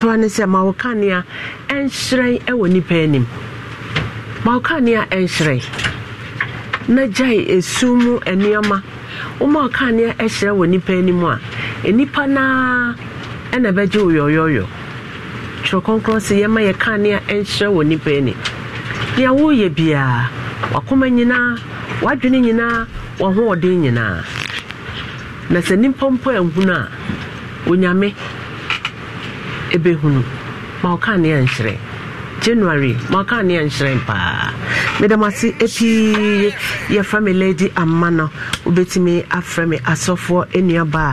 toa sɛ ma wo kanea ɛnhyerɛn wɔ nipa anim ma wo kanea ɛnhyerɛn na gyae esu mu nneɛma woma wo kanea wɔ nipa anim a nipa naa ɛna ɛbɛgye wo twerɛ kɔnkɔn sɛ yɛma yɛ kanea nhyerɛn wɔ nipa anim nea woyɛ biara wakoma nyinaa wadwene nyinaa wahoɔden nyinaa na sɛ nnipa mpo ahunu a onyame ɛbɛhunu ma ɔka ne yɛ nhyerɛ january maka ne nhyerɛn paa meda mase ɛpii yɛfrɛ me lady ama no wobɛtumi afrɛ me asɔfoɔ nnuaba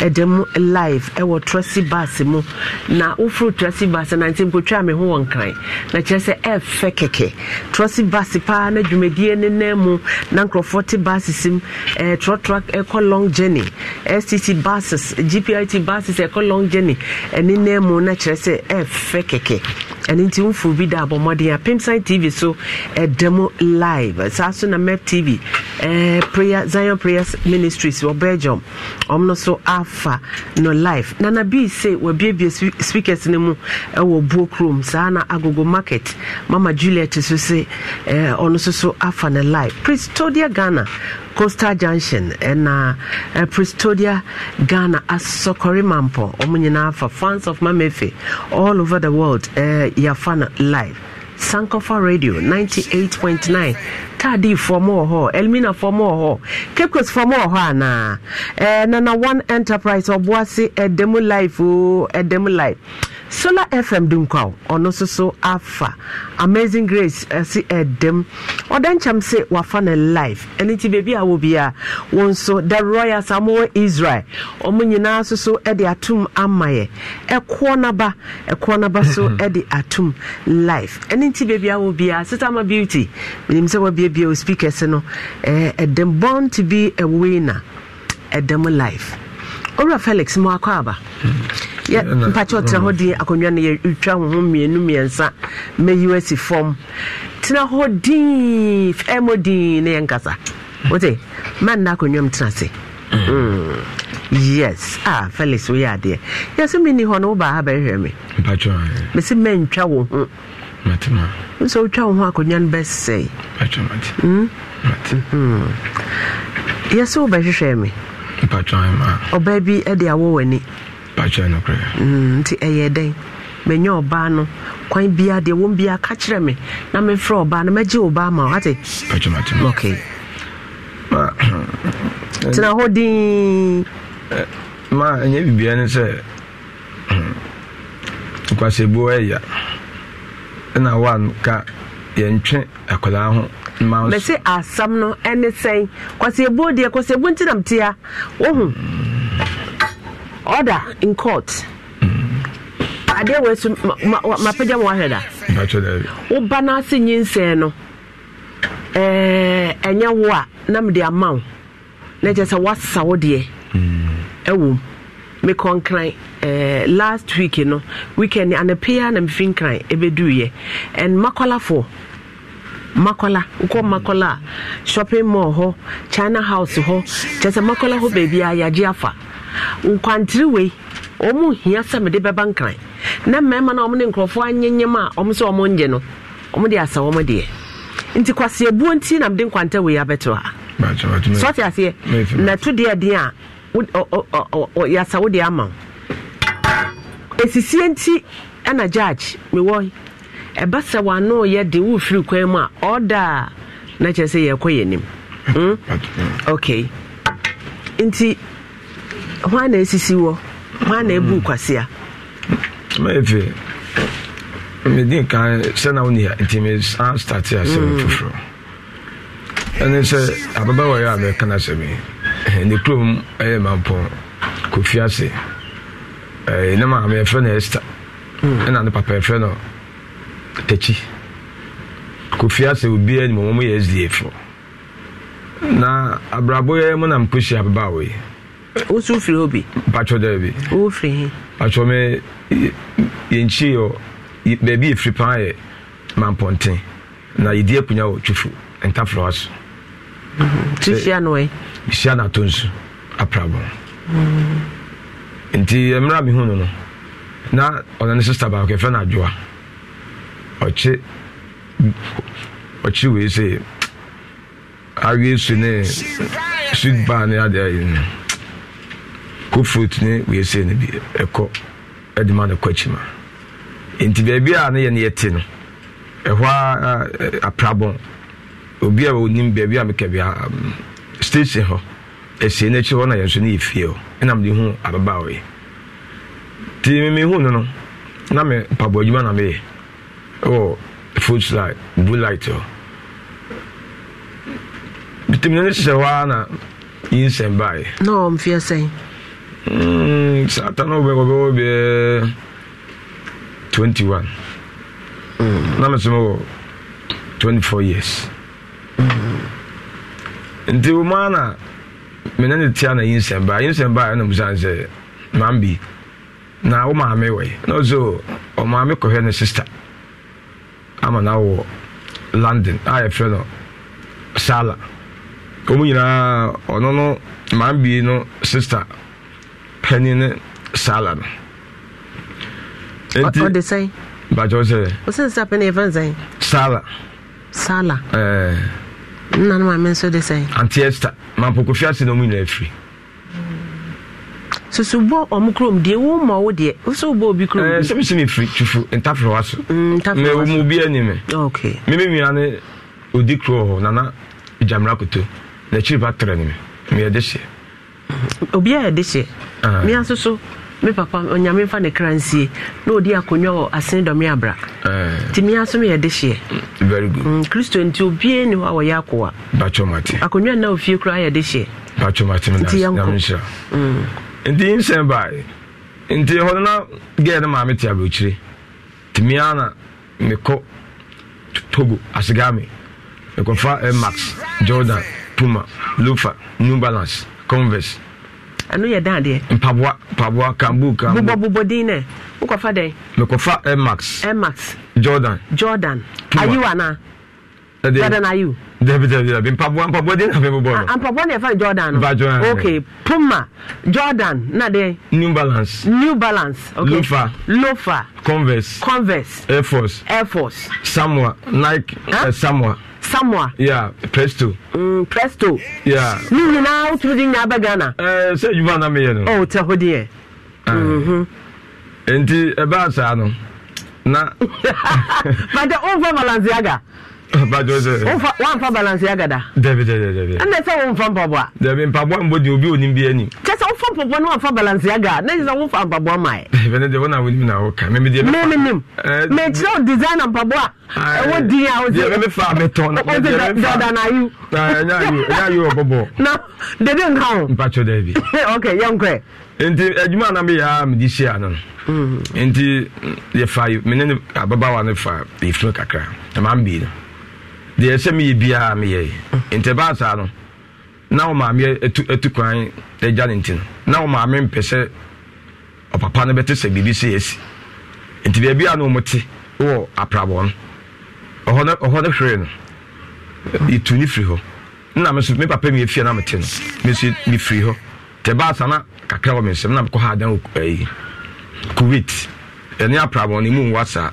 a ɛda mu live ɛwɔ trusty bus mu na woforo trusty bus na nti nkotwaa me ho wɔ nkran na e kyerɛ sɛ ɛfɛ kɛkɛ trusty bus paa na dwumadie ne nan mu na nkurɔfoɔ te buses mu eh, trɔtrɔ ɛkɔ e long journey stt buses gpit buses ɛkɔ e long journey ɛne nan mu na kyerɛ sɛ ɛfɛ kɛkɛ ɛno nti wofo bi da abɔmmɔden a pimsine tv so ɛda mu live saa so na mep tv eh, prayer zion prayers ministries wɔ belgium ɔm no so afa no live nana bi se wabiebie speakers no mu ɛwɔ eh, buo kurom saa na agogo market mama juliet so se ɔno eh, so so afa no live pristodia ghana coastal junction ɛna uh, eh, prestodia ghana asɔkɔre mampɔ ɔmo nyinaa fa fans of mamefe all over the world uh, eh, yɛafa no live sankofa radio 98.9 tadiifoɔ mu wɔ hɔ elminafoɔ mu wɔ hɔ capcosfoɔ mu wɔ hɔ anaa ɛɛ eh, nana one enterprise ɔboase ɛdɛmu live oo oh, ɛdɛmu live solar fm dunkwa ɔno nso so afa amazing grace ɛsi eh, ɛdɛm eh, ɔdan kyɛm sɛ wafa ne live ɛne ti beebi a wɔ bia wɔn nso the royal samoa israel wɔn nyinaa nso so ɛde atum ama yɛ ɛkoɔ naba ɛkoɔ naba so ɛde atum life. ɛne ti beebi a wɔ bia sitama beauty nim sɛ wɔabiebie o speakers no ɛɛ eh, ɛdɛm born to be a winner ɛdɛm life owura felix mu akɔ aba mm. mpakyɛ ɔtena hɔ din mm. akonnwa no yɛtwa ho ho mmienu mmiɛnsa mɛyiw asi fam tena hɔ din fɛmɔ din na yɛnkasa wote manna akonnwa m tena se mm. yes ah felix woyɛ adeɛ yɛsɛ menni hɔ no wobaa ha bɛhwɛ me mɛsɛ mantwa wo ho nso wotwa wo ho akonnwa no bɛsɛe mm-hmm. yɛsɛ wobɛhwehwɛ me ọba bi de awɔ w'ani mm, nti ɛyɛ dɛn menya ɔbaa no kwan biaa deɛ wɔm mbi aka kyerɛ me na memfrɛ ɔbaa no mɛgye ɔbaa ma ate tena hɔ eh, ma ɛnyɛ biribiaa ne sɛ nkwasɛbuo ɛya ɛna wa ka yɛntwe akwadaa ho mɛse asɛm no ɛne sɛn kwasiɛbu deɛ kwasiɛbu nti nam tia wohu order in court adeɛ wɔ so mapagya ma wahwɛ da woba no ase nyinsɛn no ɛnyɛ wo a na mede ama wo na kyɛ sɛ woasa wo deɛ hmm. ɛwom mekɔ nkran eh, last week no weekend anapɛi a na mefi nkran ɛbɛduuyɛ and makɔlafoɔ makola wokɔ makola a shopping mall hɔ china house hɔ kyɛ sɛ hụ hɔ baabiaa yɛagye afa nkwantiri ọmụ hịa hia sɛ mede nkran na mmarima no a ɔmo ne nkurɔfoɔ anyanyem a ọmụ sị ọmụ nje no ọmụ dị asa ọmụ dị nti ebuo nti na mede nkwanta wee abɛto a sɔte aseɛ na to deɛ den a yasa wo deɛ ama wo ɛsisie nti ɛna judge mewɔ ɛba sɛ wano yɛ de wofiri kwan mu a ɔda a na kyerɛ sɛ yɛkɔ yɛ nim hmm? ok nti hwan na asisi wɔ hwan na abu hmm. kwasea mɛfɛ medin ka sɛna wo nia nti mesan starte asɛm hmm. foforɔ ɛne sɛ ababa wɔyɛ a mɛka no asɛm ne kurom ɛyɛ mampɔn kɔfi ase ne maame yɛfrɛ no ɛsta ɛna ne papa yɛfrɛ no takyi kofi asɛ obi anim wɔn yɛ sdf na abrabɔ yɛ mu na mposi ababaawa wɔ yi. wosu firi hɔ bi. patro dɛ bi. wo firi hin. patro mi yɛn kyi yɔ beebi efiri firi paa yɛ mampɔnten na yɛ di akunya wɔ twifu ntafra wa so. Mhm. tu hyia no wɛ. hyia na ato nso aprabɔ. nti mmerɛ a mi hu no no na ɔna ne sista baako yɛfrɛ no adwoa. ọchị ɔkye wei sɛ awie su ne sweet bar ne ade ayi no cook fruit na wei sɛ na bi ɛkɔ ɛde ma no kɔ akyi ma nti baabi a ya na ya te no ɛhɔ a aprabɔn obi a onim baabi a meka bia um, station hɔ na yɛn nso ne yɛ fie hɔ ɛna mede ababaawa yi nti na mpaboa mpaboadwuma na meyɛ oh food slide blue light hɔ oh. bitamina no hyehyɛ hɔ ara na yi nsɛm baeɛ na ɔmfeɛ sɛn saata no wobɛwɔ bɛɛ 21 mm. na mesom wɔ four years nti wo maa na mene ne tea na yi nsɛm baa yi nsɛm baa ɛnam sane sɛ mambi na wo maame wɔe na ɔsɛ ɔmaame kɔhwɛ ne sister ama na wɔ london a yɛfrɛ no sala ɔmu nyinaa ɔno no maambie no sister pani ne sala no ɔde sɛn bakyɛw sɛ ɔsɛ sister pani yɛfrɛ no sɛn sala sala ɛɛ nna no maame nso de sɛn anti esther mampokofi ase na ɔmu nyinaa afiri soso bɔ ɔmo kurom deɛ wo ma wo deɛ woso bɔ obi kurom eh, bi. ɛɛ sɛbi sɛbi firi tufu ntafiri wa so. Mm, ntafiri wa so mɛ omo bi ɛni ok mɛ mi ni odi kuro hɔ nana jamira koto na ba tɛrɛ ni mɛ mɛ yɛ de hyɛ. Mm, obi a yɛ de hyɛ ah. mia soso me papa onyame mfa ne kra nsie na ɔdi akonnwa wɔ asene dɔme abra eh. nti mia so meyɛ de hyeɛ mm, kristo nti obie ne hɔ a wɔyɛ akoa akonnwa nna ofie koraa yɛ de hyeɛ nti yɛnkɔ nti nsɛn bae nti hɔ no na gɛɛ no maame te aburokyire nti mia na mekɔ togo asegame mekɔfa air max jordan puma lofa new balance converse ɛno yɛ dan deɛ mpaboa mpaboa kambu kambu bobɔ bobɔ din nɛ wokɔfa dɛn mekɔfa air max air max jordan jordan ayiwa naa Ah, ah, Jordan, are you. Dabi dabi dabi mpaboa mpaboa de na fɛ bɔ bɔɔlu. mpaboa de fɛ Jordan. Ba Jordan. okay Puma Jordan na de. New Balance. New Balance. okay Lofa. Lofa. Converse. Converse. Air Force. Air Force. Samoa Nike. Huh? Uh, Samoa. Samoa. Yeah, Presto. Mm, Presto. Yeah. Ni nyinaa wotiri di nyinaa Ghana. Eh, sɛ Yuba na mi yɛ no. Ɔ tɛ hɔ deɛ. Nti ɛbɛ no na. Bàtɛ o n fɛ Balenciaga. wamfa balance agada ɛnɛ sɛ womfa mpaboa dɛbi mpaboa mbɔ de obi onim bi anim kyɛ sɛ wofa mpaboa ne wamfa balance aga na kyɛ sɛ wofa mpaboa maɛ bɛne deɛ wona wonim na woka memedeɛmemenim mekyerɛ wo design mpaboa ɛwɔ din a womefa metɔndanayu ɛnyayɛ ɔbɔbɔ na dede nka wo mpakyɛ daabi ok yɛnkɔɛ nti adwuma na meyɛ a mede hyia no no mm. nti yɛfa mene ne ababawa ah, no fa yɛfiri kakra na mambie no deɛ ɛsɛ meyɛ biara meyɛ nti ɛbaa no na wo maame atu kwan agya ne nti no na wo maame mpɛ sɛ ɔpapa no bɛte sɛ biribi sɛ yɛsi nti baabi a no ɔmote wɔ aprabɔ no ɔhɔ no hwere no yɛtu ne firi hɔ na me so me papa mi efie na me te no me so me firi hɔ te ba na kakra wɔ me nsɛm na me kɔ ha adan eh, kuwait ɛne aprabɔ ne mu nwasa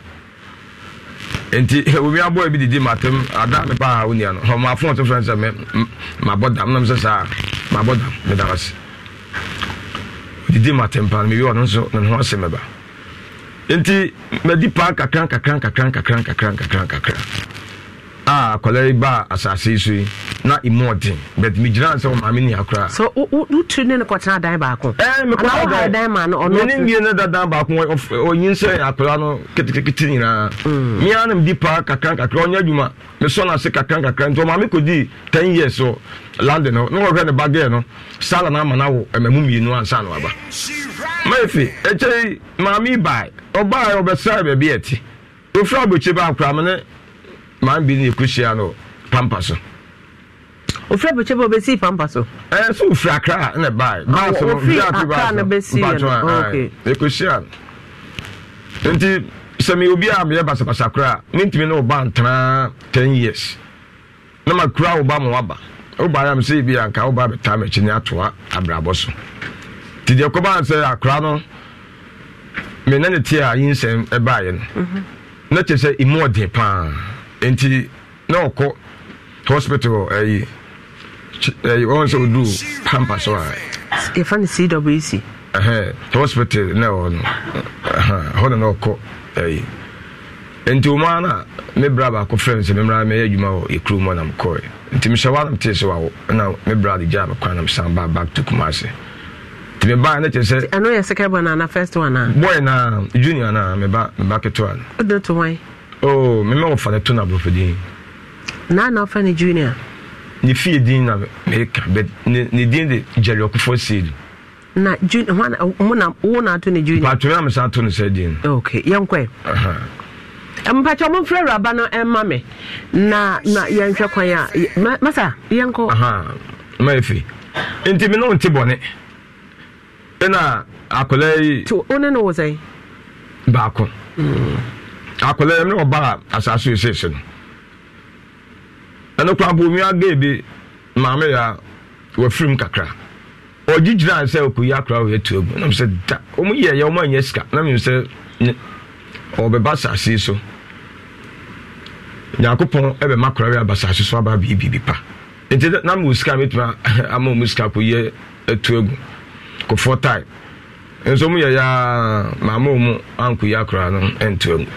nti omi abɔ ebi didi ma tɛm ada mi pa awon yɛ no hɔ ma fɔn to fɛn sɛ mɛ ma bɔ dam nam sɛ saa ma bɔ dam mi da ɔsi didi ma tɛm pa mi wi ɔno nso ne ho ɔsi mi ba nti mɛ di paa kakra kakra kakra kakra kakra kakra kakran a kɔlɛri ba asase so yi na imu ɔten bɛt mi gyina sɛ maame ni akora. so wotu ne no kɔtena dan baako. ɛɛ mi kɔtena dan dan ma no ɔno. mene mie ne da dan baako ɔnyin sɛ akora no ketekete nyinaa. mia mm. na mi di paa kakra kakra ɔnyɛ adwuma mi sɔ n'ase kakra kakra nti maame ko di ten years so london no ne wɔhwɛ ne ba gɛɛ no sala na ama na wo ɛmɛmu mienu ansa na waba. mɛfi ekyɛ maame baa ɔbaa yɛ ɔbɛsɛn baabi ɛte ofura abokye baa akora mi ne man bi ne kusia no pampa so. ofura bɛkyɛ bɛ bɛsi pampa so. ɛɛ so ofura akra na baa baa so ofura akra na bɛsi yɛ no ok ekusia nti sɛmi obi a meyɛ basabasa kora a ne ntumi ne ɔba ntena ten years na ma kura ɔba ma waba ɔba yam sɛ ebi anka ɔba bɛ taa mɛkyi ne atoa abrabɔ so ti deɛ kɔba sɛ akora no mɛ ne te a yi nsɛm ɛbaayɛ no mhm. na kyerɛ sɛ emu ɔden paa nti na ɔkɔ hospital ɛyi eh, ɛyi eh, wɔn sɛ odu pampa so a. yɛfa no cwc. ɛhɛn hospital na ɛwɔ no ɛhɛn hɔ na na ɔkɔ ɛyi eh, nti wɔn ara me bra baako fɛn sɛ me mra me yɛ adwuma wɔ ekuru mu ɔnam kɔɛ nti me hyɛ wa nam tee so wa ɛna me bra de gya me kwan nam san ba back to kumase nti me ba ne kyerɛ sɛ. ɛno yɛ second one na first one na. boy na junior na me ba me ba ketewa. o de to wɔn. oh me me wɔfa na aborɔfo din na ɔfa junior ne fie din na meka but ne ne din de na wo na junior na sɛ din mpakyɛ awuraba no ɛma me na na yɛnhwɛ kwan a masa yɛnkɔ ma nti me ne wo nte bɔne ɛna yi wo ne wo baako mm. akwadaa yɛm ne ɔbaa asase yi sese no ɛno kora mpo onua gay bi maame ya a wafirim kakra ɔgye gyina sɛ ɔkɔyi akora ɔyɛ tu agu nam sɛ da ɔmo yɛ yɛ ɔmo anya sika na mmom sɛ ɔbɛba asase yi so nyankopɔn ɛbɛma akora yɛ aba asase so aba abɛyɛ biribi pa nti na mo sika mɛtumi ama ɔmo sika kɔyi atu agu kɔfoɔ tae nso mo yɛ yɛ a maame ɔmo ankɔyi akora no ɛntu agu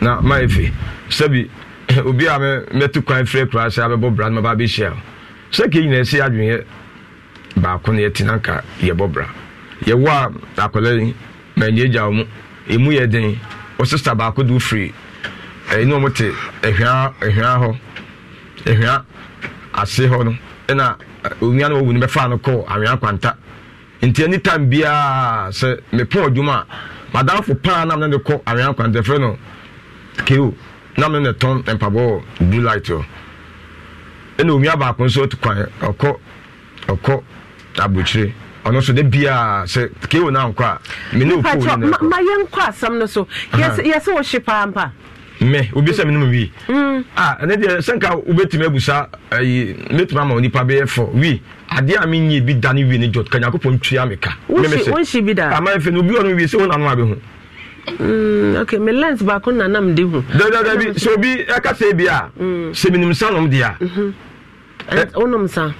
na maefi sɛbi eh, obi a mɛto kwan frɛ kora sɛ abɛbɔ bra no maba bɛhyia o sɛ kei nyina ɛsi adweneɛ baako na yɛte nanka yɛbɔ bra yɛwɔ a akɔla yi manyɛ gya wo mu ɛmu yɛ den wo sista baako de wo firi ɛne ɔmo te ahwea hɔ ahwea ase hɔ no ɛna eh, onua no wɔwu no bɛfaa no kɔɔ awea kwanta nti anytime biaa sɛ mepɔn adwuma a madamfo paa nam na ne kɔ awea kwanta frɛ no ko na me na tɔn mpabɔ blue light ɔ ɛna omi abaako nso ɔte kwan ɔkɔ ɔkɔ abukyire ɔno nso de bia sɛ ko na nkɔ a me ne o ko ne nkɔ. ma yɛn nkɔ asɛm no so yɛsɛ o hye paampa. mɛ obi sɛ minnu wi. a ɛne deɛ sɛnka wobɛtumi abusa ayi mɛtumi ama nipa bɛyɛ fɔ wi adeɛ a mi bi da ne wi ne jɔ kanyakopɔ ntua mi ka. wonsi wonsi bi da. a ma n fɛ ni obi wɔ no sɛ wɔn abɛ ho. Mm, ok me lens baako na nam de hu. dada bi sɛ obi ɛka sɛ bi a. sɛ minimu nsa nom deɛ. Eh, wonom nsa.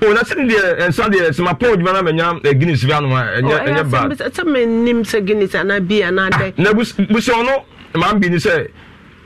o na sini deɛ nsa deɛ sima pɔn odwuma na ma nya eh, guinness bi anum a ɛnyɛ ɛnyɛ ba. ɛsɛ mi nim sɛ guinness ana bi ana dɛ. na ah, busɔn no maa mi bi ni sɛ.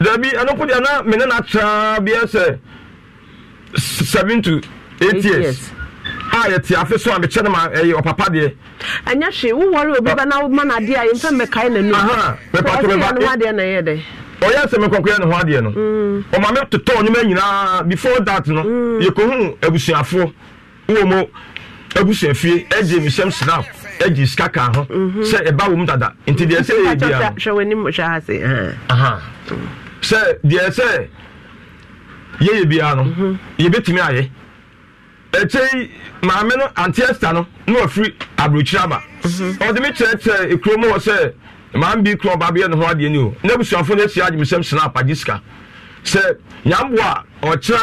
dabi ɛno po deɛ na mene no atraa biɛ sɛ seven to eight years a yɛte afe so a mekyɛ no ma ɛyɛ eh, ɔpapa deɛ ɛnyɛ hwee wowɔre obi ba na woma no eh. adeɛ a yɛmfa mmɛkae n'anim ɔyɛ sɛ mekɔkɔyɛ ne ho adeɛ no ɔma mm. me totɔɔ nnwuma nyinaa before that no mm. yɛkɔhu abusuafoɔ wɔ mu abusuafie agye mehyɛm snap agye sika ka ho sɛ ɛba wɔ mu dada nti deɛ sɛ yɛyɛ bia hwɛ w'anim hwɛ ase sɛ deɛ sɛ yɛyɛ biara no mm-hmm. yɛbɛtumi ayɛ ɛkyɛyi maame no antiɛsta no na wafiri aburokyire aba mm-hmm. ɔde me kyerɛ sɛ ekurom hɔ sɛ maame bi kura ɔbaa bɛyɛ ne ho adeɛ ni o na abusuafo no esi agyemisɛm sinap agye sika sɛ nyamboa ɔkyerɛ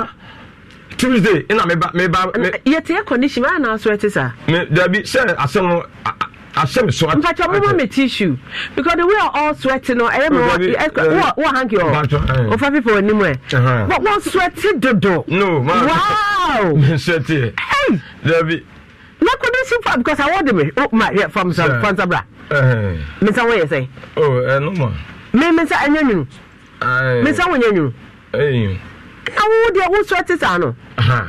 tuesday ɛna meba meba. yɛte air condition maa na asɔrɔ ɛte saa. dabi sɛ asɛm no asɛm so mpakyɛ moma me tissue because the way are all sweating no ɛyɛ mewɔ hanki ɔ ɔfa pepa anim ɛ but wɔnswɛte dodo no wow Hey. menswɛteɛ dabi mɛkɔde si fa because I oh, uh-huh. awɔde oh, eh, me ma hwɛ famsa bra mensa woyɛ sɛ ɛnoma me mensa ɛnyɛ nwunu mensa wonyɛ nwunu na wo deɛ wo sweate saa no uh-huh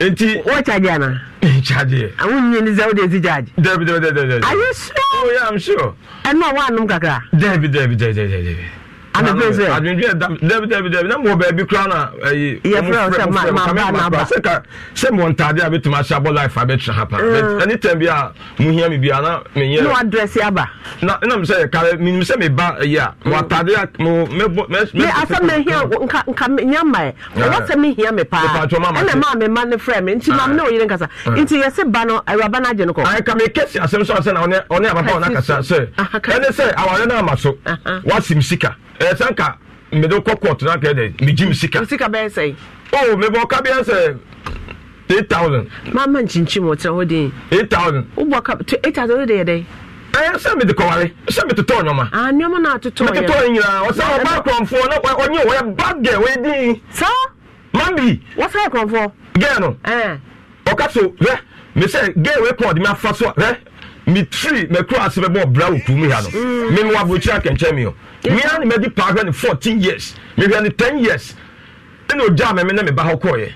nti. wọ́n charge ana. charge. àwọn yìnyín ní sẹ́wọ́n de ti charge. dẹ́bi dẹ́bi dẹ́bi are you sure. oh yeah i'm sure. ẹnu àwọn ànum kakra. dẹ́bi dẹ́bi dẹ́bi dẹ́bi anafɛn eh, sɛ adwendwen dɛbi dɛbi dɛbi na mɔ bɛɛbi kura na ɛyi yɛfrɛ sɛ ba na ba sɛ ka sɛ mɔ ntaade a bɛtumi ahyɛ abɔ life a bɛtena ha paa mm. ɛni na na ɛna mi sɛ kare mi sɛ mi ba ɛyi a wa taade a mo mɛ bɔ mɛ. mɛ asɛ mi hia nka nka mi nya ma yɛ ɔwɔ sɛ mi hia mi paa ɛna maa mi ma ne frɛ mi nti ah. maa mi ne o yiri nkasa ah. nti yɛsi ba no awuraba na agye ne kɔ. ɛsanka eh, mede kɔ court na kɛ dɛ megye me sika sika bɛyɛ sɛ o oh, mebɔ ka biɛ sɛ eight mama nkyinkyin wɔ tena hɔ den eight thousand wobɔ ka eight thousand de yɛ dɛ ɛyɛ eh, sɛ mede kɔware sɛ metetɔ nneɔma ah, nneɔma no atetɔmetetɔ nyinaa ɔsɛ ɔba korɔmfoɔ na ɔnye wɔyɛ bad wɔyɛ din saa mambi wɔsɛ yɛ korɔmfoɔ girl no eh. ɔka so hɛ me sɛ girl wei pɔn de me so a hɛ me tiri ase bɛbɔ wɔ ha no mm. kɛnkyɛn mi o Me mea ne madi paa hwɛ no 14 years mehwɛ no 10 years ɛna ogyaa mɛme na meba hɔ kɔɔyɛ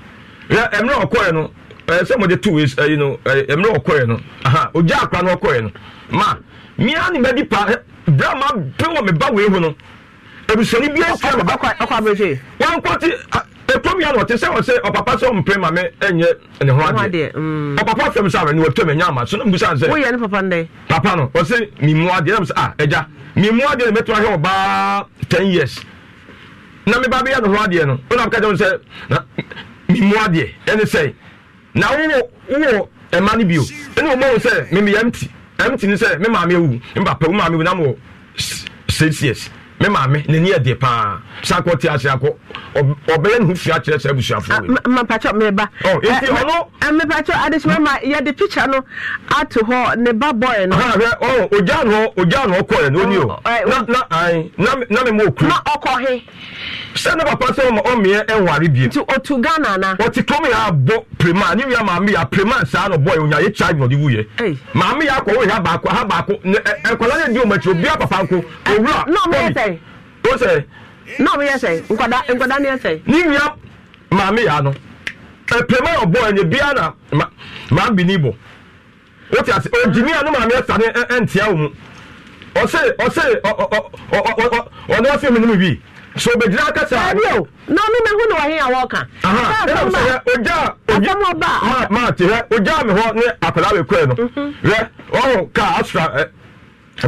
ɛmmerɛ ɔkɔɛ no sɛ mode to ɛyi no ɛmmerɛ ɔkɔɛ no aha ogyaa akora no ɔkɔɛ no ma mea ne madi paa berɛ ma pe wɔ meba wei ho no abusani biara kira meba wankɔte ɛtɔm yɛ no ɔte sɛ ɔsɛ ɔpapa sɛ ɔmpere ma me ɛnyɛ ne ho adeɛ ɔpapa fam sɛ mene wɔtɔm ɛnya ama so no mbusa sɛ woyɛ ne papa ndɛ papa no ɔsɛ mimmu adeɛ nam sɛ ah agya mimmu adeɛ na mɛtoma hwɛ ɔbaa 10 years na meba bɛyɛ ne ho adeɛ no wona mka kyɛm sɛ mimmu adeɛ ɛne sɛ na wowɔ wowɔ ɛma no bio ɛne ɔma wo sɛ memeyɛ mti ɛmti ne sɛ me maame awu mpapa wo maame wu na mewɔ 6 years me maame n'ani yɛ deɛ paa sakɔ te ase akɔ ɔbɛyɛ ne ho fia kyerɛ sɛ abusuafoɔ yi. mpatsɔ meba. ɔ eti ɔno. mmepatsɔ eh, adesima ma yɛde picture no ato hɔ ne ba bɔyɛ no. ahahɛ ɔ oh, ogya anɔ ogya anɔ kɔɛ n'oni oh, o oh, eh, na na ayi na me mo okuru. na ɔkɔ he. sɛ ne papa sɛ ɔmeɛ nware bie nti ɔtu ghana na ɔte tom ya abụ prema ne ya maami ya saa na ɔbɔɛ onya yɛ baako ha baako nkɔla ne di ɔmo akyi obia papa nko owura kɔmi o sɛ. yɛ sɛ nkɔda nkɔda yɛ sɛ. bia na bi bɔ o ti yɛ so bɛgyina kasa. ɛbi o na ɔno na hu na wɔhe a wɔka. ɛna mo sɛ ɔgya ba? maa maa ti hɛ ɔgya mi hɔ ne akwadaa bɛ kɔɛ no hɛ mhm. ɔho kaa asra ɛ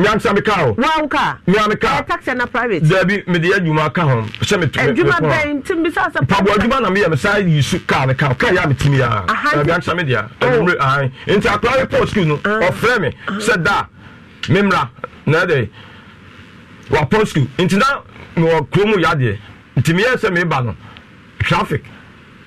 mi ansa mi kaa o. wɔn kaa mi ami kaa ɛ taxi na private. dabi mi de adwuma ka ho sɛ mi tumi. adwuma bɛn ti mi sa sɛ. pabɔ adwuma na mi yɛ mi sa yi su kaa mi kaa kaa yɛ a mi ti mi ya ɛbi ansa mi di ya oh. ɛnumere ahan nti akwadaa bɛ pɔ sukuu no ah. ɔfrɛ mi ah. sɛ da mi mra na ɛde wapɔ sukuu nti na mewɔ kurom yadeɛ nti meyɛ sɛ meba no traffic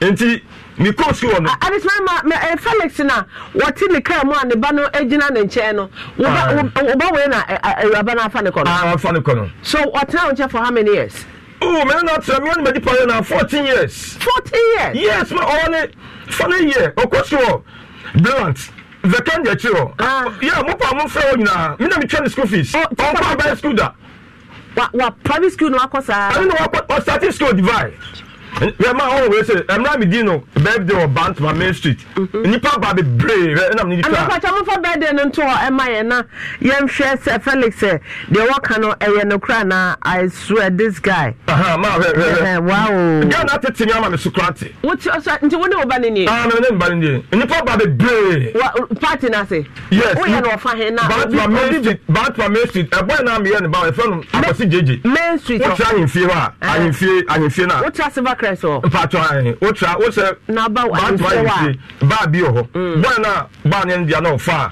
nti me kɔ su wɔ no adesma eh, felix na wɔte ne kaa mu a ne ba no agyina ne nkyɛn no woba ah. wei na eh, eh, awuraba no afa ne kɔ noafa ah, ne kɔ no so ɔtena wo nkyɛ for how many years Oh, man, not so. Me only pay na fourteen years. Fourteen years. Yes, my only funny year. Of course, you brilliant. The kind that you. Yeah, mo pa mo fẹ́ o nyinaa. Mi na mi twɛ ne school fees. Oh, Ɔnkɔ abɛɛ school da wa wa private school ni wakɔ saa. ɛnu ni wakɔ ɔsati school divide yɛ maa ɔwɔ wɛsɛ ɛmira mi di no birthday wɔ bantama main street mhm. nnipa ba bebree ɛnam ne nipamepata mofa birthday no nto ɛma yɛ na yɛnhwɛ sɛ felix sɛ eh, deɛ wɔka no ɛyɛ nokora na i swear this guy ghana tete me ama me so kora te nti wode woba no nie ah, ba no nie nnipa ba bebree party no ase yes woyɛ no ɔfa he na bantama main street ɛbɔɛ na meyɛ ne ba ɛfrɛ no akɔse gyegye main street wotra ahemfie hɔ a ahemfie ahemfie no a wotra silver crest hɔ mpatɔ n'aba wa nsɛw a baa bi wɔ hɔ mm. bɔn na baa ne deɛ na ɔfa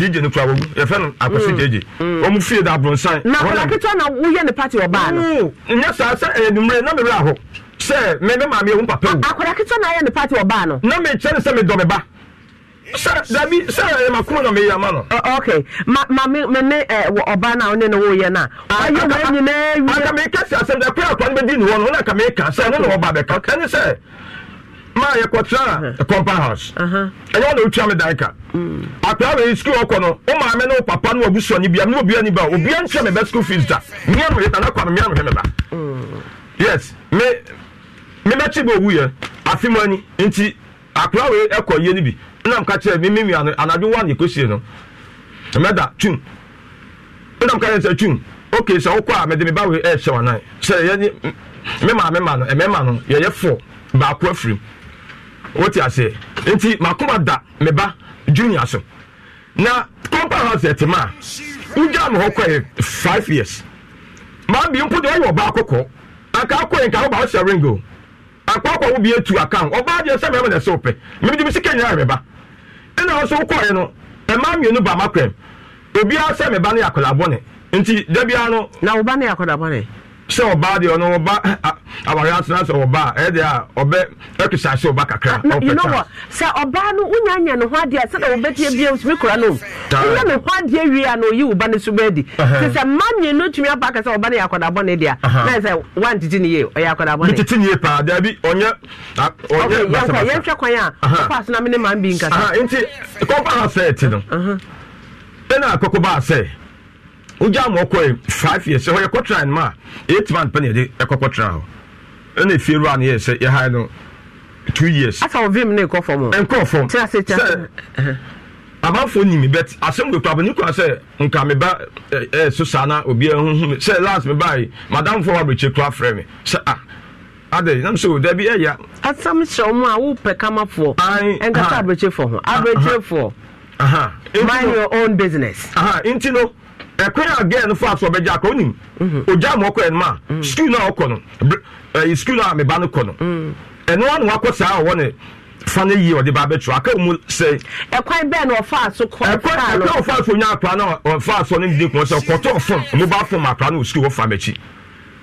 dj no kura wɔgu yɛfɛ no akɔsi dj mm. mm. wɔn fie da aburonsan. na akɔla ketewa na woyɛ ne party ɔbaa no. nyɛ saa sɛ ɛyɛ numre na mi wura hɔ sɛ mɛ mɛ maame ewu papa wu. akɔla ketewa na ayɛ ne party ɔbaa no. na mi kyɛn sɛ mi dɔ mi ba dabi sɛ ma kuma na meyɛ ama no ok me me ne ɔba na ɔne no na ayɛ wɔn nyinaa wie aka meka si asɛm dɛ kora akwa no bɛdi ne hɔ no wona ka meka sɛ ɛno na maa yɛ kɔtena kɔmpa house ɛnyɛ wɔn na otua mi dan ka akpɛɛ wɔ sukuu ɔkɔ no o maame ne o papa ne o busua ne bia ne o bia ne ba obia n kyerɛ mi bɛ sukuu fees da mmea no yɛ nana kwa mi mmea no hɛ mi ba mm. yes me me bɛ kye bɛ owu yɛ afi mu ani nti akpɛɛ wɔ ɛkɔ yie ne bi nnam ka kyerɛ mi mi mi anadwo wa ne kosie no mmɛda tum nnam ka kyerɛ sɛ tum okay sɛ wokɔ a mɛde mi ba wɔ ɛɛhyɛ wɔn nan sɛ yɛ ne me maame ma no ɛmɛɛma eh, no yɛyɛ fo baako afirim. wote ase nti makoma da me ba junior so na compound house yɛ tema a wogya no hɔ kɔɛ five years maa bi mpo deɛ ɔyɛ ɔbaa kɔkɔ aka akɔ yɛ nka ɔba ɔhyɛ ringo akɔ akɔ wo bi etu account ɔbaa deɛ sɛ mɛmɛ na ɛsɛ ɔpɛ mɛmɛ de bi sika nyinaa mɛ ba ɛna ɔso kɔɛ no ɛmaa mmienu ba ma kɔɛ obiara sɛ mɛ ba akɔlabɔ ne nti dabiara no. na ɔba no akɔlabɔ ne. sɛ ɔbaa deɛ ɔno ɔba atena sɛ ɔbaa a ɔbɛ ɛkisa sɛ ɔba kakra ɔpɛ sɛ ɔbaa no wonya nya ne ho adeɛ sɛ ɔbɛ tie bie osumi kura no wonya ne ho adeɛ wie a na wo ba di sɛ mmienu tumi aba ɔba yɛ akɔdabɔ ne na sɛ ne ɔyɛ akɔdabɔ ne tete ne paa ɔnyɛ na ne nkasa nti asɛ wogya ma ɔkɔ five years sɛ hɔ yɛkɔtra no mu a eight month pɛ ne yɛde ɛkɔkɔtra hɔ ɛna efie wura no yɛ sɛ yɛha no two years. asa wɔ vim ne nkɔ fam o. nkɔ fam sɛ amanfo nimi bɛt asɛm de kura bɛni sɛ nka mi ba ɛɛ eh, eh, sosa na huhu mi sɛ last mi ba yi madamfo wa bɛkyɛ kura frɛ mi sɛ ah ade nam so oh, dabi ɛya. asam hyɛ wɔn a wopɛ kamafoɔ nkata abɛkyɛ fɔ ho abɛkyɛ fɔ mind your own business. nti no ɛkwan a gɛɛ no fa so ɔbɛgya akɔ onim ogya mu ɔkɔ ɛnum a sukuu no a ɔkɔ no ɛyɛ sukuu no a meba no kɔ no ɛno ano wakɔ saa ɔwɔ ne fa ne yie ɔde ba abɛtwerɛ aka mu sɛ. ɛkwan bɛɛ na ɔfa so kɔ ɛkwan ɛkwan ɔfa so nya akora na ɔfa so ne di kun sɛ kɔtɔ fam mobile phone akora na osukuu wɔ fa mɛkyi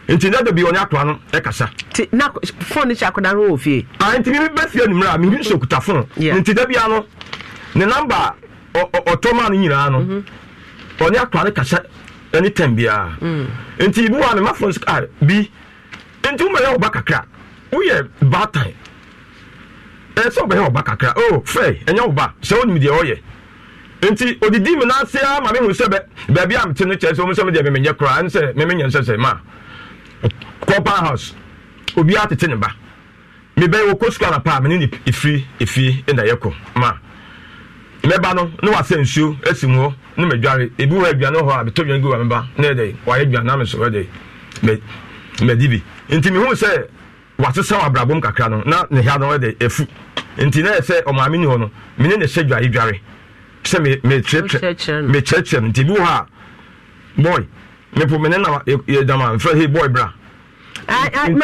nti ne de bi ɔne akora no ɛkasa. ti na fone ne kyɛ akora no wɔ fie. a nti mi bɛ fie nimu mi n kuta fone nti de ano ne namba ɔtɔmaa no nyinaa no ɔne atoa ne kasa mm. ne tɛm biara nti ibi wa mema phone sika bi nti wo bɛyɛ ɔba kakra woyɛ baatan ɛyɛ e, sɛ ɔbɛyɛ ɔba kakra o oh, fɛ ɛnyɛ ɔba sɛ wonim deɛ ɔyɛ nti odidi mi n'ase a maame hu sɛ bɛ baabi a mete no kyerɛ sɛ ɔmo sɛ mo deɛ mɛmɛ nyɛ koraa nsɛ mɛmɛ nyɛ nsɛsɛ ma compound house obi atete ne ba mebɛyɛ wɔ kɔ sukuu anapa a mene ne efiri efiri ɛna yɛ kɔ ma mɛba no ne wasɛ nsuo asi mu hɔ ne madware ebi wɔ aduane hɔ a metɔ dwan wa meba ne ɛdɛ wayɛ dwan na meso ɛdɛ madi bi nti mehu sɛ wasesa wɔ abrabɔ mu kakra no na ne ha no ɛdɛ afu nti ne yɛ sɛ ɔmaame ni hɔ no mene ne hyɛ dwae dware sɛ mekyerɛkyerɛ nti bi wɔ hɔ a boy mepo mene na yɛdama mfrɛ hei boy bra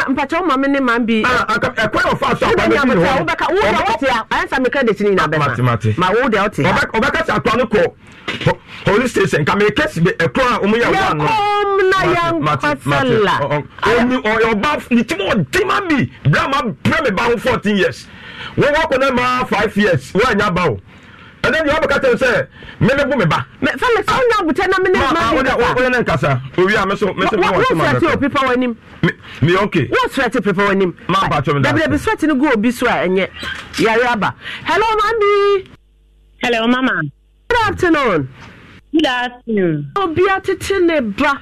mpakyɛw ma me ne ma bi ɛkwan ɔfa ato akwa no bi hɔ wobɛka wo deɛ wote a ɛnsa me credit no nyina bɛma ma wo deɛ wote ɔbɛka sɛ atoa no kɔ police station ka meke si bi ɛkoro a ɔmo yɛ wa no yɛkɔm na yɛnkɔsɛla ɔni ɔba ne tim ɔdema bi bra ma brɛ me ba ho fourteen years wɔn wakɔ ne ma five years wɔn anya ba o ɛdɛ nyɛ ɔbɛka kyɛn sɛ mene bo me ba. fɛmi sɛ ɔnyɛ abutɛ na mene ma mi ba. wɔyɛ ne nkasa owi a meso meso no gu obi so a ɛnyɛ yare aba. hello mami. hello mama. good afternoon. good afternoon. obi atete ne ba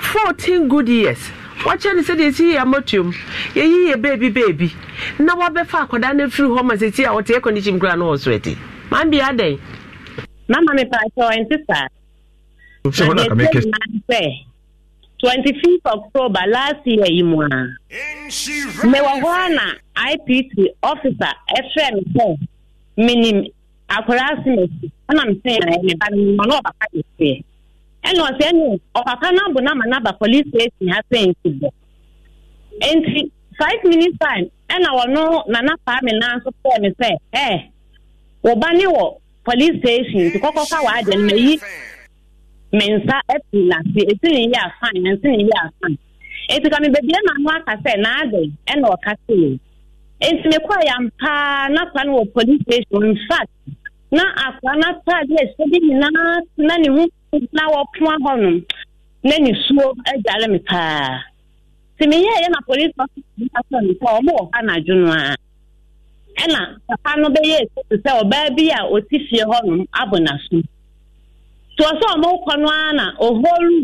fourteen good years. wakyɛ ne sɛdeɛ ɛsi yɛ amatuom yɛyi yɛ beebi beebi na wabɛfa akwadaa no afiri hɔ ma sɛsi a wɔte air condition kura no wɔ so ɛte maa bi adai. mama mi paatɔ nti saa. sɛ wɔn aka mi kɛ. twenty fifth october last year yi mu a. mewɔ hɔ a ipc officer ɛfrɛ mi sɛ minim akwaraa asemesi ɛna mi sɛ ɛyɛ ne ba mi mɔ na ɔbaka kɛseɛ ɛna ɔsɛ ɛnu ɔbaka n'abo n'ama n'aba police station ha sɛ nti bɔ nti five minutes time ɛna e wɔn nana pa mi nan so fɛ mi sɛ eh. wɔba ne wɔ police station nti kɔkɔfa w'ade no mayi me nsa afi n'ase esi ne yɛ afan ɛnsi ne yɛ afan eti ka mi beebi ɛna e ano aka sɛ n'ade ɛna ɔka se yɛ esi mi kɔ ya mpaa n'akwa no wɔ police station in fact na akwa n'ataade ɛhyɛ e bi nyinaa na ne ho na wɔpoa hɔnom na ne suo e agyare mi paa si mi yɛ na police officer bi asɔ ne sɛ ɔmo ha n'adwo ɛna papa no bɛyɛ esi sɛ ɔbaa bi a ɔsi fie hɔ nom abɔ n'aso toɔ ɔmo kɔ na ɔhɔru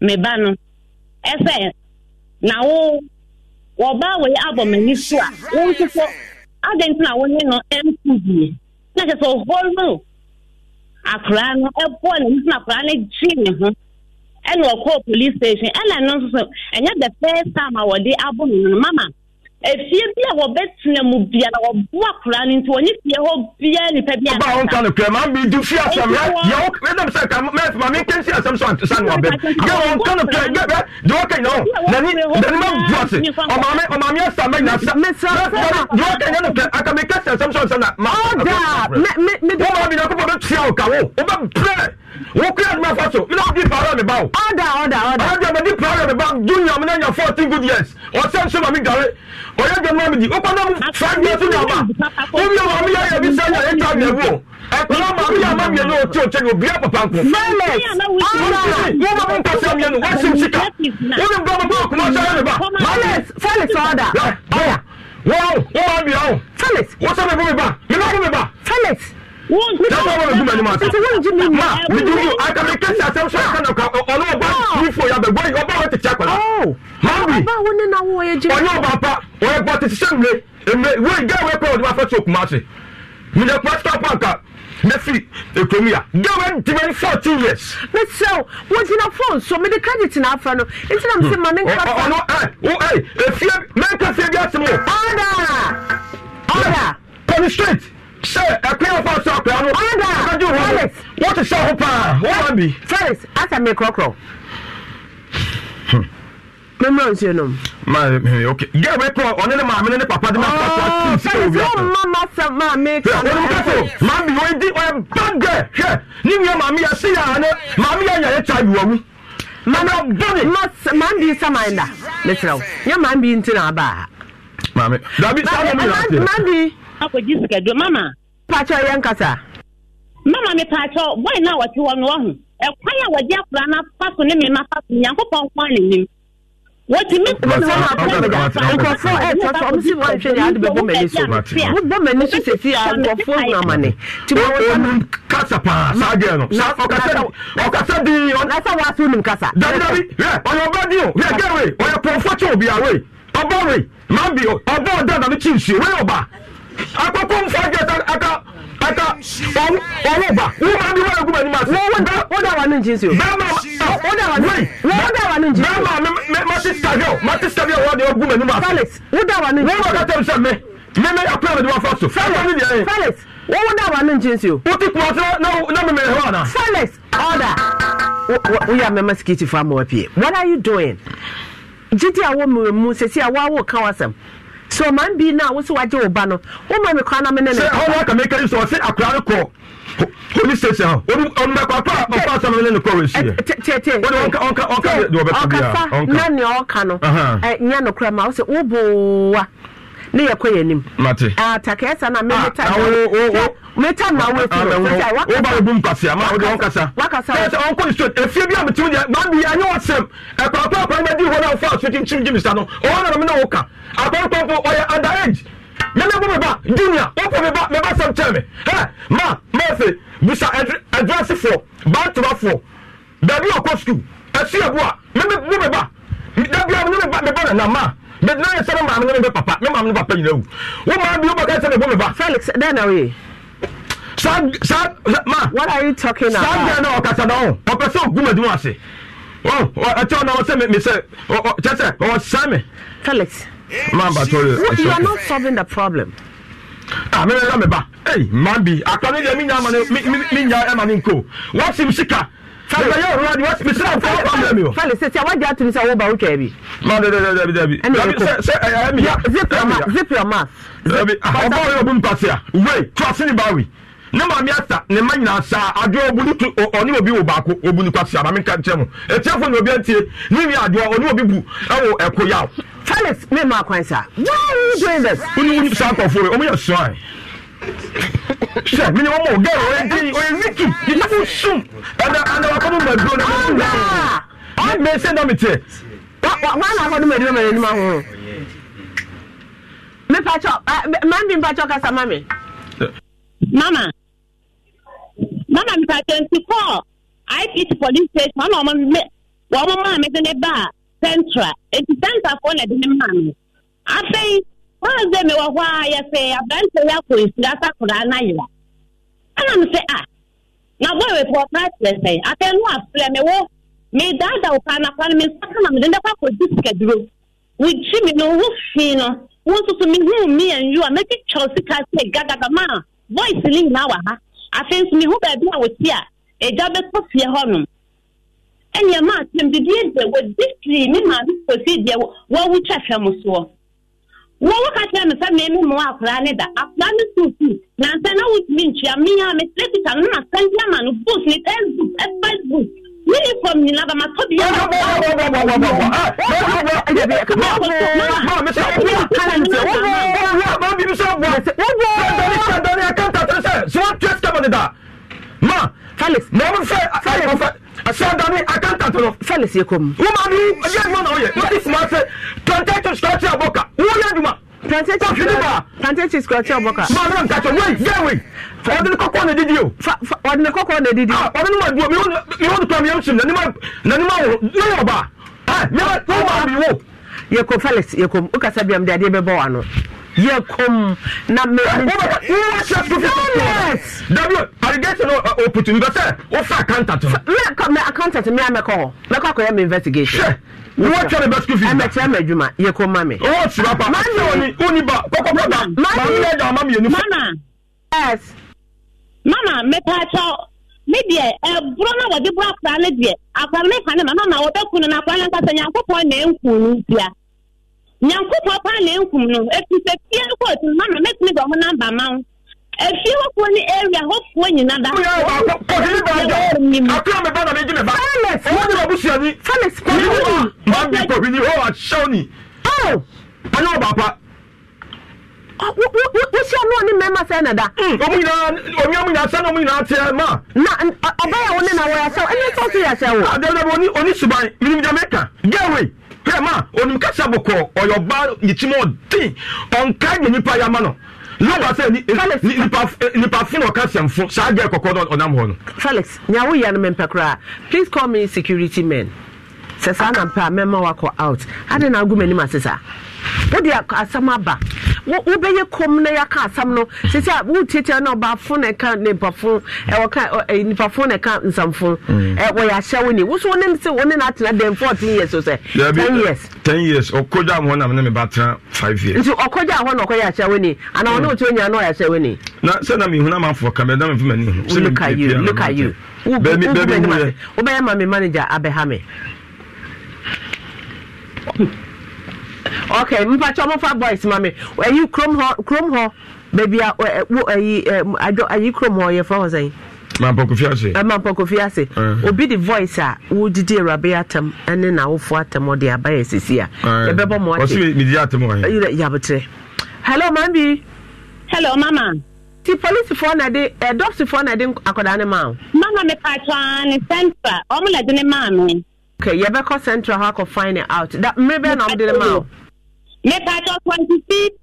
me ba no na wo wɔbaa wɔyɛ abɔ m'ani so a wɔn nso na wɔne no die na kyerɛ sɛ no ɛbɔ na no gye ne ho ɛna ɔkɔɔ station ɛna ɛno nso first time a wɔde abɔ mama. efie bi a wɔbɛtena mu bia na wɔbu akora no nti wɔnye fie hɔ bia nipa bi aba wɔn kan no pɛ maa bi di fi asɛm ya yɛwɔ mɛdɛm sɛ ka mɛ maa mi nkɛ si asɛm so ati sa ni ɔbɛm gɛ wɔn kan no pɛ gɛ bɛ de wɔn nani nani ma bu ase ɔmaame ɔmaame asa mɛ nya sa mɛ sa de wɔn kɛnyɛ no aka mɛ kɛ si asɛm so ɔsɛ na maa ɔda mɛ mɛ de mi na kɔfɔ bɛ tia o ka wo o bɛ pɛ wokura adwuma fa so mena wodi paara me ba wo ɔde madi paara me ba junior mena nya 14 good years ɔsɛm so ma me dare ɔyɛ adwamua medi wokɔna m fa dua so nyama wobia ma meyɛ yɛ bi sɛ nya ɛta biabuo ɛkɔla ma meyɛ ma mmiɛ no ɔte ɔkyɛ ne obia papa nko woma mo mpasa mmiɛ no woasim sika wode bra mabɔ akoma sɛ yɛ me ba wo wo ma mmiɛ wo felix wo sɛ mebo me ba mena bo me ba felix mene pastor panka mefi ekomia gawe dimani fourteen years. mesrɛw wogyina phone so mede credit na afa no nti na mesɛ ma menkɔno efie menka fie bi asɛm o ɔda ɔda kɔne straight sɛ ɛpia fa so akra no ɔnda felix wote sɛ ho paa wowa bi felix asɛ me korɔkorɔ mɛmmerɛ nsuo nom gɛ wekɔ ɔne ne maame ne ne papa de mamabi ɔdi ɔyɛba gɛ hwɛ ne wia maame yɛ se yɛ ane maame yɛ nyɛ yɛ kya wiwawu maame bɔne maame samanda mekyerɛ wo nyɛ maame nti na abaa maame dabi saa maame yɛ akɔgye sikaduro mama pakyɛ yɛ nkasa mama mepakyɛ bɔe no a wɔte hɔ no ɔho ɛkwan a wɔde akora no afa so ne mema fa so nyankopɔn kwan n'anim wɔtumi nkɔfoɔ ɛtɔ so ɔmo si wɔn nhwɛ ne ade bɛbɔ m'ani so wobɔ m'ani so sɛsi a kasa paa saa ɔkasa ɔkasa kasa dabidabi di o akoko nfa jẹ aka aka aka ọwọ ba wọn máa bí wọn ẹgbẹ ẹni máa ti. wọ́n wọ́n dà wà ní njí sí o. bẹ́ẹ̀ ma wọ́n dà wà ní njí sí o. wọ́n dà wà ní njí sí o. bẹ́ẹ̀ ma ma ti tàgé o ma ti tàgé o wọ́n di ọgbọ́n ẹni máa ti. dà wà ní njí sí o. wọ́n bá kẹ́tẹ́ mi mi mi mi apẹ́ mi ni wọ́n fọ́ so. felix felix wọ́n wọ́n dà wà ní njí sí o. o ti kun ọtí náà mi mẹ́rin hàn náà. felix ọ̀dà o yà mẹ́mẹ́ sikiti fa mọ́ ẹ sɛ ɔman bi na a wo sɛ wagye wo ba no woma me koraa na mene ne ɔwɔ ka meka yi sɛ ɔse akora no kɔ police station ha ɔmbɛkɔ akɔ ɔkɔ asɛm ne ne kɔ wɔ ɛsiɛ ɔkasa na Ni ɔka no nyɛ nokorɛ ma wo sɛ woboa ne yɛ kɔ yɛ nim. mate atakɛɛsa ah, na ah, meta, meta ah, na wo meta na wo efi o wakasa woba ebu mpasi ama o de wakasa wakasa ɛsɛ ɔn kɔ nsuo efie bi a mi ti mu deɛ maa mi yɛ anyɛ wɔsɛm ɛkpakpa akpa ɛna di hɔ na ɔfa aso kyimkyim gyim sa no ɔwɔ nana mi na ɔka akɔnkɔnfo ɔyɛ underage mene bo meba junior wopɛ meba meba sɛm kyɛn me ɛ ma maa se bisa ɛdrɛsifoɔ baatomafoɔ baabi ɔkɔ sukuu ɛsi ɛbu a bo meba dabi a mene meba nana maa bẹẹni náà yẹ sẹ mi maame ne mi papa mi maame ne papa nyina wu wọn maa bi wọn bọ kẹsẹ mi bọ mi ba. Felix dẹ́n na oye. saa saa ma. What are you talking about? saa dẹ́n náà ọ̀kasa náà ọ̀pẹ sẹ́ ògùn mẹ́dùn ase ọ̀tí ọ̀nà ọ̀sẹ̀ mi sẹ́ ọ̀kyẹ́sẹ̀ ọ̀sẹ̀ mi. Felix. maa ba tori ọ̀sẹ̀. You are not solving the problem. ah mi nana mi ba ee maa bi akpa yẹ mi nya ama ne nko wọ́n ti sika sábẹ yóò rọ ni wọn ti sira fún ọkọ mi. fẹlẹ sẹ sẹ wájú àtúnú sẹ wọn bá wúkẹ bi. má dẹbi dẹbi dẹbi dẹbi. ẹnna yẹ kọ sẹ your mouth zip your mouth. dẹbi ọba yóò bu mpasi a wei tí a sinmi báwì ne maame asa ne ma nyinaa saa adeɛ obu ne tu ɔne obi wɔ baako obu ne kwasi ama mi nka nkyɛn mu etia fo ne obi atie ne wi adeɛ ɔne obi kwan sa why are you doing this. wúni wúni sá akɔfo yi ɔmo yɛ sùn sɛ mene wɔma ɔgɛr ɔyɛ ziki yɛyɛ wo som ɛna waka mo maduo na mɛsu me sɛ na meteɛ wana hɔ no madina ma nanim ahoho mepakyɛ ma bi mpakyɛ kasa ma mama mama mepakyɛ nti kɔɔ ipt police station ana ɔmo wɔmo maa mede ne baa central enti centrafoɔ na de ne maa me afei kwanze mewɔ hɔ a yɛsɛ aberante yɛ akɔ esi sakora na yera ana m sɛ a na bɔ wepɔ anapa ka na mede ndɛ kɔ akɔgye sikaduro wokyi me no wo fi no wo a mɛtwitwɛw sika gagaga ma voice ne nyinaa wɔ ha afei nso mehu baabi a a e fie deɛ wọ́n wọ́n ká kyerɛ mi sɛ mèémí mu akora ne da akora ne tún fi nansan náà wotumi nkyia mi yá mi tẹ sika nínú asante ama no books ni textbook facebook uniform nyina bàmà tóbi yá. wọ́n bọ̀ wọ́n bọ̀ wọ́n bọ̀ wọ́n bọ̀ ah wọ́n bọ̀ ẹ̀jẹ̀ bi ẹ̀ka bọ̀ bọ̀ bọ̀ mi sọ wọ́n bọ̀ kárẹ̀ntì wọ́n bọ̀ wọ́n bọ̀ bọ̀ bí mi sọ bọ̀ wọ́n bọ̀ sẹ́ndọ̀rì sẹ́ndọ̀rì ẹ̀ka ntàtúnṣe sọ́ọ́ tẹ́sítẹ́mọ̀ nígbà ma felix mẹ́rin fẹ́ felix ahyɛdane akantant no sɛne sie kɔm woma bi ɛyɛ adwuma na woyɛ wote sima se plantation stɔte abɔka woyɛ adwuma plantation stɔte abɔka mamrɛ nka kyɛ wei gɛ wei ɔde ne na didi o ɔde ne kɔkɔɔ na didi ɔde ne ma duo mewode pa meyɛmhyem nanim aworo meyɛ ɔbaa mewoma bi wo yɛkɔ felix yɛkɔ wokasa biam de adeɛ bɛbɔ wo ano yɛ kom na dabi allegation oputu mi bɛsɛ wofa accountant no accountant me a mɛkɔ hɔ mɛkɔ akɔyɛ me investigation wọ́ọ̀tì ẹ̀rẹ̀ bẹ́ẹ̀ sukuu fi. ẹ mẹ̀tí ẹ mẹ̀ juma yẹ kó mami. owó sùrà pa mami òní òní ba kọ́kọ́ bá dàn mami yẹ dàn mami yẹn ní fún. mama yes. mama mẹta akyọ mi diẹ ẹ eh, buro náà wọ́n di buro akura ne diẹ akura ne kan ne ma náà na kunu na akura kasa nkasa nyankó pọ̀ na enkunu bia nyankopɔn paa na enkum no efiri sɛ fie kɔɔtu mma na mɛtumi bɔ ɔmo namba ma wo efie hɔfoɔ ne area hɔfoɔ nyina da. kò yà wà kòtìlì bá jọ àti àmì bá nàbí jìnnà bá. fẹlẹs wọn bá busuani. fẹlẹs pọbi ni wọn. wọn bí pọbi ni wọn ahyẹw ni. ọ ọyọ ọba pa. wosi ɔno ɔne mmarima sɛ na da ɔmu hmm, nyinaa ɔmi ɔmu nyinaa sɛ na ɔmu nyinaa teɛ ma na ɔbɛyɛ wo ne na wɔyɛ sɛw ɛne sɛ ɔso yɛ sɛw adeɛ na ɔni ɔni suban minimu jamaica gɛwei kyerɛ ma onim kasa bɔkɔ ɔyɛ ɔba yitim ɔden ɔnkae ne nipa yama eh, no lọ́wọ́ sẹ́ nípa fún ọ̀ka sẹ̀mfún ṣáájú ẹ̀ kọ̀kọ́ ọ̀nàm hàn. felix nyawo yanu mi mpẹ please call me security men sẹ na nà mpẹ a mẹ́ẹ̀má wakọ̀ out adé nà agúnmẹ́ ni mà sísá. wode asɛm aba wobɛyɛ kom na yɛaka asɛm no sɛsɛ a wotiatia na ɔbaafo na ɛka nipafo nipafo na ɛka nsamfo mm. wɔyɛ ahyɛ wo ni wo so sɛ wone no atena dɛn 14 years o sɛ 10 years 10 years ɔkɔgya hɔ nam ne mebɛtena 5 years nti ɔkɔgya hɔ na ɔkɔyɛ ahyɛ wo ni anaa ɔne wotiɛ mm. nya na ɔyɛ ahyɛ wo ni na sɛ na mehu na mafoɔ ka mɛda mefi m'ani look at you wobɛyɛ ma me manager abɛha me okay mpakyɛ ɔmofa boys ma me ɛyi kurom hɔ kurom hɔ baabi a wo ɛyi adwo ayi kurom hɔ yɛfrɛ hɔ sɛn mampɔkofi ase mampɔkofi ase obi de voice a uh, wodidi awurabe atam ne n'awofo atam ɔde aba yɛ sisi uh-huh. a yɛbɛbɔ mo ate ɔsi mi di atam wɔ hɛ yabotere hello mambi hello mama ti polisifoɔ na de ɛdɔsifoɔ na de akɔdaa ne maa o. mama mi pàtó a ni sɛnsa ɔmo na de ne maa mi okay yɛbɛkɔ central hɔ akɔ find it out that maybe bɛɛ na ɔmo de ne ma o.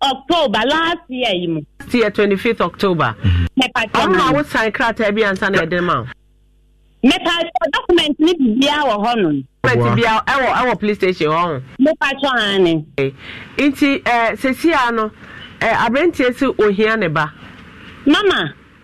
october last year yi last year 25 fifth october. Mm-hmm. Me naa ɔmo na awo san krataa bi ansa na ɛde ne ma o. document ni bibia wɔ hɔ nom. document bia ɛwɔ ɛwɔ police station hɔ. mepatɔ eh? ani. nti ɛɛ eh, sɛsi ano ɛɛ eh, aberanteɛ si ohia ne mama.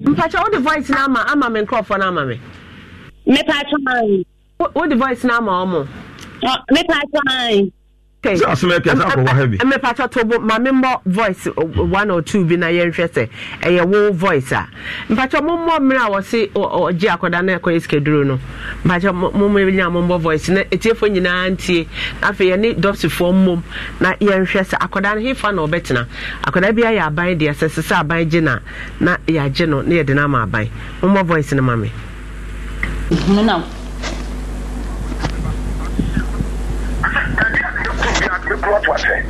mpakyɛ wode voice no ama ama me nkurɔfoɔ no ama me mepakyɛ wode voice no ama ɔmo mepakyɛ sɛ asɛm tobo ma memmɔ voice uh, one or two bi na yɛnhwɛ sɛ ɛyɛ wo voice a ah. mommɔ a wɔse akɔda no mommɛnya na ɛtiefo nyinaa ntie na afei yɛne dɔpsifoɔ mmom na yɛnhwɛ sɛ akɔda no hefa na ɔbɛtena akɔda bi ayɛ aban deɛ sɛ sɛ sɛ aban gye no na yɛagye no na yɛde no ama aban mommɔ voice mi kura to ase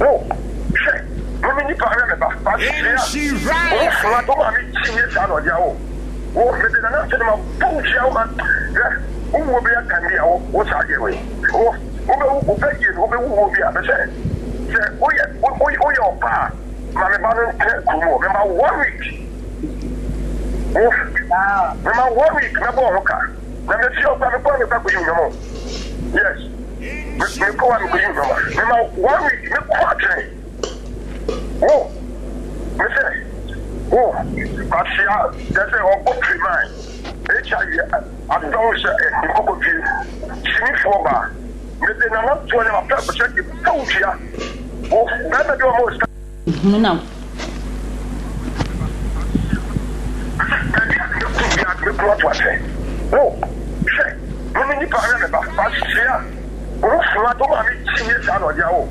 no hwɛ mami nipa ayɛ ne ba paaki yɛ a wɔn fila to maa mi kyi yɛ saa na ɔdi awo wɔ mɛdi nana ase ne ma bɔn kyi awo ma yɛ wuwo bi aka mi awo wɔ saa yɛ wɔ yi wɔ wobɛ wu wobɛ yie no wobɛ wuwo bi a bɛ sɛ sɛ oyɛ oyɛ oyɛ ɔba a maame ba no nkɛ kurom wɔ mɛ ma one week wɔ mɛ ma one week mɛ bɔ ɔno ka mɛ mɛ fi ɔba mɛ bɔ ɔno ka kɔ yi nyɔmɔ yes me kɔ wa nuku yi nɔ ma me ma one week me kɔ atwene wo me sɛ wo ahyia dɛsɛ ɔkɔ firi man hiv adɔw sɛ nkɔkɔ fie sinifoɔ baa mede nana toɔ ne mapɛ kɔsɛ de taw dua wo bɛɛma bi wɔ ma o sa. menam baabi a meku bia mekura to asɛ wo sɛ mene nipa ne me ba ahyia wo fuma to maame kyie saa na ɔde awo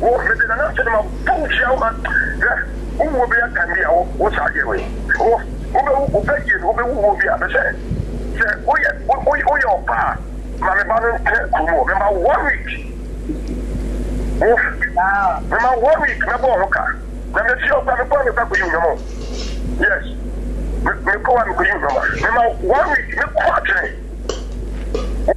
wo mede na nase no ma bom kyia wo ma dɛ wowuo bi akande a wo saa deɛ wei wobɛwu wobɛyie no wobɛwu wo bi a bɛsɛ sɛ woyɛ ɔba a ma meba no ntɛ kurom wɔ mema one week mema one week mɛbɔɔ ho ka na mesi ɔkora mekɔa meba kɔyi nnwama yes mekɔa mekɔyi nnwama mema one week mekɔ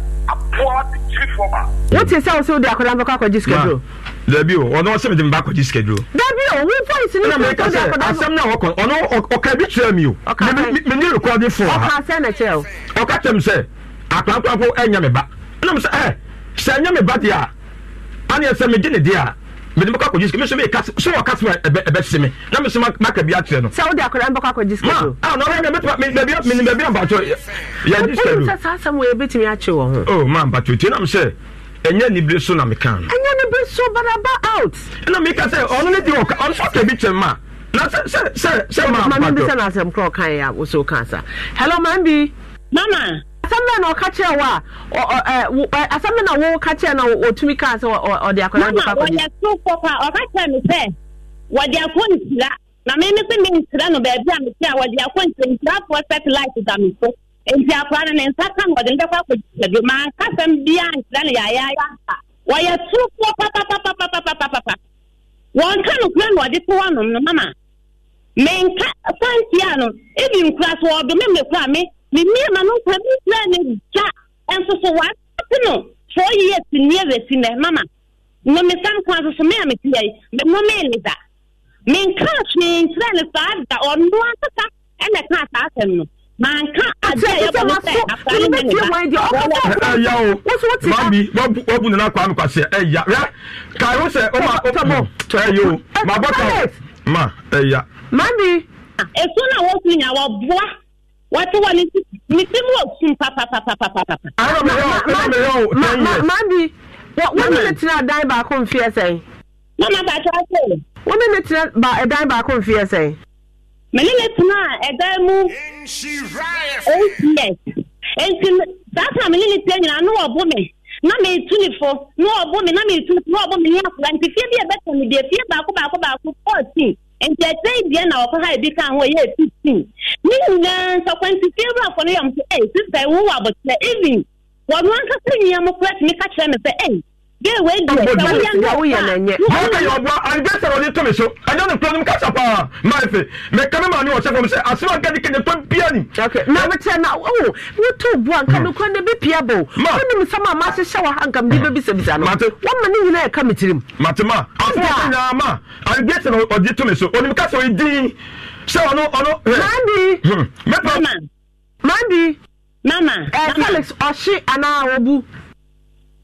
aboa de tiri fɔ ma. wotin sɛ o sɛ o de akɔla nkɔkɔ akɔji schedule. dabi o ɔno ɔsɛ mi de oh, mi ba akɔji schedule. dabi o wo voice ni mi to de akɔla nkɔkɔ. asɛm na ɔkɔ ɔno ɔka bi tura mi o. ɔka mi mi ni recording fɔ ha. ɔka sɛ na o. ɔka kyerɛ mi sɛ akɔla nkɔkɔ ɛnya mi ba ɛna mi sɛ ɛ mi ba di a ani ɛsɛ mi gye ne di a mede mekɔ akɔgye sika meso sɛ wɔka sema ɛbɛse me na meso maka bi akyerɛ no sɛ tie nam sɛ ɛnyɛ nibire so na meka no meka sɛ ɔno ne di ɔno so ɔka bi kyɛm ma na sɛ sɛ sɛ sɛ ma mpatɔ mame bi sɛ na asɛm korɔ ɔkaeɛ a wo sɛ sa hello mambi mama asɛm na na ɔka kyerɛ wo a asɛm na na wo ka kyerɛ na ɔtumi kaa sɛ ɔde akwadaa no papa wɔyɛ so kɔ pa ɔka kyerɛ me sɛ wɔde akɔ nsira na me me se me nsira no baabi a mete a wɔde akɔ nsira nsirafoɔ satellite da me so nti akwadaa no ne nsa ka na ɔde ndɛkɔ akɔ gyina bi ma akasɛm biara nsira ya yɛayɛayɛ aka wɔyɛ tufoɔ papapapapapapapa wɔn ka no kura na wɔde to hɔnom mama mama nka fanti a nọ ebi nkura so wɔdome me kura me mi ẹ̀ma no nkwa bí israel ní gya ẹnso so wà á ti no four years ní ẹ̀rẹ̀ sí nẹ̀ mama na mi sam kwan soso mi a mi ti yẹ yi mo mi ni da mi nka hwee israel saa da ọ̀nù akata ẹ̀na ẹ̀ka saa asẹm no maa nka adé a yẹ bọ̀ ní sẹ́ afra ní mi ni da. ẹ̀yà o maami wọ́n bu nínú akwa nípa ṣe ẹ̀yà rẹ kàró sẹ ọ ma ọ mọ ẹ̀yà o ma bọ́ tán eh, eh, eh, mm, ma ẹ̀yà. maami. èso náà wọ́n fi yàn wọ́n bọ́ wate wa ne ne ti mu osun papapapapapa. ara mi yọ ara mi yọ ten years. maa bi wọn ní ne tena dan baako nfi ẹsẹ. mama bàtà ṣe. wọn ní ne tena dan baako nfi ẹsẹ. mẹ ní ne tena ẹdan mu eight years nti saa saa mẹ ní ne tena nyinaa ní wọ́n bọ́ mi na mɛ etu ne fo na ɔbɔ mi na mɛ etu ne fo na ɔbɔ mi ní akora nti fie bi ɛbɛtɔ mi deɛ fie baako baako baako fourteen. nti ɛkyerɛ ebien na ɔfa ha ebi ka ho yɛ fifteen ne nyinaa nso kwantifi ewurafo no yɛ ɔmo sɛ ɛy sista ewu wɔ abotire even wɔn ankasa nyiamu kura kyerɛ me sɛ ɛy gé ìwé ìdíyẹ ìyàwó yẹn náà wà. wọ́n bẹ̀yẹ̀ ọ̀bọ̀ àdìgẹ́sẹ̀ wọn ní tómi so ẹ̀jẹ̀ ní fúlọ́ọ̀nù kásá paa máa fẹ̀ mẹ̀ka mi màá ní ọ̀sẹ̀ fún mi sẹ́ àṣìwọ̀n gẹ́gẹ́ kẹ́kẹ́ tó ń bíyà ni. na bẹ tẹ na o wọ́n tó bu àǹkà mi kọ́ ẹni bí pia bò wọ́n ní musa máa máa ṣiṣẹ́ wa àǹkà mi bí bísí bísí àná wọ́n mọ̀ ní yìí náà ẹ̀ka mi tirim. màtìmá àfọwọ́n mama mama ẹ felix ọṣì àná àwọn bu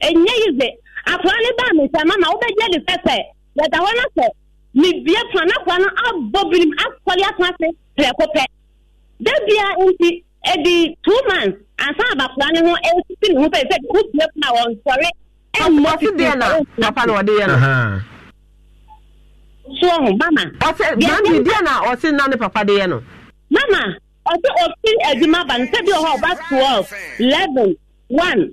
enye yi ze na ne baa mi sɛ mama wobɛgye de sɛ sɛ yɛda hɔ fa no akoa no abɔ birim akɔle ato ase nti ebi two months ansa abakoa ne ho ɛsisi e ne ho bie fa a wɔnsɔre ɛmmɔ ɔte na papa na ɔde ya no Sụọ ho mama ɔsɛ mami deɛ na ɔse na ne papa dị ya nọ. mama ọsị ɔfi adwuma ba no sɛ bi twelve eleven one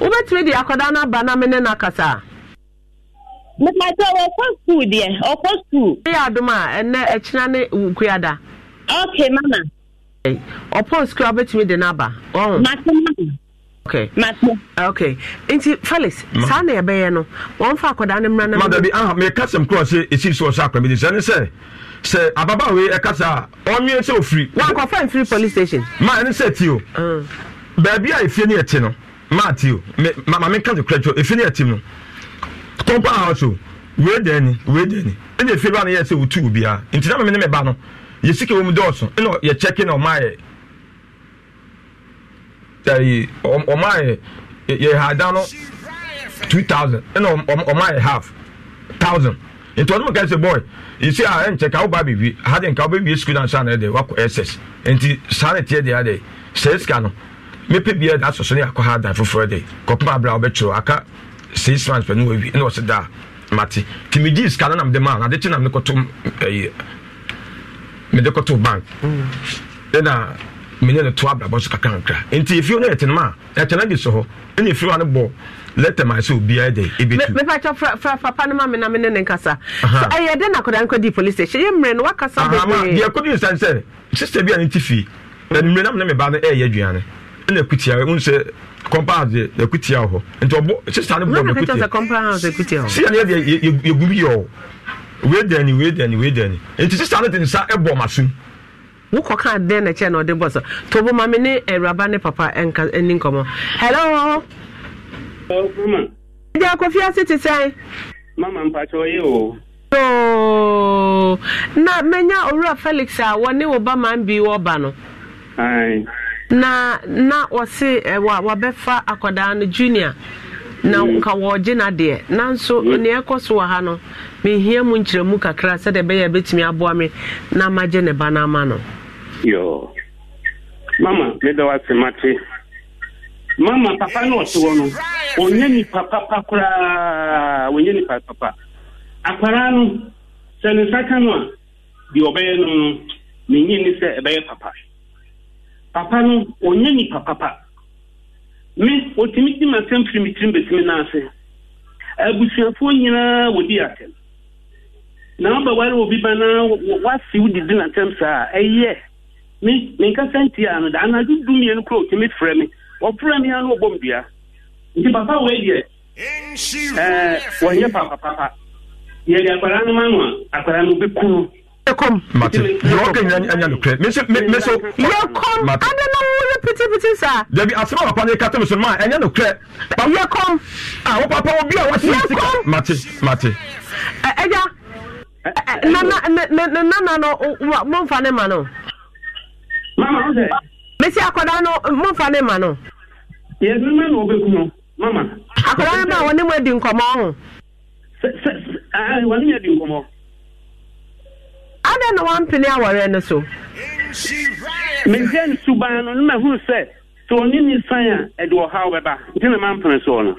wobɛtumi de akwadaa no aba na mene no akasa mepatɛ wɔkɔ skuul deɛ ɔkɔ skuul ɛyɛ adom a ɛnɛ akyina ne wukuada ok mama ɔpɔ skuul a wobɛtumi de no aba Okay. okay. nti felix saa na yɛbɛyɛ no wɔmfa akwadaa no mmra nomadabi aha meka sɛm korɔ sɛ ɛsiri sɛ ɔsɛ akramidi sɛ ne sɛ sɛ ababaa wei ɛka saa ɔnwene sɛ ɔfiri wankɔfa mfiri police station ma ɛne sɛ o? Mm. baabi a ɛfie ne yɛte no matthew maame kanto kurakyɛ efi ne ɛti mu kɔmpa house o wei dɛn ni wei dɛn ni ɛna efi ba no yɛ sɛ wotu obiara nti na maame ne mɛba no yɛ sika wɔm dɔɔso ɛna yɛ kyɛke na ɔmaa yɛ ɛyi ɔmaa yɛ yɛ haada no two thousand ɛna ɔmaa yɛ half thousand nti ɔno kɛse boy yɛsi a ɛnkyɛ ka woba biribi hade nka wobɛwie sukuu no ansa na ɛdɛ woakɔ ss nti saa ne teɛ deɛ adɛ sɛ sika no mepɛ bia na asɔ so ne akɔ ha dan foforɔ de kɔpem abra wobɛkyerɛ aka six months pɛ ne wawi ne wɔse daa mate nti megyee sika no nam de maa nade kye nam nekɔto mede kɔto bank mm. ɛna menya ne to abrabɔ so kakrankra nti ɛfie no yɛtenema a ɛtena bi so hɔ ɛne ɛfiri wa no bɔ lẹtẹ maa sẹ obiara de ebi tu. mẹfà kyọ fura fura na mi ne ne nkasa. so ẹ yẹ dẹ na akwadaa nkọ di police station yẹ mìíràn wakasa bebree. ahama diẹ kodu nsansẹ bi a ne ti fi ẹnumere nam ne mi ba ne ẹ aduane. ɛna akutia ɛmu sɛ compound deɛ akutia wɔ nti ɔbɔ sista ne bɔ akutia si yɛn deɛ yɛgu bi yɛ o. wei dɛni wei dɛni wei dɛni nti sista ne de nsa ɛbɔ ma sum. wokɔ ka den na kyɛ na ɔde bɔ tobo mame ne awuraba ne papa ɛni nkɔmɔ hello. ɛwɔ akɔfi ase te sɛn. mama o. yoo na menya owura felix a wɔne wo ba bi wɔ ba no. na na wɔse eh, wa wabɛfa akwadaa no junior na nka mm. ka wɔgye na deɛ nanso mm. nea ɛkɔ so wɔ ha no mehia mu nkyerɛmu kakra sɛdeɛ ɛbɛyɛ bɛtumi aboa me na magye ne ba na ama no yo mama meda se mate mama papa no ɔte wɔ no ɔnyɛ nipa papa koraa ɔnyɛ nipa papa akwaraa no sɛ ne nsa ka no a deɛ ɔbɛyɛ no no menyi ne sɛ ɛbɛyɛ papa papa no ɔnyɛ nipa papa me ɔtumi tim asɛm firi me tirim ase abusuafoɔ nyinaa wɔdi na aba obi ba na wase wo didi n'atɛm saa ɛyɛ me nti a no ɔtumi frɛ me ɔfrɛ me na ɔbɔ m papa wɔnyɛ yɛde akwaraa no ma no a akwaraa no yɛkɔm mate yɛwɔ ka nyina anya nokorɛ me so me so yɛkɔm ade ah, eh, eh, eh, no woyɛ pitipiti saa dabi asɛm a papa no ɛka tɛm so no ma ɛnyɛ nokorɛ yɛkɔm a wo papa wo bi a wɔhyɛ sika mate mate ɛgya nana nana no momfa ne ma no mesi akɔda no momfa ne ma no yɛnoma na wɔbɛku no mama akɔda no ba a wɔne mu adi nkɔmmɔ ho wɔne mu adi nkɔmmɔ adɛ na wampene awɔre no so mehwɛ no suban no na mahunu sɛ sɛ ɔne ne san a ɛde ɔhaw bɛba nti na mampene soɔ no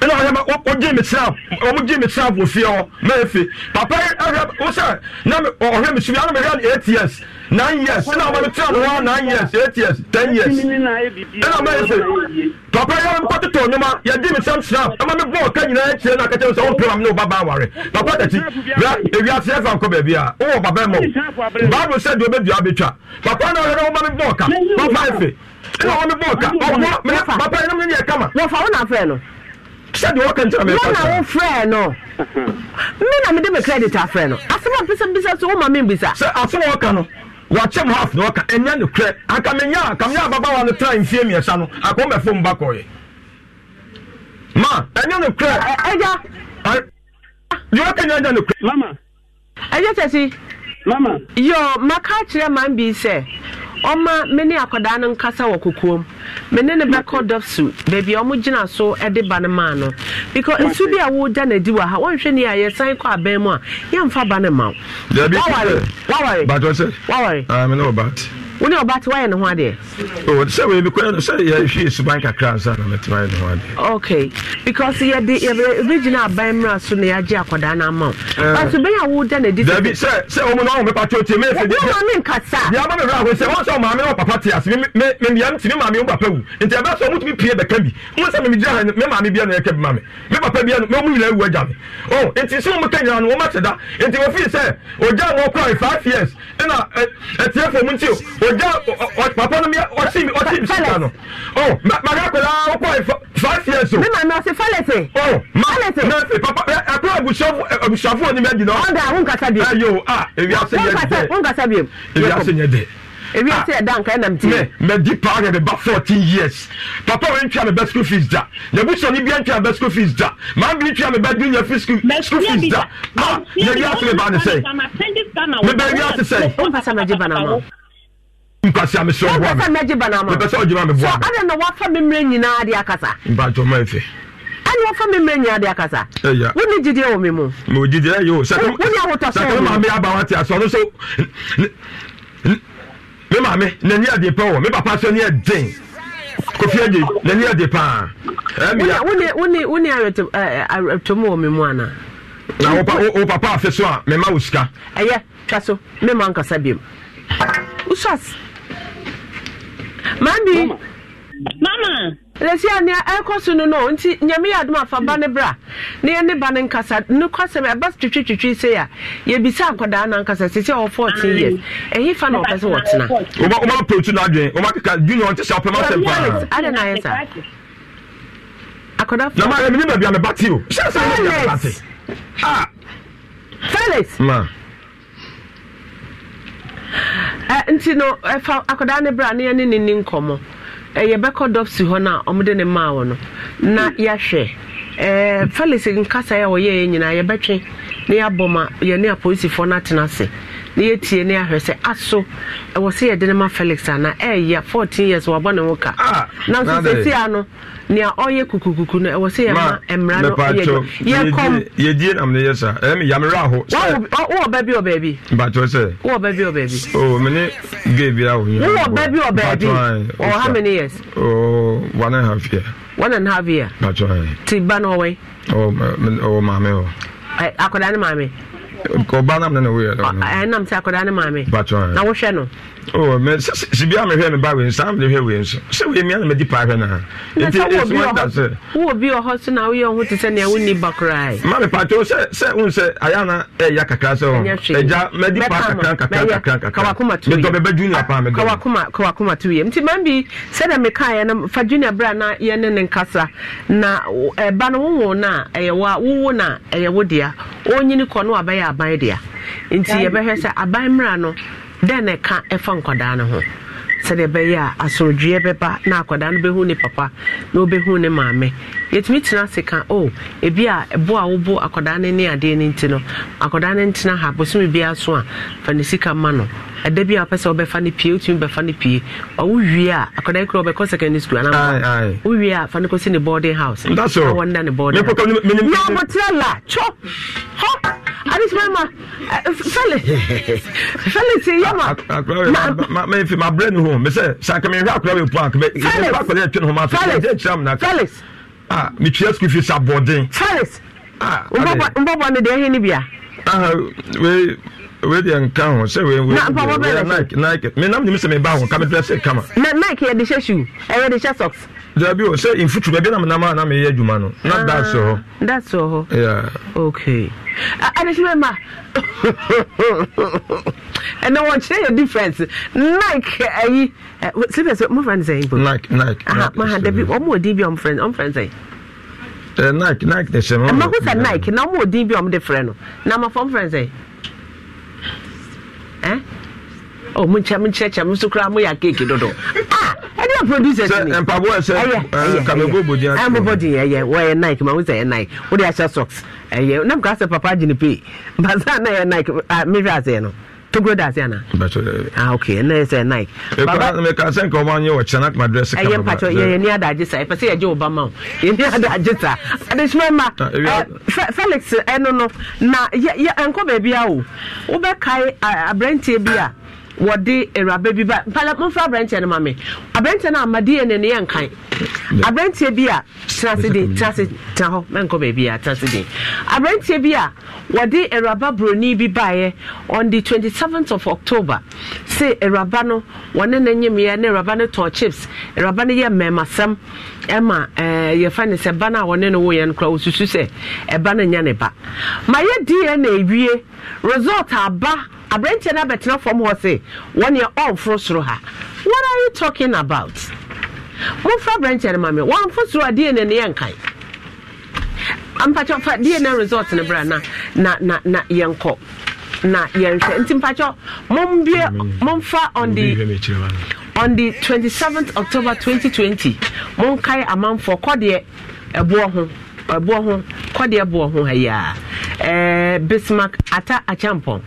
ɛna ɔyɛ ɔgye me sra ɔmo gye me sra wɔ fie hɔ mɛɛfe papa ɛhwɛ wo sɛ na ɔhwɛ me subia na mehwɛ no eight years nine years ɛna ɔmo ti ɔmo wa nine years eight years ten years ɛna ɔmo yɛ sɛ papa yɛ mpɔ tete ɔnyoma yɛ di mi sɛm snap ɛma mi bɔ ɔka nyinaa ekyire na kɛtɛ sɛ ɔmpere am ne ɔba ba aware papa tɛti bia ewia se ɛfa nkɔ baabi a ɔwɔ baba mu baabu sɛ deɛ ɔbɛ dua abɛtwa papa na ɔyɛ na ɔba mi bɔ ɔka papa efe ɛna ɔmo bɔ ɔka ɔmo mi papa yɛ na mi yɛ kama. wɔfa wɔn afɛ no. sɛdeɛ wɔka nkyɛn mi ɛfa sɛ. wɔn na wɔfrɛ no mi na mi de mi credit afrɛ no asɛm a bisabisa so wɔn ma mi bisa. sɛ asɛm a wɔka no wakyɛ mu half na ɔka ɛnyɛ no korɛ akamenya akamenya ababaawa no tra mfie mmiɛnsa no akɔmbɛfo mba kɔɛ ma ɛnyɛ no korɛ ɛya deɛ ɔka nyɛ ɛnyɛ no korɛ mama ɛyɛ sɛ si mama yo maka kyerɛ man bi sɛ ɔma me akwadaa no nkasa wɔ kokoom me ne ne bɛkɔ dɔpsu baabi a ɔmo gyina so de ba no maa no because nsu bi a wogya wɔ ha wɔnhwɛ ni a yɛsan kɔ abɛn mu a yɛmfa ba no ma wo waware waware waware ah, wone ɔba te woayɛ ne ho adeɛ sɛ wei bikɔ sɛ na mɛte woayɛ okay because yɛde yɛbɛgyina aban mmra so na yɛagye akwadaa no ama wo baso bɛyɛ a woda no adi dabi me nkasa deɛ aba mewerɛ ho sɛ wɔn sɛ ɔmaame wɔ papa te ase me maame wo papa wu nti ɛbɛ sɛ ɔmotumi pie bɛka bi mo sɛ memegyina me maame bia no yɛka bi me me papa bia no mɛmu nyinaa awu oh nti sɛ wɔm ka nyinaa da nti wɔfii sɛ ɔgya no ɔkora 5 years ɛna ɛtiɛfo mu nti ọjà papa no mi ọtí mi ọtí mi síta nù ọ màgá pẹlú ọkọ five years mi maa mi ọsẹ fẹlẹsẹ. ọ ma nọọsì papa ẹ pẹ abusuafo onímọ ẹ jìnnà. ọ̀dà n kasa bìí. ayo e, a ewi ase yẹ dẹ n kasa bìí. ewi ase yẹ dẹ. ewi ase yẹ dẹ nka ẹ nam mẹ di paa yẹ ba fourteen years papa wo n tia mi bẹ school fees da yabu sọni bi n tia bẹ school fees da maa bi n tia mi bẹ dun yẹ fi school fees da a yẹ wi ase mi ba ni sẹ mi bẹ wi ase sẹ. o n kasa ma bana ma nkwasi ame sɛ ɔboa mi mepɛ sɛ ɔgyina mi boa mi. ɛna na wafa mimire nyinaa de akasa. mpatsɔ ma efe. ɛna wafa mimire nyinaa de akasa. ɛya wo ni jide wɔ mi mu. mɛ o jide yɛ o sɛtɛm sɛtɛm maame aba wa ti asɔ ɔno so mi maame n'ani adi pa wɔ mi papa so ni yɛ den kofi ɛdi n'ani adi paa. wone wone wone awɛtɔmu wɔ mi mu ana. na wo papa afe so a mɛ ma wo sika. ɛyɛ twa so mɛ ma nkasa bi mu. usas. mami mama lesia nea ɛkɔ so no no nti nyame yɛ adom afa ba ne bra na yɛne ba ne nkasa nokwasɛm ɛba twitwitwitwi sei a yɛbisa nkɔdaa no ankasa sɛ sɛ ɔwɔ 14 years ɛhe fa na ɔpɛ sɛ wɔtena woma no adwen woma junior ɔnte sɛ ɔpɛma sɛm paa adɛ na ayɛ saa akɔda nama ɛmene baabi a meba te o hyɛ sɛ yɛ bate felix ma nti no ɛfa akwadaa ne bra ne yɛne ne ni nkɔmmɔ ɛyɛ bɛkɔ dɔpsi hɔ no a ɔmode ne maa wɔ no na yɛahwɛ felix nkasa yɛ nyinaa yɛbɛtwe na yɛabɔ ma apolisifoɔ no atena ase na yɛtie ne ahwɛ sɛ aso ɛwɔ sɛ yɛde no ma felix ana ɛyɛ 14 years wɔabɔ ne ho ka ah, nanso sɛsia no nea ɔyɛ kukukuku no ɛwɔ sɛ yɛma mmara no yɛkɔmyɛdie nam no yɛ sa ɛm yamerɛ ho wowɔ ba bi ɔbaabi bakyɛ sɛ wowɔ ba bi ɔbaabi oh, mene ga bia wo wowɔ ba bi ɔbaabi ɔwɔ how many years oh, one and half year one and half year bakyɛ ti ba no ɔwɔi ɔwɔ maame hɔ akwadaa ne maame kɔba nam nana woyɛ ɛnam sɛ akɔdaa ne maame na wohwɛ no sibi a mehwɛ me ba wei saa mede hwɛ wei nso sɛ wei mia na madi paa hwɛ no ntiwɔ bi wɔ hɔ so na woyɛ ho te sɛ nea wonni ba koraa ma mepatwo sɛ sɛ wo sɛ ayɛ na ɛya kakra sɛ ɛgya madi paa kakra kakrakakramedɔ bɛbɛ junior paa medɔkawakoma to yɛ nti ma bi sɛdɛ mekaeɛ no fa junior berɛ na yɛne ne nkasa na ɛba no wowo no a ɛyɛ wo a wowo no a ɛyɛ dea ɔnyini kɔ no abɛyɛ aban dea nti yɛbɛhwɛ sɛ aban mmra no dɛn na ɛka ɛfa nkwadaa no ho sɛdeɛ ɛbɛyɛ a asomdwoeɛ bɛba na akwadaa no bɛhu ne papa na obɛhu ne maame yɛtumi tena ase ka o oh, ebi a ɛbo a wobo akwadaa no ne adeɛ no nti no akwadaa no ntena ha bosome biara so a fa ne sika ma no ɛda bi a wopɛ sɛ wobɛfa no pie wotumi bɛfa no pie ɔwo wie a akwadaa kura wobɛkɔ secondary school anaa wo wie a fa no kɔsi ne boarding house na wɔnda ne boarding house na ɔbɔtrɛ la twɔ adesimama eh, eh, felix felix yama. mɛnfi ma brɛ ni ho mesɛ sakami nhwɛ akura bɛ pu akabɛ yɛrɛ akura yɛ twɛn ho ma fɛ yɛrɛ kyerɛ mu n'aka felix ah mi tia school fees abɔden. felix nbɔbɔ ne deɛ ɛhɛn ni bia. aha wei wei deɛ nka ho sɛ wei wei wei nike nike mɛ nam ni mi sɛ mi ba ho kamitɛ sɛ kama. na nike yɛ de hyɛ shoe ɛyɛ de hyɛ socks dabi o sɛ nfutu baabi na nam a na meyɛ adwuma no na ah, da sɛ hɔ da sɛ hɔ okay ɛne hwɛ ma ɛnɛ wɔnkyerɛ yɛ difference nike ayi eh, eh, sɛbɛ sɛ mofrɛ no sɛ nike nike maha dabi ɔma ɔdi bi ɔmfrɛ ɔmfrɛ sɛ eh, nike nike de hyɛ no ɛmaho sɛ nike na ɔma ɔdi bi ɔmde frɛ no na amafɔ mfrɛ sɛ oh mo nkyɛn mo nkyɛn kyɛn mo nso kura mo yà keeki dodo ah ɛdi yà producers ni sɛ mpaboa sɛ ɛyɛ kamebo bodi ati kamebo di ɛyɛ wɔyɛ nike maa mo sɛ nike o de ahyɛ socks ɛyɛ nam kaa sɛ papa gyi ne pay basa na ɛyɛ nike ah mi hwɛ aseɛ no togoro da aseɛ na ah okay ɛna yɛ sɛ nike baba ɛkura mɛka sɛ nka ɔmo anyi wɔ kyɛn akuma dress kama ɛyɛ mpatsɔ yɛ yɛ ni adagye sa ɛpɛ sɛ yɛ gye ɔba ma o yɛ ni adagye sa adesima ma ɛ felix ɛno na yɛ yɛ nkɔ beebi a o wobɛkae eh, aberanteɛ bi a wɔde awuraba bi ba mpala momfa aberanteɛ no ma me aberanteɛ no amadeɛ ne ne yɛ nkan aberanteɛ bi a tena se den tena se tena hɔ mɛnkɔ baabi a tena den aberanteɛ bi a wɔde awuraba buroni bi baeɛ on the twenty seventh of october se awuraba no wɔne ne nyemeɛ ne awuraba no tɔn chips awuraba no yɛ mmɛmasɛm ɛma ɛɛ eh, yɛfa ne sɛ ba no a wɔne no wɔyɛ no kora wɔsusu sɛ ɛba no nyɛ ne ba ma yɛ dna wie result aba aberanteɛ na abɛtena fam hɔ sɛ wɔneɛ ɔmforo soro ha what are you talking about momfa aberanteɛ no ma me wɔamfo soro a deɛ ne ne yɛnkae mpakyɛ fa deɛ resort no bra na na na na yɛnkɔ na yɛnhwɛ nti mpakyɛ mombie momfa on the on the 27th october 2020 monkae amanfoɔ kɔdeɛ ɛboɔ ho ɛboɔ ho kɔdeɛ boɔ ho ɛɛ eh, bismarck ata achampɔn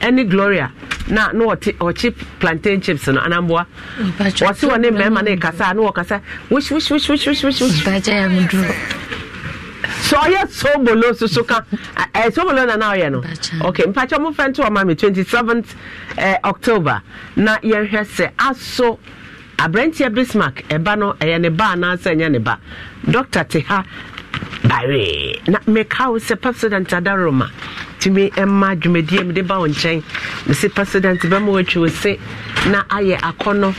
ɛne gloria na na plantain chips no anamboa oh, wɔsi wɔ ne mmarima ne kasa na wɔkasa wish wish wish wish wish wish wish. bàjẹ́ yà mí dúró. ɔyɛ sobolo soso kan ɛɛ eh, sobolo nana ɔyɛ no okay mpakyɛ ɔmo fɛn to ɔma mi twenty seventh ɛɛ eh, october na yɛn hwɛ sɛ aso. no ɛyɛ ne ba ɛnyɛ ne ba bare na meka wo sɛ president adaroma tumi ma dwumadie mede ba wo nkyɛn mese president bɛma watwiwo se na ayɛ akɔnɔ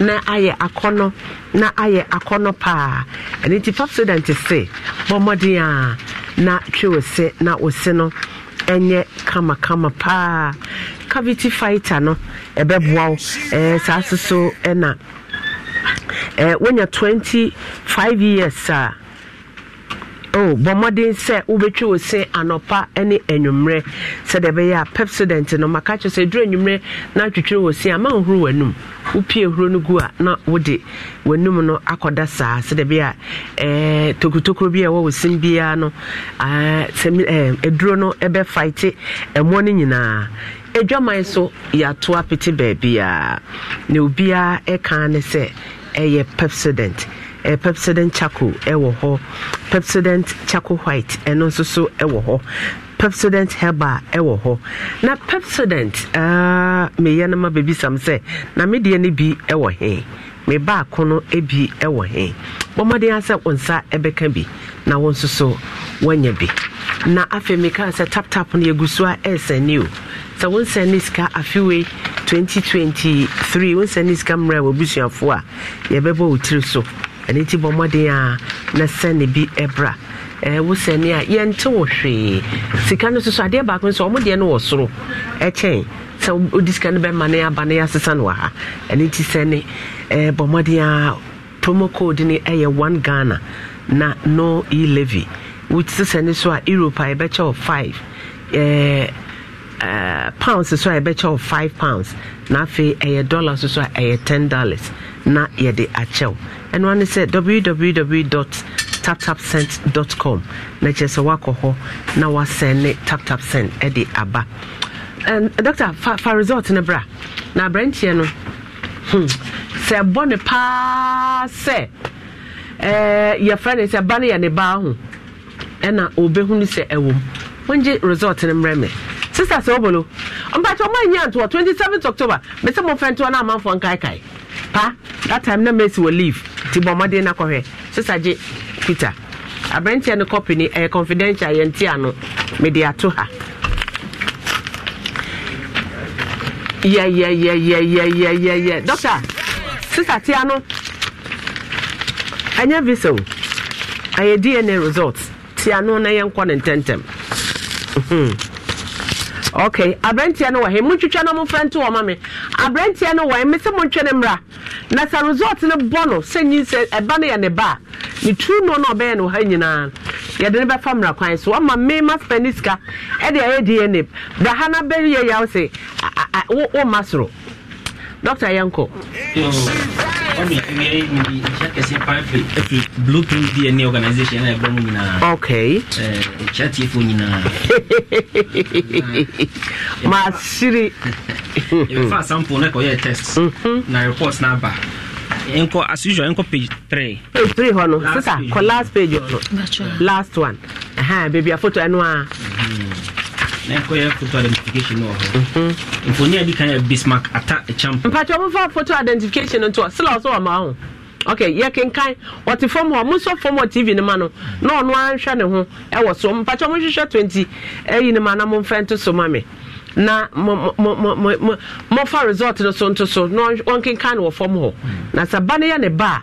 na ayɛ akɔnɔ na ayɛ akɔnɔ paa ɛno nti president se bɔ a na twiwo se na wo se no ɛnyɛ kamakama paa cavity fighter no ɛbɛboa wo eh, saa so so ɛna eh, wonya 25 years a uh, oh, bɔ mmɔden sɛ wobɛtwi wo se anɔpa ne anwummerɛ sɛdeɛ ɛbɛyɛ a pepsodent no maka kyerɛ sɛ ɛduru anwummerɛ na atwitwiri wɔ se a ma wohuru w'anum wopie huro no gu a na wode w'anum no akɔda saa sɛdeɛ ɛbɛyɛ a eh, tokurotokuro bi a ɛwɔ wɔ sem biara no ɛduro eh, no ɛbɛfaete ɛmmoɔ no nyinaa adwaman so yɛatoa pete baabiaa na obiara ɛka ne sɛ ɛyɛ pepsodent eh, pepsodent chaco ɛwɔ hɔ pepsodent chaco white ɛno nso so ɛwɔ hɔ pepsodent herba ɛwɔ hɔ na pepsodent uh, meyɛ no ma bɛbisam sɛ na medeɛ no bi ɛwɔ he me baako no bi ɛwɔ he bɔmmɔden sɛ wo nsa ɛbɛka bi na wo nso so woanya bi na afei mekaa sɛ tap no yɛgu so a ɛresɛne o sɛ wonsɛne sika afewei 2023 wonsɛne sika mmerɛ a wɔabusuafoɔ ah, a yɛbɛbɔ wo tiri so ɛno nti bɔ mmɔden a na sɛne bi ɛbra wo sɛne a yɛnte wo hwee sika no soso adeɛ baako nso ɔmo deɛ no wɔ soro ɛkyɛn sɛ wodi sika no bɛma no aba no yɛasesa no wɔ ha ɛno nti sɛne bɔ mmɔden a promo code no ɛyɛ one ghana na no e levy wosesɛ ne so a europe a yɛbɛkyɛ wɔ five eh, uh, pounds so a yɛbɛkyɛ wɔ five pounds na afei ɛyɛ dollar so so a ten dollars na yɛde akyɛw ɛno ane sɛ www taptapcent com na kyerɛ sɛ woakɔ hɔ na woasɛn ne taptapcent ɛde aba doctor fa, fa result no bra na aberanteɛ no hmm. sɛ ɛbɔ ne paa sɛ eh, yɛfrɛ ne sɛ ba no yɛ ne baa ho ɛna ɔbɛhunu sɛ ɛwɔ mu wɔngye result no mmerɛ me sister sɛ wobolo mpakyɛ ɔma anyɛ 27 october mesɛ mɔfɛ ntoɔ no amanfoɔ nkaekae anɔpa that time na mercy will leave nti bɔ mmɔden no akɔhwɛ sisa gye peter aberanteɛ no copy ni ɛyɛ eh, confidential yɛnte ano mede ato ha yɛyɛyɛyɛyɛyɛyɛ doctor sisa tia no ɛnyɛ visa o ɛyɛ dna result tia no na yɛnkɔ ne ntɛntɛm. Hmm. ok aberanteɛ no wɔ he montwitwa no mofrɛ nto wɔ ma me aberanteɛ no wɔ he me sɛ montwe ne mmra na sɛ resort no bɔ no sɛ nyi sɛ ɛba no yɛ ne ba a ne tu no ɔbɛyɛ no ha nyinaa yɛde no bɛfa mmara kwan so wama me ma spɛne sika ɛde ayɛ dna bra ha no bɛyɛ yaw se woma soro dɔctor yɛnkɔ blueprint bi ɛne organisation ɛna ɛbɔ mu nyinaa okay ɛkyɛtiefo nyinaa maasiri yɛfa sample na ɛkɔyɛ test mm-hmm. na report na ba. nkɔ as usual nkɔ page three. page three hɔ no sisan kɔ last page hɔ no last one ɛhan beebi a photo ɛnu a. na nkɔyɛ mhm. e photo identification wɔ hɔ mfoni adi kan yɛ bismark ata champo mpatwa ɔmofa photo identification no ntoɔ sila ɔso wɔ ma ho okay yɛkenkan wɔte fam hɔ mosɔ fam wɔ tv no ma no na ɔno anhwɛ ne ho ɛwɔ so mpatwa mohwehwɛ 20 e ayi no ma na momfɛ nto so ma me na mɔfa resort no so nto so na ɔnkenkan no wɔ fam hɔ na sɛ ba no yɛ ne ba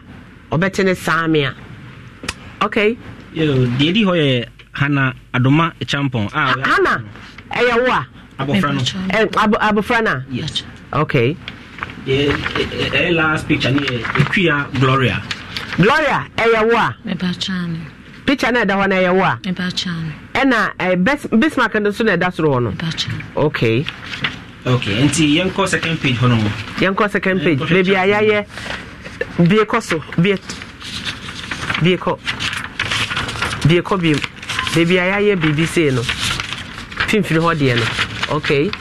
a ɔbɛte ne saa me a okay deɛ di hɔ yɛ hana adoma champon ah, ah hana ɛyɛ wo a abɔfra no okay ɛyɛ e, e, e, last picture no yɛ gloria gloria ɛyɛ wo a picture no ɛda hɔ no ɛyɛ wo a ɛna bismark no so na ɛda soro hɔ no okay okay nti yɛnkɔ second page hɔ no mu second page baabi a yɛayɛ bie kɔ so bie bie kɔ baabi a yɛayɛ biribi sei no mfimfini hɔ deɛ no okay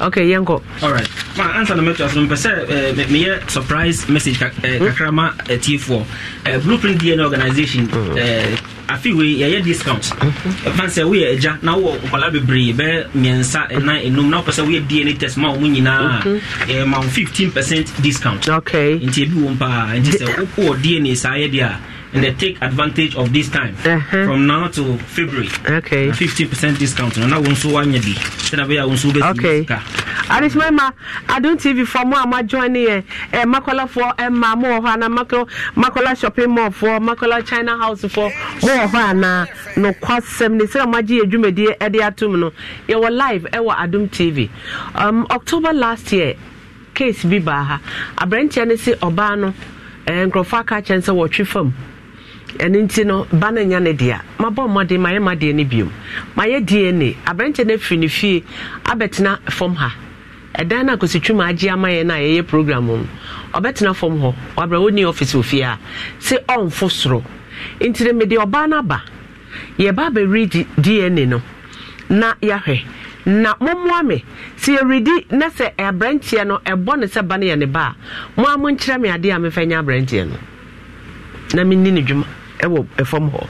okay yɛnkɔ alright ma ansa na mɛtwa so no mpɛ sɛ meyɛ surprise message uh, uh, hmm? kakra ma atiefoɔ uh, blueprint dna organization. afei wei yɛyɛ discount hmm. fan sɛ woyɛ agya na wowɔ nkwadaa bebree bɛyɛ mmiɛnsa ɛnan enum na wopɛ sɛ woyɛ dna test ma wɔn nyinaa yɛyɛ ma wɔn fifteen percent discount nti ebi wɔm paa nti sɛ wokɔ dna saa yɛ oh, oh, deɛ a and they take advantage of this time uh-huh. from now to February. Okay. Fifty percent discount. And now once one year, then I will also get okay. And it's my ma. I don't TV for more. I'm joining here. Eh, Makola for eh, ma more hana Makola Makola shopping mall for Makola China house for more hana no kwasem ne sira maji edwumadi e de atum no. Ye were live e were Adum TV. Um October last year case bi ba ha. Abrantia ne se oba no. Eh, nkrofo aka chen fam. ɛno nti no ba no nya no deɛ a mabɔ mmɔden mayɛ madeɛ no biom mayɛ dna aberɛnkyɛ no afiri no fie abɛtena fam ha ɛdan no akɔsitwuma agye ama yɛ no a yɛyɛ program no ɔbɛtena fam hɔ wabrɛ wɔni office wɔ ofie a sɛ ɔmfo soro nti no mede ɔbaa no aba yɛba abɛredi dna no na yɛahwɛ na mommoa si sɛ yɛweredi na sɛ aberanteɛ no ɛbɔ ne sɛ ba no yɛ ne ba a mo a monkyerɛ me adeɛ a mefɛ nyɛ aberanteɛ no na menni ne dwuma ɛwɔ ɛfam hɔ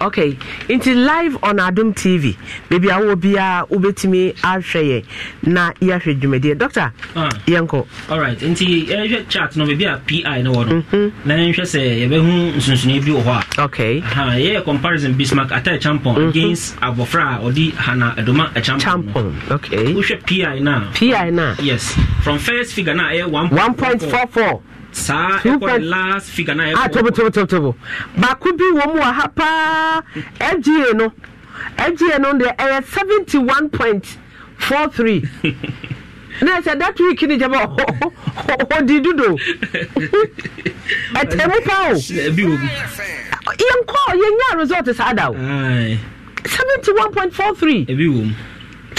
okay nti live on Adum tv baabi a wɔ biara wobɛtumi ahwɛ yɛ na yɛahwɛ dwumadie doctor ah. yɛnkɔ alright nti yɛhwɛ chat no baabi a pi no wɔ no mhm. na yɛnhwɛ sɛ yɛbɛhu nsonsonoe bi wɔ hɔ a okay yɛyɛ comparison bismark atar champon mhm. against abɔfra a ɔde hana adoma champon okay wohwɛ pi no a pi no a yes from first figure no a ɛyɛ 1.44 saa ɛkɔ last figure na ɛkɔ tɔbɔ tɔbɔ tɔbɔ tɔbɔ baako bi wɔ mu wɔ ha paa ɛgye no ɛgye no deɛ ɛyɛ seventy one point four three. na sɛ that week ni jaba ɔdi dudo ɛtɛmu pao yɛnkɔ yɛnya result saa da o seventy one point four three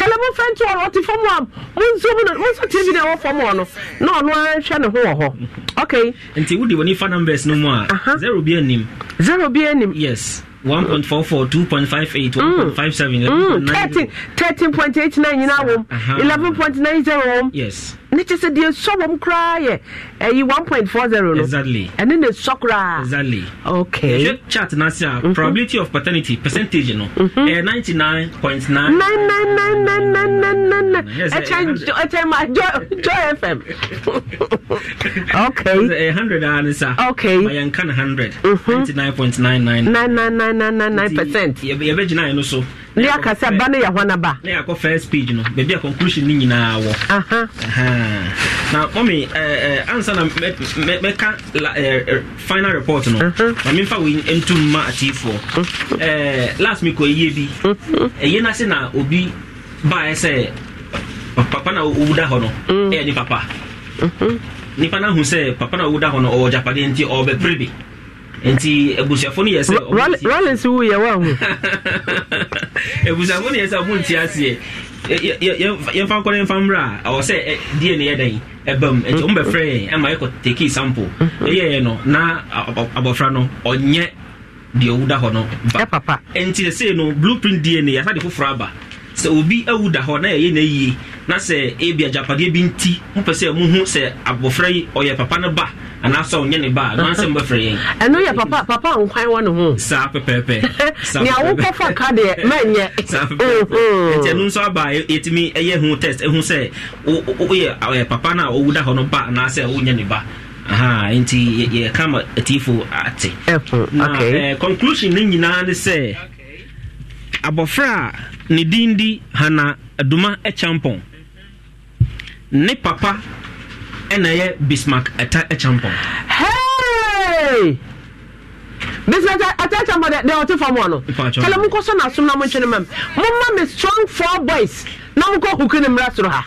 ɛna mo fɛn ti ɔno ɔte fam a mo nso mo na mo nso tie bi na ɛwɔ fam wɔ no na ɔno ahwɛ ne ho wɔ hɔ okay. nti wodi wɔn nifa numbers no mu uh-huh. a zero bi anim. Mm. Mm. zero bi anim. yes. 1.44, 2.58, 1.57, nine nyinaa wom 11.90 wom. yes ne kyɛ sɛ deɛ sɔ wɔm koraa yɛ ɛyi eh, one point four zero no exactly ɛne ne sɔ koraa exactly okay yɛhwɛ chart n'ase a mhm. probability of paternity percentage no ɛyɛ mhm. eh, ninety nine point nine nine nine nine nine nine nine nine nine ɛkyɛn eh, ɛkyɛn ma joy joy fm okay ɛyɛ hundred a ah, ne sa okay ma yɛn hundred mhm. ninety nine point nine nine nine nine nine nine nine nine percent yɛbɛgyina yɛn no so ne yɛ akasa ba ne yɛ hɔ na ba ne yɛ akɔ first page no baabi a conclusion ne nyinaa wɔ. Uh, uh, na mɔmi ansa na mɛka ɛɛ final report no mm-hmm. na mmefa wei ntum ma atiifoɔ ɛɛ mm-hmm. uh, last mi kɔ eyie bi ɛyɛ mm-hmm. n'ase na obi baayɛ e sɛ papa na owu da hɔ no ɛyɛ mm. eh, ne papa nipa na hun sɛ papa na owu da hɔ no ɔwɔ japaade nti ɔbɛ pere bi nti ebusuafo no yɛ sɛ ɔmo ti rollins wu yɛ wa hu abusuafo no yɛ sɛ ɔmo ti aseɛ. yɛmfa nkɔda yɛmfa mmerɛ a ɛwɔ sɛ deɛ ne yɛdɛn ɛba mu nti wombɛfrɛ yɛn ɛma yɛkɔ tekii sample mm-hmm. ɛyɛɛ no na abɔfra no ɔnyɛ deɛ ɔwuda hɔ no ba ɛnti ɛsei no blueprint dna yɛasa de foforɔ aba sɛ obi awu da hɔ na yɛyɛ na yie na sɛ ebi agyapadeɛ bi nti mopɛ sɛ muhu sɛ abɔfra yi ɔyɛ papa no ba anaasɛ ɔnyɛ ne ba nansɛ mbɛfrɛ yɛn ɛno yɛ papa papa nkwan wɔ ne ho saa pɛpɛɛpɛ nea wokɔfa ka deɛ manyɛ mhm. nti ɛno nso aba yɛtumi ɛyɛ ho test ɛhu sɛ woyɛ papa no a ɔwu da hɔ no ba anaasɛ wonyɛ ne ba aha nti yɛka ma atiifo ate na conclusion no nyinaa ne sɛ abɔfra a ne din di hana aduma ɛkyɛmpɔn e ne papa ɛna e ɛyɛ bismark ɛta e ɛkyɛmpɔn. Hey! bismark ɛta ɛkyɛmpɔn dɛ dɛ ɔte fam wano kɛlɛ mu kɔsɔ na asum na mu nkyɛn mɛm mo ma mi strong four boys na mo kɔ huku ne mura soro ha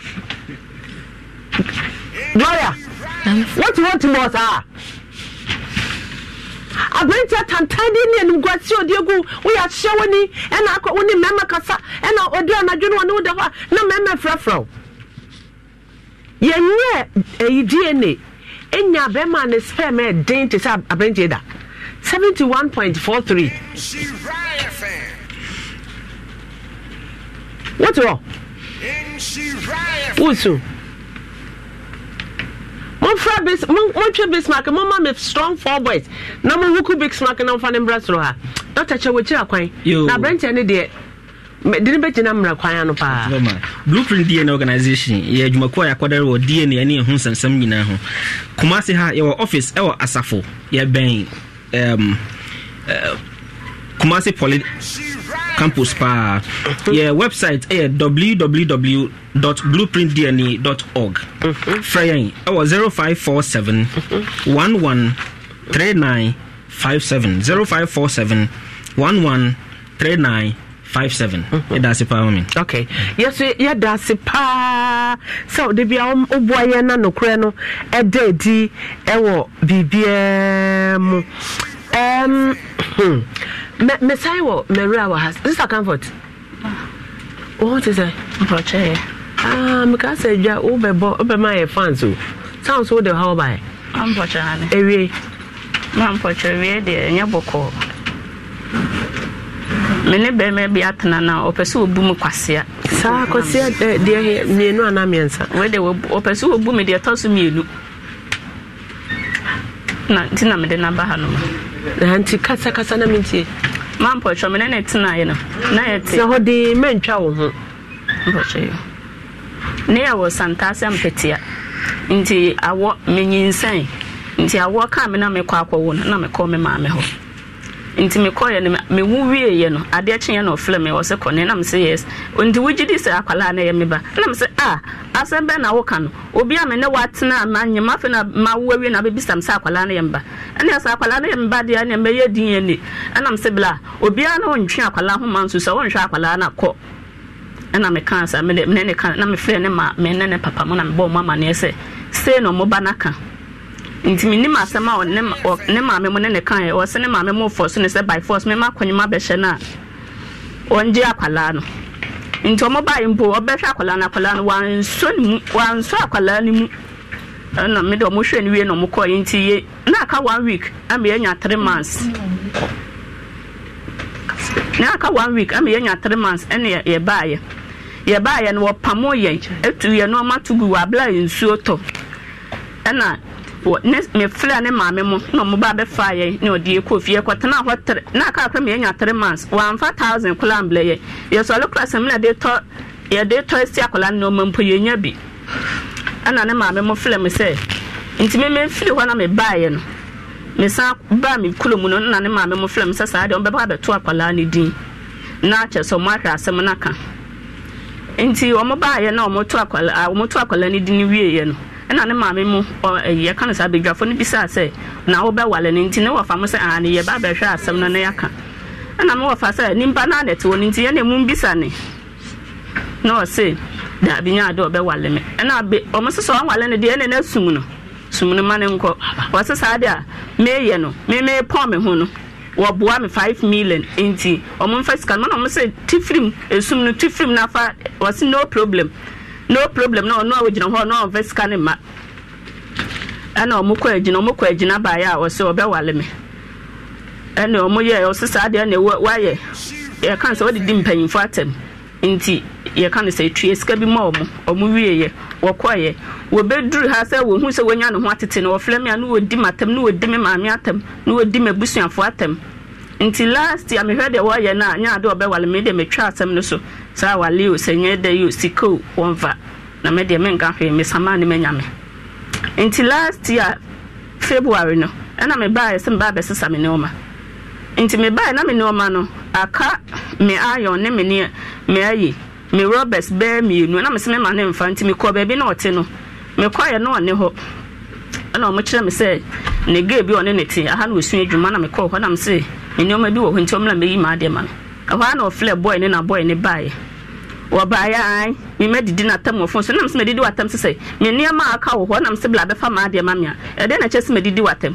gloria wɔti wɔti mɔ saa aberanteɛ tantan de ne anim guase odi egu woyɛ ahyɛ woni ɛna akɔ woni mɛɛma kasa ɛna odi anadwo no wɔne wo hɔ a na mɛɛma frɛfrɛw yɛnyɛ ɛyi eh, dna enya bɛɛma ne sperm ɛden te sɛ aberanteɛ da seventy one point four three. wotu hɔ wosu momfa bis montwe bismark momma me strong four boys na monwoku bismark na mfa ne mmra soro ha dɔkta kyɛ wɔkyira kwan na aberanteɛ ne deɛ de ne bɛgyina mmara kwan ano paa blueprint dna organisation yɛ adwumakuo a yɛakɔdare wɔ dna ne ɛho nsɛmsɛm nyinaa ho kuma se ha yɛwɔ office ɛwɔ asafo yɛbɛn um, uh, kumase poly campus paa yɛ website ɛyɛ eh, www blueprintdne org frɛ yɛn ɛwɔ 0547 11 one 57 0547 11 39 57 yɛda ase paa mami okay yɛso yɛda ase paa sɛ wode bia woboa yɛn na nokorɛ no ɛda adi ɛwɔ biribiaa mu um, mesan wɔ mɛwura wɔ ha sista comfort wɔn ti sɛ. mpɔkyɛ yɛ. aa mika sɛ dwa wo bɛ bɔ wo bɛ ma yɛ fans o sound so de ha ɔba yɛ. mpɔkyɛ ha ni. ewie. ma mpɔkyɛ ewie deɛ nye bɔkɔ. me ne bɛrima bi atena na ɔpɛ sɛ ɔbu mu kwasea. saa kwasea eh, deɛ mmienu eh, ana mmiɛnsa. wei de ɔpɛ sɛ ɔbu mu deɛ ɛtɔ so mmienu na nti na mede naba ha no ma. nti kasakasa na mentie mampɔtwɛ me ne ne tenaeɛ no na yɛte na hɔ de mɛntwa wo ho mpɔtwɛ ne yɛwɔ santaasɛ mpetea nti awɔ menyinsɛn nti awɔ kaa me na mekɔ akɔwo no na mekɔ me maame hɔ nti mekɔyɛ no mewu wieɛ no adeɛ kyeeɛ na ɔfrɛ me ɔsɛ kɔne nam sɛ yes nti wogye di sɛ akwalaa na ɛyɛ me ba nam sɛ a asɛm bɛn na woka no obi a me ne woatena a manyɛm afei na mawo awie na bɛbisam sɛ akwalaa no yɛ me ba ɛne sɛ akwalaa no yɛ me ba deɛ ɛne mɛyɛ din ɛne ɛnam sɛ bla obiara na ɔntwe akwalaa ho ma nso sɛ wɔnhwɛ akwalaa no akɔ ɛna mekaa sa mene ne ka na mefrɛ ne ma me ne ne papa mu na mebɔɔ mu amanneɛ sɛ sei na ɔmoba no aka nti mi nim asɛm a ne maame mu ne ne kan yɛ ɔsɛ ne maame mu fɔ so ne sɛ by force mɛma akɔnyima bɛhyɛ no a wɔngye akwalaa no nti ɔmo baayɛ mpo ɔbɛhwɛ akwalaa no akwalaa no wansɔ ne mu wansɔ akwalaa no mu ɛna mi de ɔmo hwɛ ne wie na ɔmo kɔɔ nti yɛ na aka one week ama yɛnya three months na aka one week ama yɛnya three months ɛna yɛ baayɛ yɛ baayɛ no wɔpamo yɛn etu yɛn no ɔmo ato gu wɔ abla nsuo tɔ ɛna wɔ ne ne filɛ ne maame mu na ɔmo ba bɛfa yɛ na ɔde yɛ kɔ fie hɔ tere na aka akɔ mu yɛnya three months wɔamfa thousand kula mblɛ yɛ yɛsɔre kora sɛm na yɛde tɔ yɛde tɔ esi akɔla no ɔmo mpo yɛnya bi ɛna ne maame mu filɛ mu sɛ ntumi mi firi hɔ na mi baa yɛ no mi san baa mi kulo mu no na ne maame mu filɛ mu sɛ saa deɛ ɔmo bɛba abɛto akɔla ne din na akyɛ sɛ ɔmo ahwɛ asɛm na nti ɔmo baa yɛ na ɔmo to akɔla ɔmo to akɔla ne din wie yɛ no ɛna ne maame mu ɛyɛ ka no saa badwafo no bisaa sɛ na wobɛwale no nti ne wɔfa mo sɛ aa ne yɛba abɛhwɛ asɛm no na yɛaka ɛna me wɔfa sɛ nimpa no anɛte wɔ no nti yɛne mu mbisa ne na ɔse daabi nya ade ɔbɛwale me ɛna be ɔmo sɛ sɛ ɔwale no deɛ ɛne no asum no sum no ma ne nkɔ ɔse saa de a meeyɛ no memee pɔn me ho no wɔboa me five million nti ɔmo mfa sika no na ɔmo sɛ tifirim esum no tifirim nafa ɔse no problem no problem na ɔno a wɔgyina hɔ na ɔmfa sika ne ma ɛna ɔmo kɔ agyina ɔmo kɔ agyina baeɛ a ɔsɛ ɔbɛwale me ɛna ɔmo yɛ ɔsɛ saa deɛ na wayɛ yɛka sɛ wɔdedi mpanyimfo atɛm nti yɛka no sɛ tue sika bi ma ɔmo ɔmo wieɛ wɔkɔɔyɛ wɔbɛduru ha sɛ wɔhu sɛ wɔnya ne ho atete no wɔfrɛ me a na wɔdi m'atɛm na wɔdi me maame atɛm na wɔdi m'abusuafoɔ atɛm nti last year mehwɛ deɛ wɔyɛ no a nyɛ ade ɔbɛwale me deɛ metwa asɛm no so saa wale o sɛ nyɛ da yio sikao wɔmfa na me deɛ menka hwee mesama ne manya me nti last year february no ɛna mebaeɛ sɛ mebaa bɛsesa me nneɔma nti mebaeɛ na me nneɔma no aka me ayon ne me ne me ayi me robert bɛɛ mmienu na mesɛ mema ne mfa nti mekɔ baabi na ɔte no mekɔeɛ na ɔne hɔ ɛna ɔmo kyerɛ me sɛ ne gay bi ɔne ne te aha na osua adwuma na mekɔɔ hɔ na me se nneɛma bi wɔ hɔ nti ɔmo na meyi maa deɛ ma no ɛhɔ ara na ɔfrɛ bɔɔl ne na bɔɔl ne baeɛ wɔbaeɛ an mema didi natam wɔfo so nam sɛ medidi watam sesɛ me nneɛma a aka wɔ hɔ nam sɛ bla bɛfa maa deɛ ma me a ɛdeɛ na kyɛ sɛ medidi watam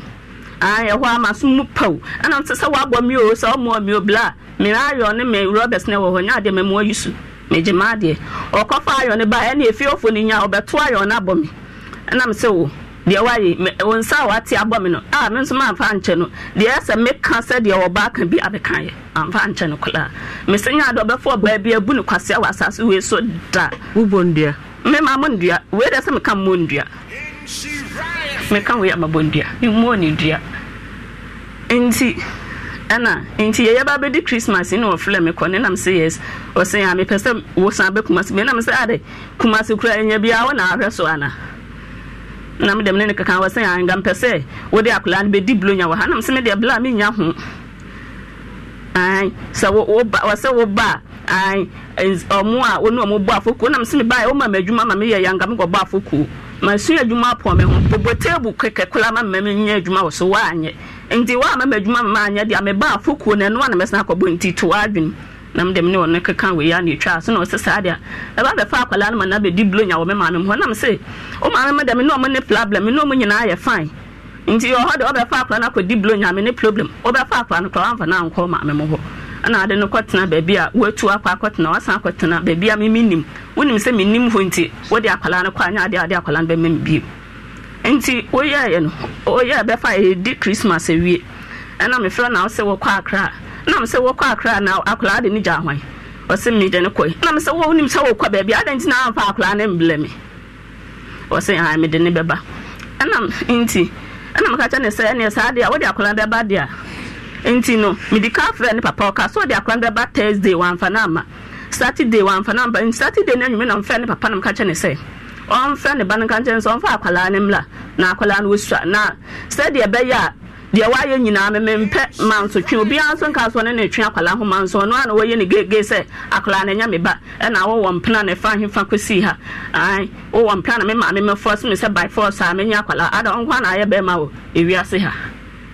an ɛhɔ ama so mu paw ɛnam sɛ sɛ woabɔ mi o sɛ ɔmoa mi bla me ayɔ ne me robert ne wɔ hɔ nyɛ adeɛ mamoa yi so megye maa deɛ ɔkɔfa ayɔ ne baeɛ ɛne ɛfie ɔfo no nya ɔbɛto ayɔ no abɔ me ɛnam sɛ wo deɛ wayɛ wo nsa a wate abɔ me no a me nso mamfa ankyɛ no deɛ sɛ meka sɛ deɛ wɔba ka bi abɛkayɛ amfa ankyɛ no koraa mese nya de ɔbɛfo ɔbaa bi abu no kwasea wɔ asase wei so da wobɔ ndua mema mo ndua wei dɛ sɛ meka mmɔ ndua meka wei amabɔ ndua mmuo ne dua nti ɛna nti yɛyɛ ba bɛdi christmas ne wɔfrɛ me kɔ ne nam sɛ yes ɔsɛ a mepɛ sɛ wosan bɛ kumase menam sɛ ade kumase kora ɛnya biaa wɔ na ahwɛ so anaa na medɛm ne ne keka wɔ sɛ anka mpɛ sɛ wode akola no bɛdi blonya wɔ ha nam sɛ medeɛ bla menya ho sɛ wɔsɛ woba ɔmo a wɔne ɔmo bɔ afokuo nam sɛ mebaɛ e, woma me adwuma ma meyɛ yɛ anka mekɔbɔ afokuo masu adwuma apɔ me ho bobɔ table kɛkɛ kola ma mmɛm nyɛ adwuma wɔ so woanyɛ nti woama ma adwuma ma anyɛ deɛ meba afokuo na ɛno na mɛsena akɔbɔ nti toa adwene nam dɛm ne ɔno keka wei a ne so na ɔsɛ saa deɛ ɛba bɛfa akwadaa no ma na bɛdi blonya wɔ me maame ho nam se wo maame ma dɛm ne ɔmo ne problem ne ɔmo nyinaa yɛ fine nti ɔhɔ deɛ ɔbɛfa akwadaa no akɔdi blonya me ne problem ɔbɛfa akwadaa no koraa wamfa no ankɔ maame mo hɔ ɛna ade no kɔtena baabi a watu akɔ akɔtena wasan akɔtena baabi a mimi nim wonim sɛ menim hɔ nti wode akwadaa no kɔ anyɛ adeɛ ade akwadaa no bɛma me nti woyɛɛ no ɔyɛɛ bɛfa a ɛdi christmas awie ɛna mefrɛ na wo sɛ wɔkɔ akra a nam sɛ wɔkɔ akra na akwaraa de ne gya hwan ɔsɛ mi gya ne kɔ nam sɛ wɔnim sɛ wɔkɔ baabi adan nti na amfa akwaraa ne mblɛ me ɔsɛ a mede ne bɛba ɛnam nti ɛnam ka ne sɛ ɛneɛ saa deɛ wode akwaraa bɛba deɛ nti no mede ka frɛ ne papa ɔka sɛ wode akwaraa bɛba thursday wamfa no ama saturday wamfa no ama saturday no anwume na mfrɛ ne papa nam ka kyɛ ne sɛ ɔmfrɛ ne ba no ka ne sɛ ɔmfa akwaraa ne mmla na akwaraa no wɔsua na sɛdeɛ ɛbɛyɛ a deɛ wayɛ nyinaa memempɛ ma nso twe obiara nso nka soɔ ne ne twe akwala ho ma nso ɔno a na wɔyɛ ne gege sɛ akwala na ɛnya me ba ɛna wɔwɔ mpena na ɛfa ahemfa kɔsii ha ae wɔwɔ mpena na me maame mɛfoɔ so sɛ by force a menya akwala ada ɔnko a na ayɛ bɛrima wɔ ewiase ha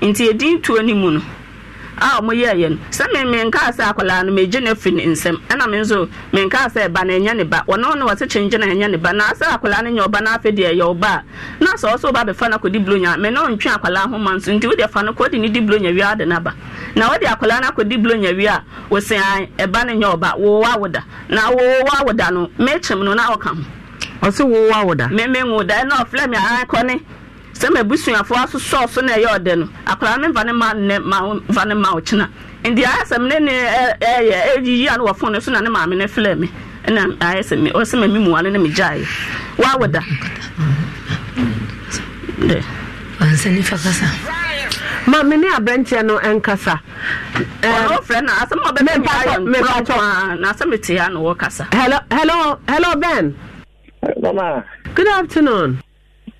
nti edi ntuo ne mu no a ɔmo yɛ yɛ no sɛ mi mi nkaa sɛ akwadaa no nso mi na ɛnyɛ ne ba wɔn no na ɛnyɛ ne na asɛ akwadaa no nyɛ ɔba na afɛ deɛ ɛyɛ ɔba na sɛ ɔsɛ ɔba abɛfa na kɔdi mɛ na ɔntwe akwadaa ho nti no ne di n'aba na akwadaa no akɔdi wia na awoda no na ɔka ho awoda sɛ ma abusuafoɔ asosɔɔ so na ɛyɛ ɔdɛ no akwadaa ne mfa ne ma nnɛ ma mfa ne ma ɔkyena nti ayɛ sɛ ne ne ɛyɛ ɛyiyi ano wɔ fon no so na ne maame ne filɛ mi ɛna ayɛ sɛ mi ɔsɛ ma mi mu ano ne mi gya yɛ waawo da. wansani fa kasa. maame ne aberanteɛ no nkasa. na asɛm a ɔbɛka mi hello hello hello ben. mama. good afternoon.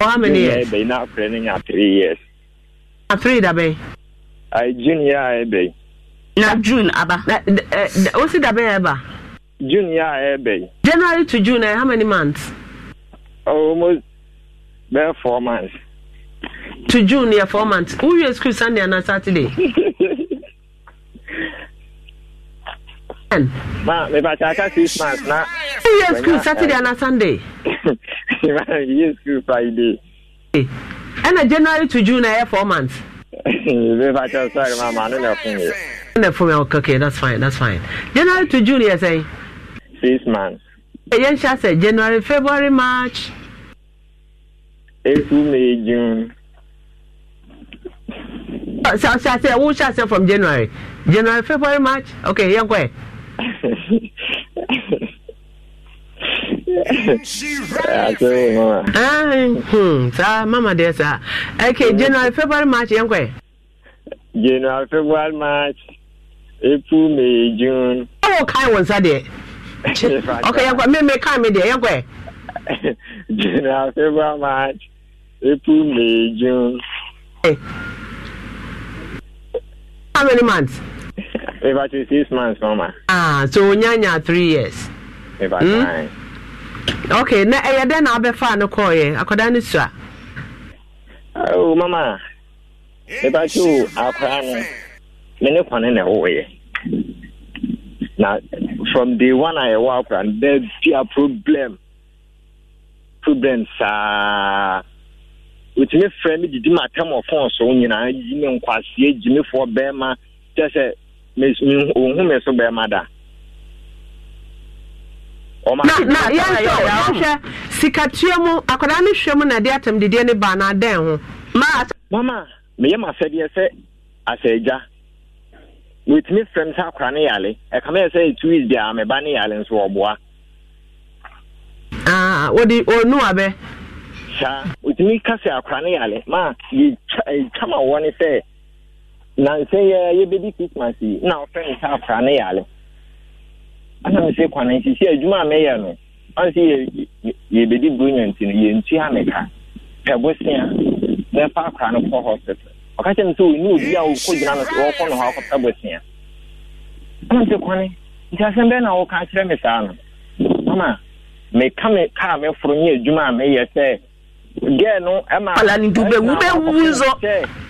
how many years? I've been akure ne nya three years. Na three dabe. I junior, ya ebe. June abba. Eh, eh, what's it, dabe abba? Junior, ya January to June, eh, how many months? Almost bare four months. To June, yeah, four months. Who you school Sunday and Saturday? ma mepakyɛ aka christmas na yɛ school saturday ana sunday yɛ school friday ɛna january to june ɛyɛ four months mepakyɛ sorry ma ma ne na fom yɛ ne fom yɛ okay that's fine that's fine january to june yɛ sɛn six months yɛn hyɛ sɛ january february march april e may june sɛ sɛ sɛ wo hyɛ sɛ from january january february march okay yɛn kɔ saa mama deɛ saa ɛkɛ january february march yɛn kɔɛ january february march april may june ɛwɔ kan wɔ nsa deɛ ɔkɛ yɛn kɔ me me kan me deɛ yɛn kɔɛ january february march april may june how many months If I About six months, Mama. Ah, so Nyanya three years. About hmm? die. Okay, na ɛyɛ eh, dɛn na abɛfa no call ye. akwadaa no sua. Oh, Mama. About you, akwadaa no. Me ne kwan na ɛwɔyɛ. Na from the one I walk and there's there be a problem. Problem saa. Uh, me frɛ me didi ma tɛmɔ phone so nyinaa yi me nkwaseɛ gyi me foɔ bɛrima kyɛ sɛ ohun mi so bɛɛ ma da. na yɛnso ɔhwɛ sikatuo mu akwadaa no hwɛ mu na ɛde atam didiɛ ne baa na ho. mama meyɛ ma sɛdeɛ sɛ asɛgya wɔtumi frɛ sɛ akwadaa no yale ɛka meyɛ sɛ two weeks biara meba ne yale nso wɔboa. Ah, wɔde ɔnu abɛ. saa wɔtumi ka sɛ akwadaa no yale ma yɛtwa ma wɔn sɛ. na sɛ yɛ yɛbɛdi christmas yi na ɔfrɛ ne sɛ afra ne ana adwuma a meyɛ no yɛbɛdi brilliant no na ɛfa akra no kɔ hospital ɔka kyɛ me sɛ ɔni obi a wɔkɔgyina no wɔkɔ no hɔ akɔpɛ bosea ana me kwane nti asɛm bɛɛ na wɔka kyerɛ me saa no ama meka me kaa meforo nyɛ adwuma a meyɛ sɛ gɛɛ no ɛma ɔla bɛwu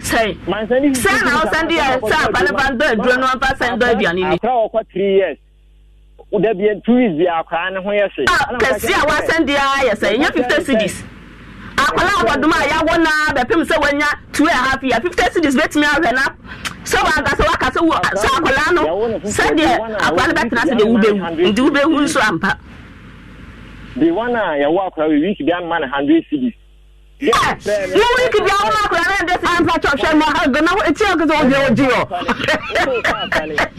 sɛn sɛn na ɔsɛn di yɛ sɛ abalaba ndɔ eduro na ɔfa sɛn dɔ aduane ni. akra ɔkɔ three years dabi yɛ two years yɛ akra ne ho yɛ se. kɛse a wasɛn di yɛ sɛ yɛ fifty cities akwara abɔdum a yɛawɔ na bɛpem sɛ wanya two and a half year fifty cities bɛtumi ahwɛ na sɛ wankasa wakasa wo sɛ akwara no sɛdeɛ akwara no bɛtena sɛ deɛ wobɛwu nti wobɛwu nso ampa. the one a yɛwɔ akra wɔ week bi ama na hundred cities mo wíìkì bí àwọn akọ̀rọ̀ náà dé sí anfa church ẹ̀ máa gan náà etí ẹ̀ kìí sọ wọ́n di ọjì yọ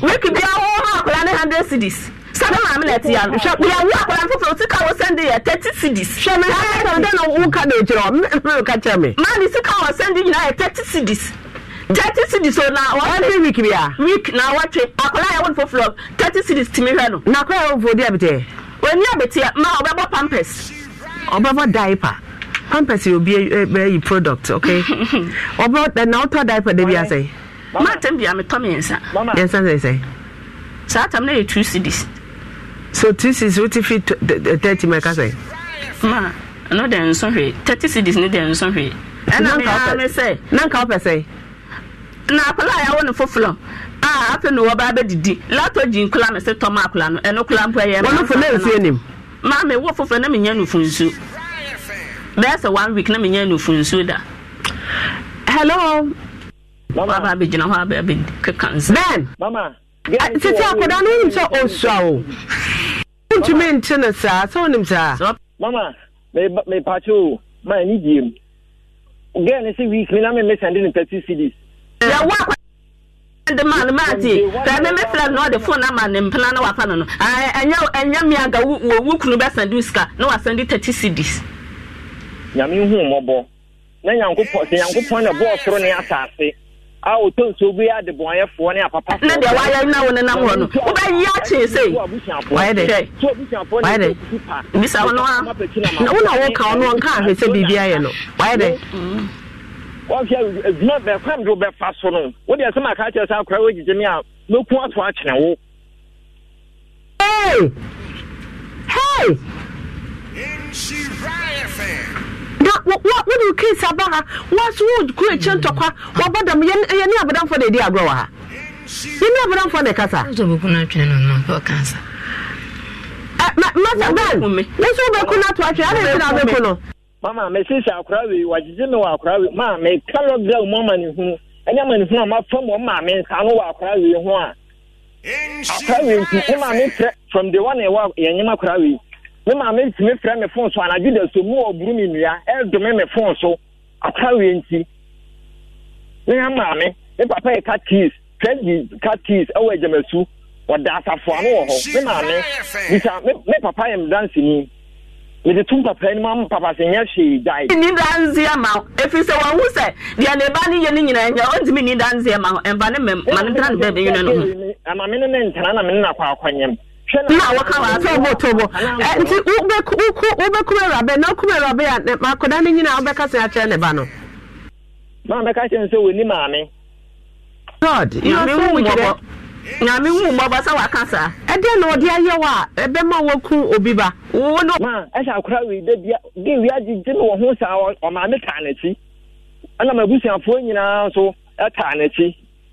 wíìkì bí àwọn akọ̀rọ̀ náà hundred cedis sábẹ́ màmí nà ti yà mí hwẹ́ bíyà wú akọ̀rọ̀ fúnfún ọtí káwọ́ sẹ́ndì yẹ thirty cedis hwẹ́ mi hàn ẹ̀ sọ̀rọ̀ dẹ́nu wú ká dèjì rọ̀ mi ò ká kyẹ́ mi. máa ní sí káwọ́ sẹ́ndì yìí náà yẹ thirty cedis thirty cedis o na wọ́n ti week bi a. week na wọ́n ti akọ̀rọ̀ yẹ wọ́n thirty cedis tì mí hwẹ́ no. na akọ̀rọ̀ yẹ wọ́n fọ́ di abẹ́tẹ̀. òní abẹ́tẹ̀ máa ọbẹ̀ bọ́ pampers. ọbẹ̀ bọ́ diaper pampers yɛ obi ɛyi product okay ɔbɛ na ɔtɔ diaper de bi asɛ. maa tɛm bi a mi tɔ mmiɛnsa. mmiɛnsa sɛ sɛ. saa tam na yɛ two cds. so two cds o ti fi thirty mɛka sɛ. maa no dɛ nso hwee thirty cds ne dɛ nso hwee. ɛna mi ara mi sɛ. na nka ɔpɛ sɛ. na akwadaa a yɛwɔ ne foforɔ a afei na wɔba abɛdidi latɔ gyi nkula mi sɛ tɔm akwadaa no ɛno kula mpɔ yɛ. wɔn no fo ne nsuo nim. maa mi wɔ foforɔ na mi nya nufu nsuo bɛɛ sɛ one week na menya nufu nsuo da hello Mama, waba abɛgyina hɔ abɛ abɛkeka nsa ben tete ah, akwadaa no wonim sɛ ɔsua wo wontumi nte no saa sɛ wonim saa mama mepakye o ma ani die mu girl ne sɛ week mi na memme sɛnde no thirty cds yɛwo akwadaa ma no maate sɛ me me frɛ no ɔde phone ama ne mpena na wafa no no ɛnyɛ ah, e, e ɛnyɛ e mmeaga wo wo kunu bɛsɛnde wo sika na wasɛnde thirty cds nyame hu mmɔbɔ na nyankopɔn sɛ nyankopɔn na bɔɔ soro ne asase a ɔtɔ nsuo bi ade bɔnyɛfoɔ ne apapa na deɛ wayɛ na wo nenam hɔ no wobɛyi akye sei wayɛ dɛ bisa wo no a na wo na woka wo no ɔnka ahwɛ sɛ biribi ayɛ no wayɛ dɛ adwuma bɛkwan de wobɛfa so no wode ɛsɛm aka kyerɛ sɛ akora wɔgyegye me a mɛku ato akyene wo Hey! Hey! In Shiraya Fan. wode wo kase aba ha waso wokuro akyire ntɔkwa wabɔ dam yɛne abadamfoɔ na ɛdi agorɔ ha yɛne abadamfoɔ na ɛkasa masa no ato atwe ade ntina wobɛku no mama mesi sɛ akora wei wagyegye me wɔ akora wei ma meka lockdown mu ama ne hunu ɛnyɛ ama a mafa nsa no wɔ akora wei ho a akora wei nti ne ma me frɛ from the one ne maame ntumi frɛ me fon so anadwo da so mu wɔ buru mi nnua ɛredome me fon so ataweɛ nti ne ya maame ne papa yɛ cat keys twɛdi cat keys ɛwɔ agyamasu wɔda asafo ano wɔ hɔ ne maame bisa me me papa yɛ me dansi ni mede tum papa anim ama papa sɛ nyɛ hwee dae ni danseɛ ma wo ɛfiri sɛ wɔhu sɛ deɛ ne ba ne yɛ no nyinaa nyɛ ɔntumi ni danseɛ ma ho ɛmfa ne ma ne ntena ne bɛbɛyene no ho ama me ne ne ntena na me ne nakɔ akɔnyɛm na nti na a akɔda no nyinaa wobɛka sɛ akyerɛ ne ba no ma bɛka kyerɛ sɛ wɔni maame god nyame na ɔde a ɛbɛma wɔku obi ba ma ɛhyɛ akora wei da bia de wia gyegye me wɔ ho saa ɔmaame taa n'akyi ɛna mabusuafoɔ nyinaa nso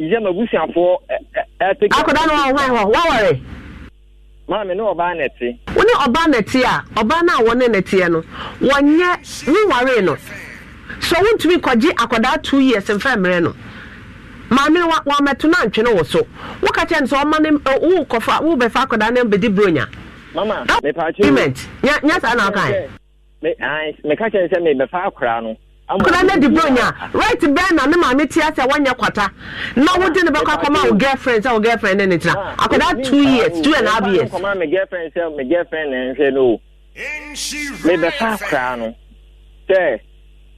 yíyá ma busuafoɔ ɛ ɛ. no wọn hàn hàn maame ne ɔbaa nɛte. wọn a ɔbaa naa wɔn ne nɛteɛ no wɔn nyɛ wiwari no so wọn tumi kɔgye two years nfa mmerɛ no maame wa na ntwene wɔ so wɔka kyɛn sɛ kɔfa bɛfa ne bronya. mama nyɛ nyɛ saa na Me ayi kyɛn sɛ kura ne di right bɛn na ne maame ti ase a kwata na wodi ne bɛkɔ akɔma wo girlfriend sɛ girlfriend ne ne years two and a half years. nkɔmɔ mi girlfriend sɛ mi girlfriend na nhwɛ no o mi bɛ fa no sɛ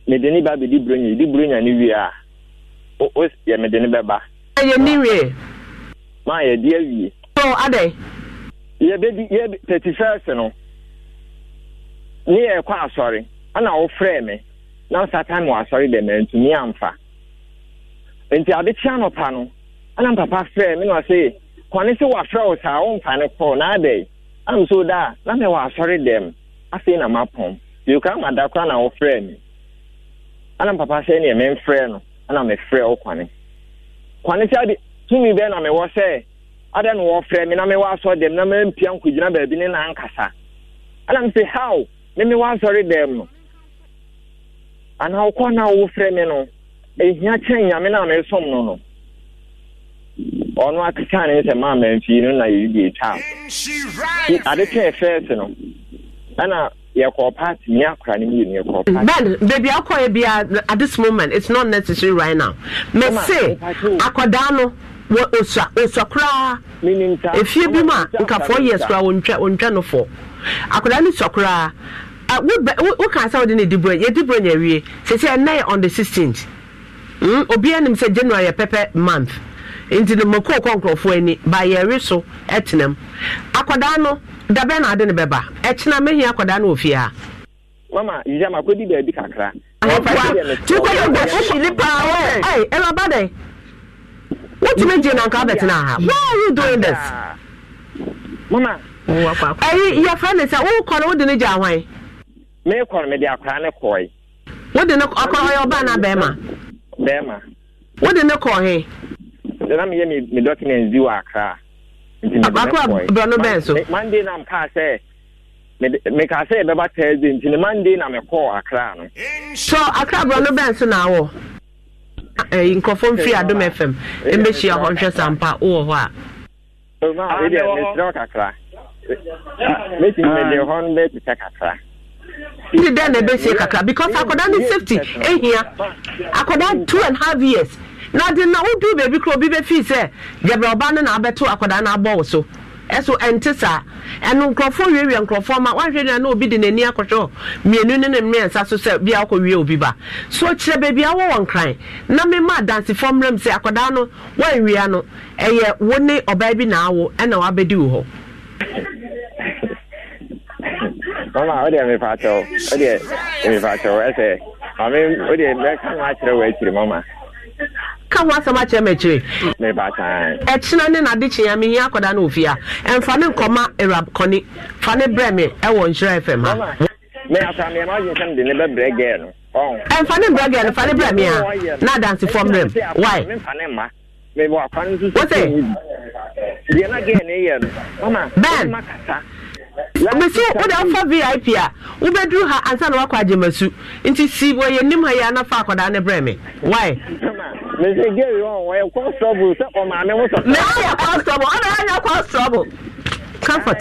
mi ba bi di di a o o yɛ mi bɛ ba. ni maa yɛ so adɛ. yɛ bɛ di yɛ thirty first no ne yɛ kɔ asɔre ɛna mi. na nsaka na wasɔre dɛm ntumi amfa nti ade kyea nɔpa no ana papa frɛ me na kwane sɛ wafrɛ wo saa womfa ne kɔ na am so da a na mɛ wasɔre dɛm afei na mapɔn ma da kora na wofrɛ me ana papa sɛ neɛ memfrɛ no ana mefrɛ wo sɛ ade tumi na mewɔ sɛ adɛ na wɔfrɛ me na mewɔ dɛm na mampia nkɔgyina baabi ne na ankasa haw me dɛm no ana ɔkɔ na wofrɛ me no ehia kyɛn nyame na mesom no no ɔno akeka ne sɛ maa mamfii no na yɛdi taa ade kyɛn fɛɛse no ɛna yɛkɔɔ party me akora ne mmienu yɛkɔɔ party ben baabi akɔyɛ e bia at this moment it's not necessary right now mese akɔdaa no osua osua koraa efie bi mu a nka four years koraa no fɔ akɔdaa no sua Ah, woka sɛ wode ne dibro yɛdibro nya awie sɛsɛ ɛnɛ yɛ on the 16th hmm? obiaa nim sɛ january yɛ pɛpɛ month nti no makoo kɔ nkurɔfoɔ ani ba yɛre so tenam akwadaa no dabɛ na ade ne bɛba ɛkyena mɛhia akwadaa no a mama yíyá ma kó di bẹẹbi kakra. tí kò yẹ gbèsè sílí paa wẹ ẹ ẹ lọ bá dẹ wọ́n ti mi jẹ nankan abẹ tẹ náà why are you doing this. mama. ẹyin di mekɔ no mede akwaraa ne kɔe wode ne ɔkɔrɔ ɔyɛ ɔbaa na bɛrima bɛrima wode ne kɔ he na meyɛ me me bi wɔ akraa nti bɛn so monday na mkaa sɛ mekaa sɛ yɛbɛba thursday nti ne monday na mekɔɔ akraa no so akra brɔno bɛn so na nkɔfo mfiri adom fm mbɛhyia hɔ nhwɛ sampa wowɔ hɔ a mesrɛ kakra mɛtumi ndị dɛ na si kakra because akwadaa ne safety ehia akwadaa two and half years na adi na wodu beebi kura obi bɛfi sị gyabra ɔbaa ne na abɛto akwadaa na abɔ wo so ɛso ɛnte saa nkurọfọ nkurɔfoɔ wiewia nkurɔfoɔ ma wahwɛ nea na obi de n'ani akɔhwɛ mmienu ne ne mmiɛnsa so sɛ bia ɔkɔ wie obi ba so kyerɛ beebi awɔ wɔn kran na mmemme adansi mmerɛ mu sɛ akwadaa no wɔnwia no ɛyɛ wo ne ɔbaa bi na awo ɛna wabɛdi wo hɔ. mama o deɛ mefa kyɛw o deɛ mefa kyɛw ɛsɛ maame o deɛ mɛka ho akyerɛ wɔ akyiri mama ka ho asɛm akyerɛ m'akyire ɛkyena ne nade kyea mehia akɔda no ofie a ne nkɔma awurab kɔne fa ne brɛ me ɛwɔ nkyerɛ fm ha ɛmfa ne mbrɛ gɛ no fa ne brɛ me a na adansefoɔ mmerɛm wy wosɛ bɛn mesu wode afa vip a wobɛduru ha ansa na woakɔ agyemasu nti si wɔyɛ nim ha yɛ ana akɔdaa ne brɛ me wy mesɛ gary ɔ wɔyɛ comfort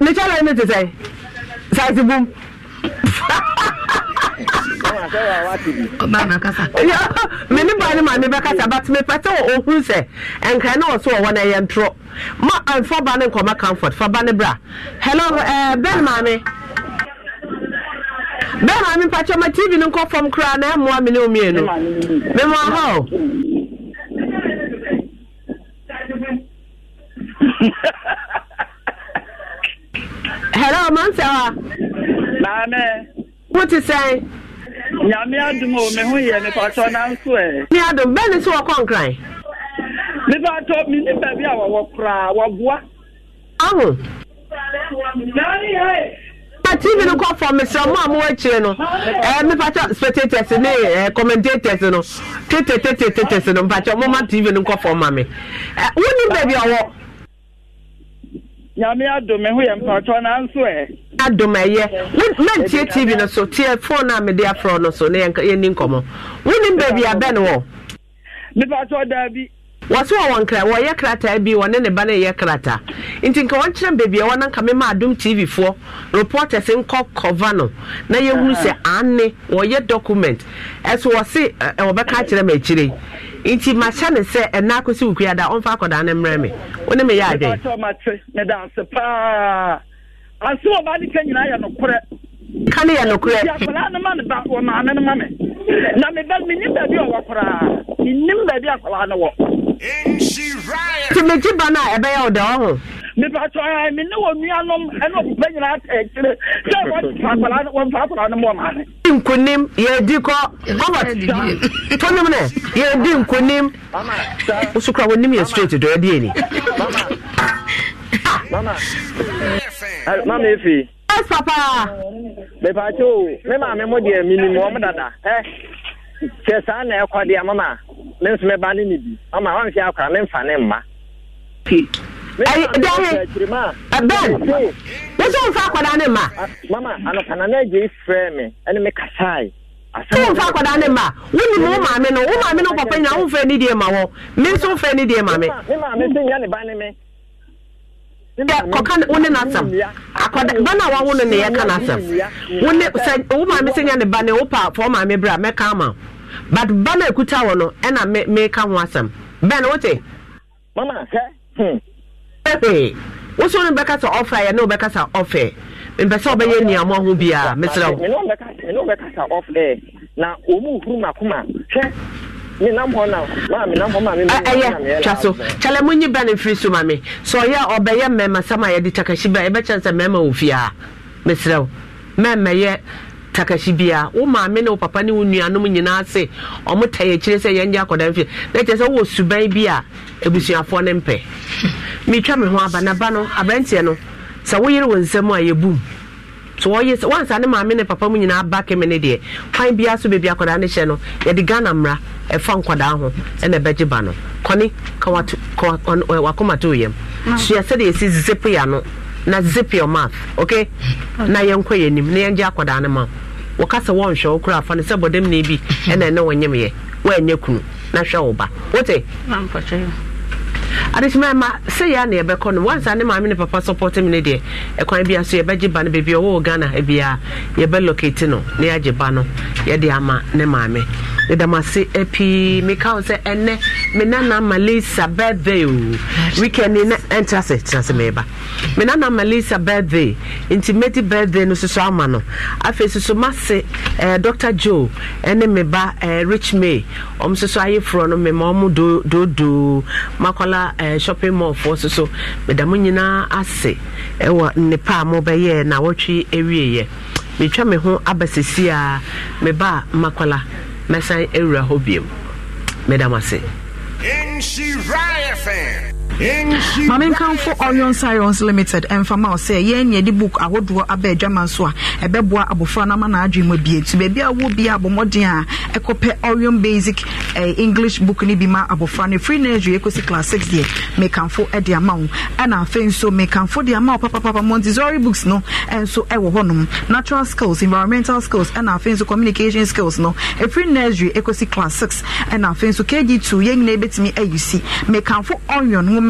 mekyɛla ne te sɛ sase bom mene baa ne ma mebɛkasa but mepɛ sɛ ɔhu sɛ ɛnkra ne wɔ so wɔwɔ no ɛyɛ ntorɔ ma ɛmfa comfort bra hello eh, ben ma tv ni na ɛmoa mi ne omienu ha o. hello mansawa ah. maame wote sɛn nyame adom o me ho yɛ mepatɔ nanso ɛ me adom bɛne sɛ wɔkɔ nkran mepatɔ menni baabi a wɔwɔ koraa wɔboa aho tv no kɔfɔ mesrɛ mo a mowɔ akyire no mepatɔ spectators ne commentators no tetetetetes no mpatɔ moma tv no kɔfɔ ma me wonni baabi a nyame adome ho yɛ mpatɔ nanso ɛ adom ɛyɛ mentie tv no so tie phone a mede afrɛ no so na yɛni nkɔmmɔ wonim baabi abɛ ne wɔ mepatɔ daa bi wɔso wɔ wɔn kra wɔyɛ krataa bi wɔne ne ba no yɛ krataa nti nka wɔnkyerɛ baabi a wɔna nka mema adom tv foɔ reporters nkɔ kɔva no na yɛhunu sɛ ah. ane wɔyɛ document ɛso wɔ se wɔbɛka akyerɛ ma nti mahyɛ ne sɛ ɛna eh, akɔsi wo kuada ɔmfa akɔdaa no mmerɛ me wo ne meyɛ adwen meda ɔba ne ka nyinaa yɛ nokorɛ kane yɛ nokorɛ no ma ne ba wɔ maame no ma me na meba menim baabi ɔwɔ koraa menim baabi akwaraa no wɔ nti megye ba no a ɛbɛyɛ wo dɛ ɔho mepatɔ me ne wɔ nuanom ɛne ɔpepa nyinaa tɛkyerɛ sɛ wɔmfa akwaraa no mɔ maame nkonim yɛdi kɔ gɔbɔt tonom nɛ yɛdi nkonim wo so kora wɔnim yɛ straight dɔ ɛdeɛ ni mama ah! ɛfei asa paa. mepatsi o me maame mo deɛ minimu wɔn dada ɛ kyɛ saa na ɛkɔ deɛ mama ne nso mɛba ne ne bi mama wɔn fi akora ne nfa ne mma. ayi dɛhɛ abɛn wosow nfa akwadaa ne ma. mama eh, anokana na agye ifrɛ mi ɛne mi kasae. Sọ nfa akwadaa ne mma, ah, wúni mu maame no, wú maame no papa nyina, wúfẹ́ ni die ma wọ, mi nso fẹ́ ni die ma mi. Mi maame sẹ́ nyá ne ba ne mi. kɔka wo ne nasɛm akɔda ba na wawo no ne yɛka nasɛm wo ne sɛ wo maame sɛ nya ne ba ne wo pa fɔ maame berɛ a mɛka ama but ba no akuta wɔ no ɛna meka ho asɛm bɛn wote mama no bɛka sɛ ɔfɛ yɛ ne wobɛka sɛ ɔfɛ mpɛ sɛ wobɛyɛ ho biaa wo ɛyɛ twa so kyɛlɛ monyi bɛne mfiri so ma me sɛ ɔyɛ ɔbɛyɛ mmɛma sɛm a yɛde takahyi bia yɛbɛkyɛ sɛ mmɛma wɔ fie a mesrɛ mɛmmɛyɛ takahyi bia wo maame ne wo papa ne wo nuanom nyinaa se ɔmo ta yɛ akyire sɛ yɛngye akɔda mfie na kyerɛ sɛ wowɔ suban bi a abusuafoɔ no mpɛ metwa me ho aba na ba no aberanteɛ no sɛ woyere wo nsɛm a yɛbum so wɔyɛ sɛ wansa ne maame ne papa mu nyinaa ba kɛmɛ ne deɛ kwan biara so baabi akwadaa ne hyɛ no yɛde ghana mmara ɛfa nkwadaa ho ɛna ɛbɛgye ba no kɔne ka wakoma to yam ah. sua sɛdeɛ yɛsi zip yɛ ano na zip your mouth okay na yɛnkɔ yɛ anim na yɛngye akwadaa no ma wɔka sɛ wɔnhwɛ wo kora afa no sɛ bɔdam ne bi ɛna ɛne wɔnyemyɛ woanyɛ kunu na hwɛ wo ba wote adesima ma sɛ yɛ na yɛbɛkɔ no wansa ne maame ne papa support mi ne deɛ ɛkwan bi so yɛbɛgye ba no baabi ɔwɔ ghana ebia yɛbɛ locate no na yɛagye ba no yɛde ama ne maame ɛdam ase pii meka wo sɛ ɛnɛ me nana malisa birthday o weekend ne ɛntra sɛ tena sɛ meeba me nana malisa birthday nti mɛdi birthday no soso ama no afei soso mase eh, dr joe ɛne me ba eh, rich may ɔm soso ayeforɔ no mema ɔmo doodoo makɔla ɔba eh, shopping mall for so so meda mo nyinaa ase ɛwɔ nnipa a mobɛyɛɛ nawɔtwe awieeɛ metwa me ho aba sesi a meba a makɔla mɛsan awura hɔ biom meda mo ase maame nkanfo orion sirens limited mfama ɔsɛ yɛn nyɛ de book ahodoɔ aba adwama so a ɛbɛboa abɔfra no ama n'adwene mu abie nti baabi a wɔ bi a abɔmmɔden a ɛkɔpɛ orion basic eh, english book ni bi ma abɔfra no free nursery ekosi class six deɛ mekanfo de ama wo ɛna afei nso mekanfo de ama wo papapapa montessori books no nso ɛwɔ hɔnom natural skills environmental skills ɛna afei nso communication skills no ɛfiri nursery ekosi class six ɛna afei nso kg two yɛn nyinaa bɛtumi ayusi mekanfo orion ho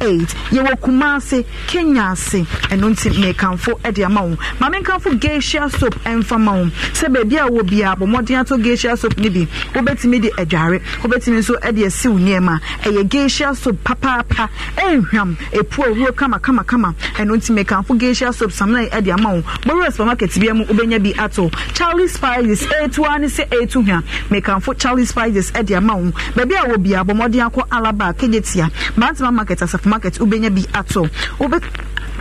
eight yɛwɔ kumase kenya ase ɛno nti mekamfo ɛde ama wo ma menkamfo gesia soap ɛmfa ma wo sɛ baabi a wɔ biara bɔ mmɔden atɔ gesia soap no bi wobɛtumi de adware wobɛtumi nso ɛde asi wo nneɛma ɛyɛ gesia soap papaapa ɛnhwam ɛpu awuro kamakamakama ɛno nti mekamfo gesia soap samna ɛde ama wo bɔwura supermarket bia mu wobɛnya bi ato charlie spices ɛtua ne sɛ ɛtu hwa mekamfo charlie spices ɛde ama wo baabi a wɔ biara bɔ mmɔden akɔ alaba kegyetia bantima market asafo market wobɛnya bi ato wobɛ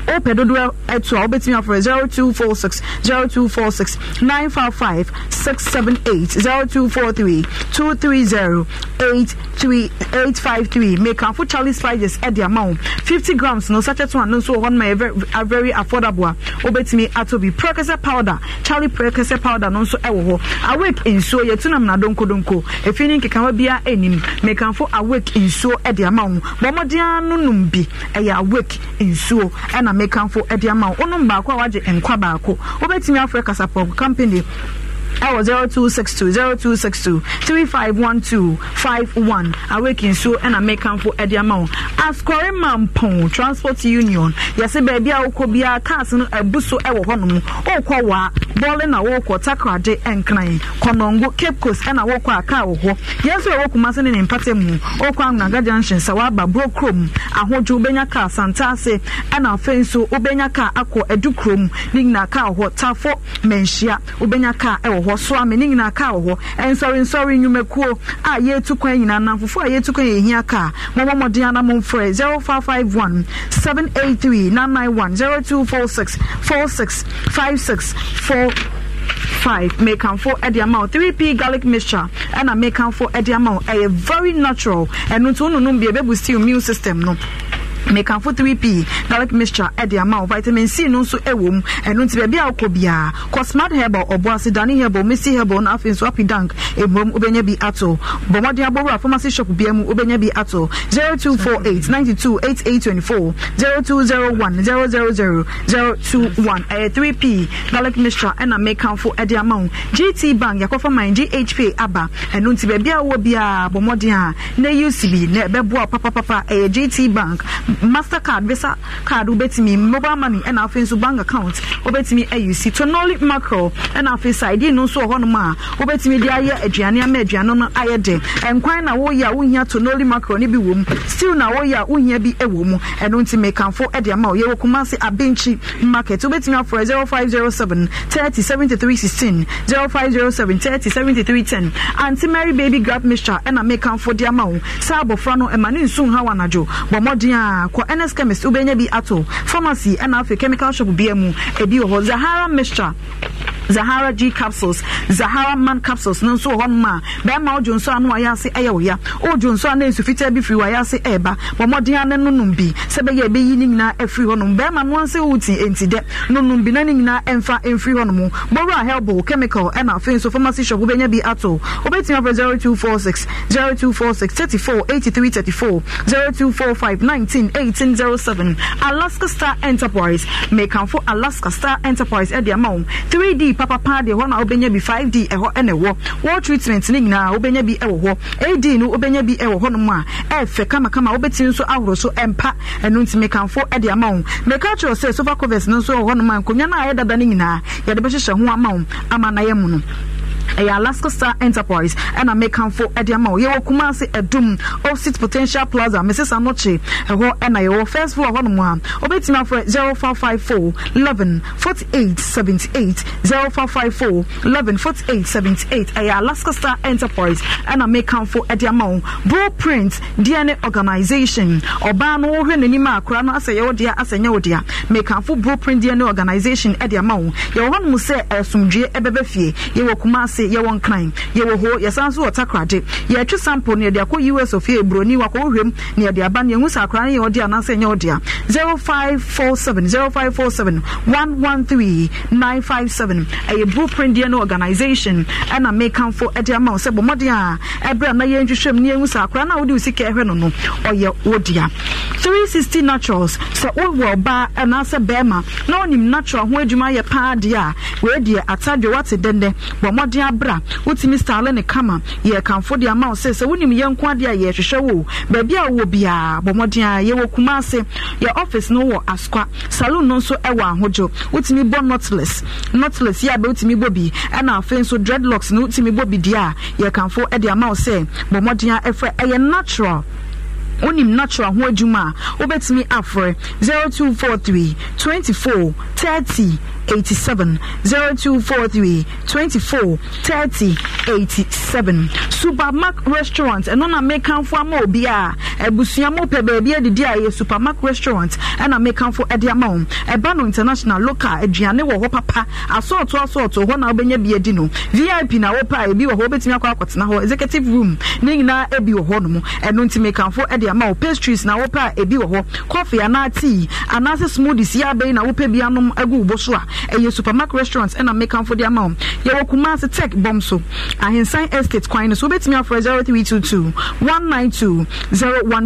wopɛ dodoɔ ɛto a wobɛtumi afrɛ 0246 0246 955 678 0243 230 853 mekafo charlie slides ɛde ama wo 50 grams no sachet no ano nso wɔ hɔ no ma very affordable a wobɛtumi atɔ bi prekɛsɛ powder charlie prekɛsɛ powder no nso ɛwɔ hɔ awake nsuo yɛtu nam nadonkodonko ɛfii ne nkekawa biara anim mekamfo awake nsuo ɛde ama wo bɔmmɔdea no nom bi ɛyɛ awake nsuo ɛna mekamfo de ama wo wonom baako a wagye nkwa baako wobɛtumi afrɛ kasapɔp company ɛwɔ 0262 0262 3512 51 awake nsuo ɛna mekamfo ɛde ama wo asɔre mampɔn transport union yɛsɛ baabi a wokɔ biara cars no abu so ɛwɔ hɔnom wokɔ waa bɔɔle na wokɔ takrade ɛnkran kɔnɔngo cape coast ɛna wokɔ a kaa wɔ hɔ yɛn nso yɛwɔ kumase ne ne mpata mu wokɔ angunaga junction sɛ woaba burokurom ahodwo wobɛnya kaa santa ase ɛna afei nso wobɛnya kaa akɔ adukurom ne nyinaa kaa wɔ tafo manhyia wobɛnya kaa ɛwɔ so ame ne nyinaa kaa wɔ hɔ nsɔrensɔre nnwumakuo a yɛtu kwan nyinaa namfofo a yɛtu kwan yɛhia kaa three nine nine one zero two four six four six five six four five. Make mekanfo ɛde ama amount three p garlic mixture make mekanfo ɛde ama amount a very natural ɛno nti o nunu bie ebebu stew immune system no mekanfo 3p garlic mixture ɛde ama wo vitamin c no nso ɛwɔ mu ɛno nti baabi a wokɔ biara kɔ smart herbal ɔboase dane herbal mesi herbal no afei nso api dank ɛmmom wobɛnya bi ato bɔ mmɔden abɔwura pharmacy shop bia mu wobɛnya bi ato 0248 92 8824 0201 000 021 ɛyɛ 3p garlic mixture ɛna mekanfo ɛde ama wo gt bank yɛkɔfa man ghp aba ɛno nti baabi a wowɔ biara bɔ a na ucb na ɛbɛboa papapapa ɛyɛ gt bank mastercard visa card wobɛtumi mobile money ɛna afei nso bank account wobɛtumi ayi si tonoli macro ɛna afei side no nso wɔ hɔnom a wobɛtumi de ayɛ aduane ama aduane no ayɛ den nkwan na woyɛ a wohia tonoli macro no bi wɔ mu stew na woyɛ a wohia bi wɔ mu ɛno nti mekamfo de ama wo yɛwɔ kumase abenkyi market wobɛtumi afrɛ 0507 30 73 16 0507 30 73 10 anti mary baby grab mixture ɛna mekamfo de ama wo saa abɔfra no ɛma ne nsu ha wɔ anadwo bɔ mmɔden a ɛkɔ ns chemist wobɛnya bi ato pharmacy ɛna afei chemical shop bia mu ebi wɔ hɔ zahara mixture zahara g capsules zahara man capsules no nso wɔ hɔ nom a bɛrima wodwo nso a no wayɛ ase ɛyɛ wo ya wodwo nso a na nsu fitaa bi firi wayɛ ase ɛɛba wɔmmɔden ane nonom bi sɛ bɛyɛ ɛbɛyi ne nyinaa afiri hɔ nom bɛrima no anse woti enti dɛ nonom bi na ne nyinaa ɛmfa ɛmfiri hɔ nom bɔwura helbo chemical ɛna afei nso pharmacy shop wobɛnya bi ato wobɛtumi afrɛ 0246 0246 34 83 0245 19 1807 alaska star enterprise for alaska star enterprise at ama wɔn 3d Papa Party one na be bi 5d ɛhɔ ɛna ɛwɔ wall treatment ne nyinaa wobɛnya bi ɛwɔ hɔ ad no wobɛnya be ɛwɔ hɔnom a ɛfɛ kamakama wobɛtumi kama ahoro so ɛmpa ɛno nti mekanfo ɛde ama wɔn meka kyerɛ sɛ sofa covers no nso wɔ hɔnom a nkonnwa no a ɛdada no nyinaa yɛde bɛhyehyɛ ho ama wɔn ama na yɛ mu no ɛyɛ alaska star enterprise ɛna mekanfo ɛde ama wo yɛwɔ kumase ɛdum opposite potential plaza mrs anoche ɛhɔ ɛna yɛwɔ first floor hɔnom a wobɛtumi afrɛ 0554 11 48 78 0554 11 48 78 ɛyɛ alaska star enterprise ɛna mekanfo ɛde ama wo blueprint dna organization ɔbaa no wohwɛ n'anim a akora no asɛ yɛwɔ deɛ asɛ nyɛ wo deɛ mekanfo blueprint dna organization ɛde ama wo yɛwɔ hɔnom sɛ ɛsomdwue ɛbɛbɛ fie yɛwɔ kumase ase yɛwɔ nkran yɛwɔ ho yɛsan so wɔ takrade yɛtwe sample ne yɛde akɔ us ofie buroni wakɔhwɛm ne yɛde aba ne yɛhu sɛ akora ne yɛ ɔde anaasɛ ɛnyɛ ɔde a 0547 0547 113 957 ɛyɛ blueprint deɛ no organization ɛna mekamfo ɛde ama wo sɛ bɔ mmɔden a ɛberɛ a na yɛntwehwɛm ne yɛhu sɛ akora no a wode wo sika ɛhwɛ no no ɔyɛ three sixty naturals sɛ wowɔ ɔbaa ɛnaasɛ bɛrima na wonim natural ho adwuma yɛ paa deɛ a wɔadiɛ atadwe wate dɛndɛ abra wotumi style ne kama yɛ kanfo de ama wo sɛ sɛ wonim yɛ nko adeɛ a yɛhwehwɛ wo baabi a wowɔ biaa bɔ a yɛwɔ kuma yɛ office no wɔ askwa saloon no nso ɛwɔ ahodwo wotumi bɔ notless notless yɛ abɛ wotumi bɔ bi ɛna afei nso dreadlocks no wotumi bɔ bi deɛ a yɛ kanfo de ama wo sɛ bɔ mmɔden a ɛfrɛ ɛyɛ natural wonim natural ho adwuma a wobɛtumi afrɛ 0243 24 30 87 0243 24 30 87 supermark restaurant ɛno na mekanfo ama obi a abusua mu pɛ baabi adidi a ɛyɛ supermark restaurant ɛna mekanfo ɛde ama wɔn ɛba no international local aduane wɔ hɔ papa asɔɔto asɔɔto hɔ na wobɛnya bi adi no vip na wɔpɛ a ebi wɔ hɔ wobɛtumi akɔ akɔtena hɔ executive room ne nyinaa ebi wɔ hɔ nom ɛno nti mekanfo ɛde ama wɔ pastries na wɔpɛ a ebi wɔ hɔ coffee anaa tea anaasɛ smoothies yɛ abɛyi na wɔpɛ bi anom agu wo bo so a ɛyɛ supermarket restaurants. ɛna make am for the amount. yɛwɔ kumase tech bɔm so ahensan estate kwan no so wobɛtumi afrɛ 0322 192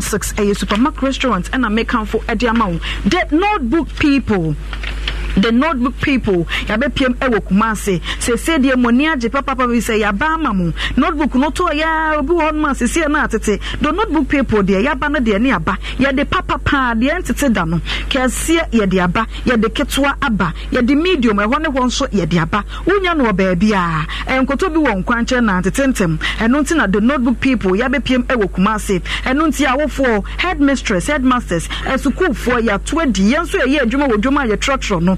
016 ɛyɛ supermarket restaurants. ɛna make mfo for ama amount. the notebook people the notebook people PM ewo kumase sɛsie deɛ mɔni agye papa bi sɛ yɛaba ama mo notebook no tɔ yɛ obi wɔ hɔ nom a sɛsie no the notebook people deɛ yɛaba no deɛ ne aba yɛde papa paa deɛ ntete da no ya yɛde aba yɛde ketewa aba yɛde medium ɛhɔ ne hɔ nso yɛde aba wonya no wɔ baabi a bi wɔ nkwankyɛn na ntetentem ɛno nti na the notebook people PM ewo kumase ɛno nti awofoɔ headmistress headmasters ɛsukuufoɔ yɛato ya yɛn nso yɛyɛ adwuma wɔ dwuma a yɛtrɔtrɔ no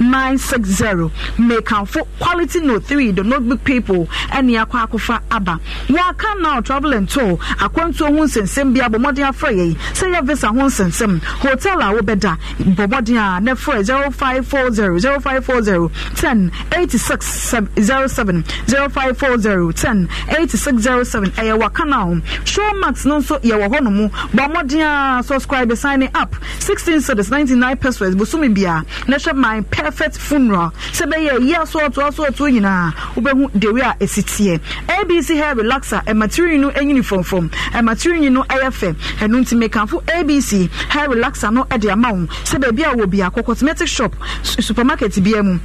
960 mekanfo quality no 3 the notebook people ɛne akɔ akɔfa aba yɛaka now travel and tour akwantuo ho nsensɛm bi abɔ mmɔden afrɛ yɛn sɛ yɛ visa ho nsensɛm hotel a wobɛda bɔ mmɔden a ne frɛ 0540 0540 10 86 07 0540 10 8607 ɛyɛ waka now showmax no nso yɛwɔ hɔ no mu bɔ mmɔden a subscribe signing up 16 cities 99 pesos bosome bia na hwɛ my pɛ perfect funeral sɛ bɛyɛ yi asɔɔto asɔɔto nyinaa wobɛhu dewi a ɛsi teɛ abc hair relaxer ɛmatiri no ɛnyini fɔmfɔm ɛmatiri no ɛyɛ fɛ ɛnu nti mekanfo abc hair relaxer no ɛde ama wo sɛ baabi a wɔ bi a kɔ cosmetic shop supermarket biara mu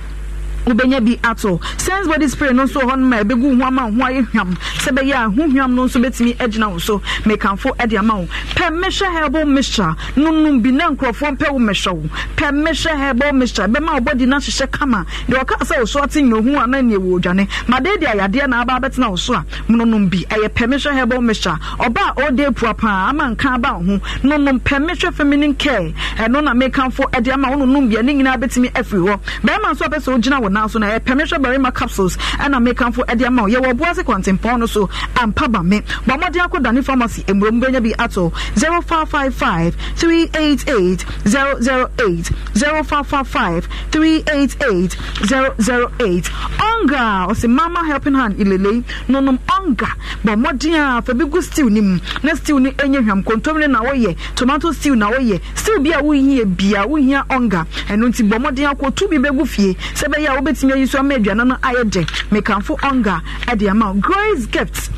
wobɛnya bi ato sense body spray no nso wɔ hɔ no ma ɛbɛgu ho ama ho ayɛ hwam sɛ bɛyɛ a ho hwam no nso bɛtumi agyina wo so mekamfo de ama wo pɛ mehyɛ herbal mixture nonom bi na nkurɔfoɔ mpɛ wo mɛhyɛ wo pɛ mehyɛ herbal mixture bɛma wo no ahyehyɛ kama deɛ ɔka sɛ wo so ate nnwohu a na nneɛ wɔ odwane madeɛ de ayadeɛ na aba abɛtena wo so a mononom bi ɛyɛ pɛ mehyɛ herbal mixture ɔba a ɔde apua paa ama nka aba wo ho nonom pɛ mehyɛ feminine care ɛno na mekamfo de ama wo nonom bi ɛne nyinaa bɛtumi afiri hɔ bɛrima nso a pɛ sɛ wogyina wɔ now so na ɛpɛ me barima capsules ɛna mekamfo ɛde ama yɛwɔ boase kɔntempɔn no so ampa ba me bɔ mmɔden akɔ dane pharmacy mmurom bɛnya bi ato 0555 388 008 0555 388 008 ɔnga ɔsɛ mama helping hand ilelei nonom ɔnga bɔ mmɔden a fa bi gu stew no mu na stew ni ɛnyɛ hwam kontom no na woyɛ tomato stew na woyɛ stew bi a wohia bia wohia ɔnga ɛno nti bɔ mmɔden akɔ tu bi bɛgu fie sɛ bɛyɛ a wobɛtumi ayi so ama aduane no ayɛ de mekamfo ɔnga ɛde ama grace gift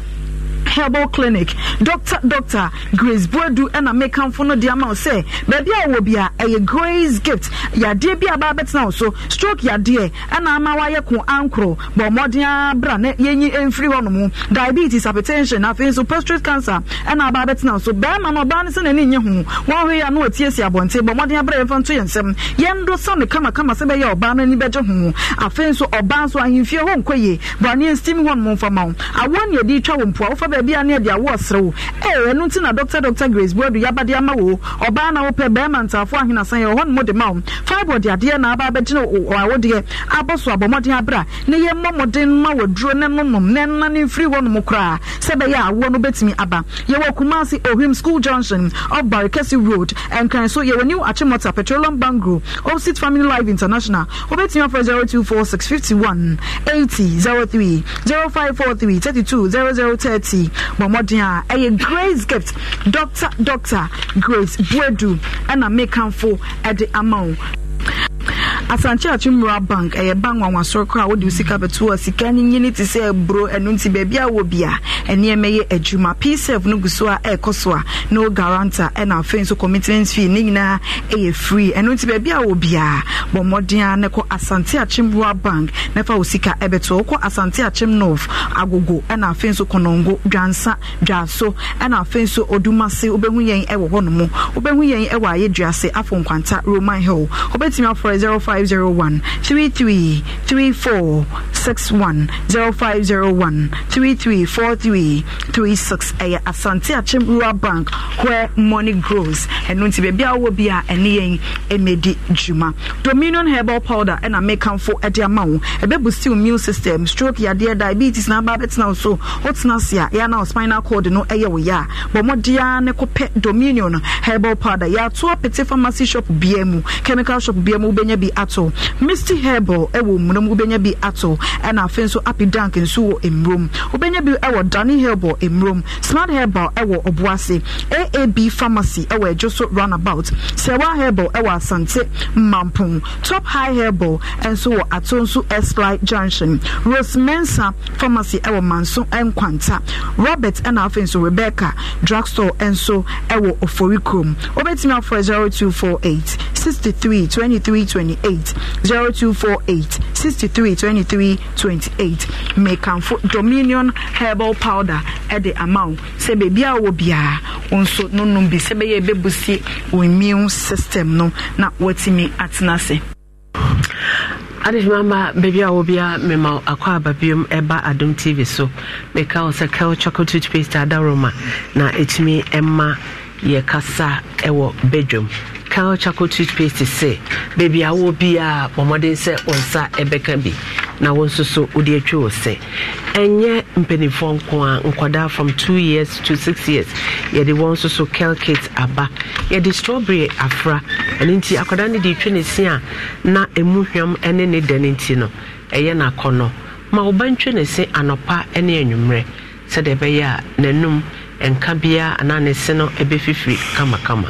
herbal clinic doctor doctor grace boadu ɛna mekamfo no de ama wo sɛ baabi a wɔ bi a ɛyɛ grace gift yadeɛ bi a ba bɛtena so stroke yadeɛ ɛna ama wayɛ ko ankoro bɔ mmɔden abra na yɛnyi mfiri hɔ nom diabetes hypertension afei nso prostate cancer ɛna aba bɛtena wo so bɛrima no ɔbaa no sɛ n'ani nye ho wɔn hwɛ yɛ ano atiesie abɔnten bɔ mmɔden abra yɛmfa nto yɛn nsɛm yɛn do sɛ ne kamakama sɛ bɛyɛ ɔbaa no ani bɛgye ho afei nso ɔbaa nso ahemfie hɔ nkɔ yie bɔ aneɛ nstim hɔ nom mfama wo awoɔ ne yɛde twa wo mpoa wofa baabi a ne ɛde awo ɔsere wo ɛɛ ɛno na dr dr grace buadu yabade ama wo ɔbaa na wopɛ bɛrima ntaafo ahenasan yɛ ɔhɔ nomu de ma wo fibre de adeɛ na aba abɛgyina awodeɛ abɔ so abɔmmɔden abera ne yɛ mmɔmmɔden ma waduro ne nomom ne nna ne mfiri hɔ nom koraa sɛ bɛyɛ awoɔ no bɛtumi aba yɛwɔ Kumasi ohim school junction ɔbare kɛse road ɛnkran so yɛwɔ new achimota petroleum bangro opposite family life international wobɛtumi afrɛ 024651 80 03 0543 32 0030 yi bɔ mmɔden a ɛyɛ grace gift doctor doctor grace buedu ɛna eh, mekanfo ɛde eh, ama wo asante atumura bank ɛyɛ bank wanwasoro kora a wode sika bɛto a sika no nyini te sɛ aburo ɛno nti beebi a wɔ bia ɛnneɛma yɛ adwuma psef no gu so a ɛrekɔ so a no garanta ɛna afei nso commitment fee ne nyinaa ɛyɛ free ɛno nti beebi a wɔ bia bɔ mmɔden a ne kɔ asante atumura bank na fa wo sika ɛbɛto wokɔ asante akyem north agogo ɛna afei nso kɔnɔngo dwansa dwaso ɛna afei nso odumase wobɛhu yɛn ɛwɔ hɔ nom yɛn ɛwɔ ayɛduase wobɛtumi afrɛ 0501 33 0501 33 36 ɛyɛ asante achem rural bank where money grows ɛno nti baabi a wowɔ bi a ɛne yɛn ɛmɛdi dwuma dominion herbal powder ɛna mekamfo ɛde ama wo ɛbɛbusi wo immune system stroke yadeɛ diabetes na aba bɛtena wo so wotena ase a yɛa na spinal cord no ɛyɛ wo yɛ a bɔ mmɔdea ne kɔpɛ dominion herbal powder yɛato apete pharmacy shop bia mu chemical shop bia mu wobɛnya bi ato misty herbal ɛwɔ mmunom wobɛnya bi ato ɛna afei nso api dank nso wɔ mmurom wobɛnya bi ɛwɔ dani herbal mmurom smart herbal ɛwɔ ɔboase aab pharmacy ɛwɔ ɛdwo so runabout sewa herbal ɛwɔ asante mampon top high herbal nso wɔ ato nso esply junction rosemensa pharmacy ɛwɔ manso nkwanta robert ɛna afei nso rebecca drugstore nso ɛwɔ oforikurom wobɛtumi afɔ Eight. 63 23 28 0248 63 23 28 mekanfo dominion herbal powder ɛde ama wo sɛ baabi a wɔ biara wo nso nonom bi sɛ bɛyɛ ɛbɛbusie wo immune system no na watumi atena ase adehimama baabi a wɔbia mema akɔ aba biom ɛba adom tv so meka wo sɛ kel choco toothpaste adaroma na ɛtumi ɛma yɛkasa ɛwɔ badwam cow chako toothpaste sɛ baabi a bi biara bɔmmɔden sɛ wo nsa ɛbɛka bi na wo nso so wode atwi wo sɛ ɛnyɛ mpanimfoɔ nko a nkwadaa from two years to six years yɛde wɔn nso so kelkate aba yɛde strawberry afra ɛno nti akwadaa no de twe ne se a na ɛmu hwam ne ne dɛ no nti no ɛyɛ n'akɔnnɔ ma wo ba ntwe ne se anɔpa ne anwummerɛ sɛdeɛ ɛbɛyɛ a n'anum nka biara anaa ne se no ɛbɛfifiri kamakama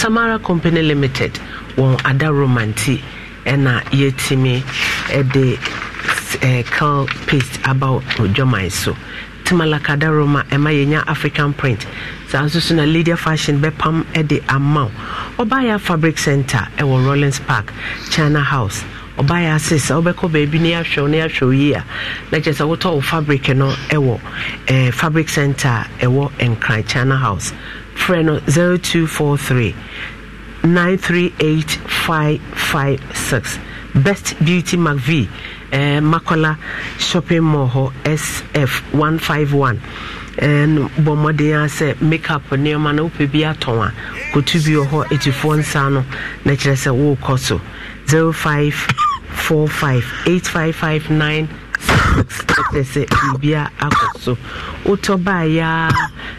samara company limited wɔn ada romanti ɛna yɛtumi ɛde eh, cal paste aba dwaman so timalaka da roma ɛma yɛnya african print saa nso so na lydia fashion bɛpam ɛde ama ɔbaayɛ fabric center ɛwɔ rollins park china house ɔbaayɛ ase sɛ wobɛkɔ baabi na yɛahwɛw na yɛahwɛw yie a na kyerɛ sɛ wotɔ wo fabric no ɛwɔ eh, fabric center ɛwɔ nkran china house frɛ no 0243 938556 best beauty mcv eh, makola shopping Moho hɔ sf151 ɛn bɔ mmɔden a makeup nneɛma na wopɛ bi atɔn a kɔtu bi wɔ hɔ ɛtifoɔ nsa no na kyerɛ sɛ worekɔ 0545 8559 sɛ biribia akɔ so wotɔ baayɛa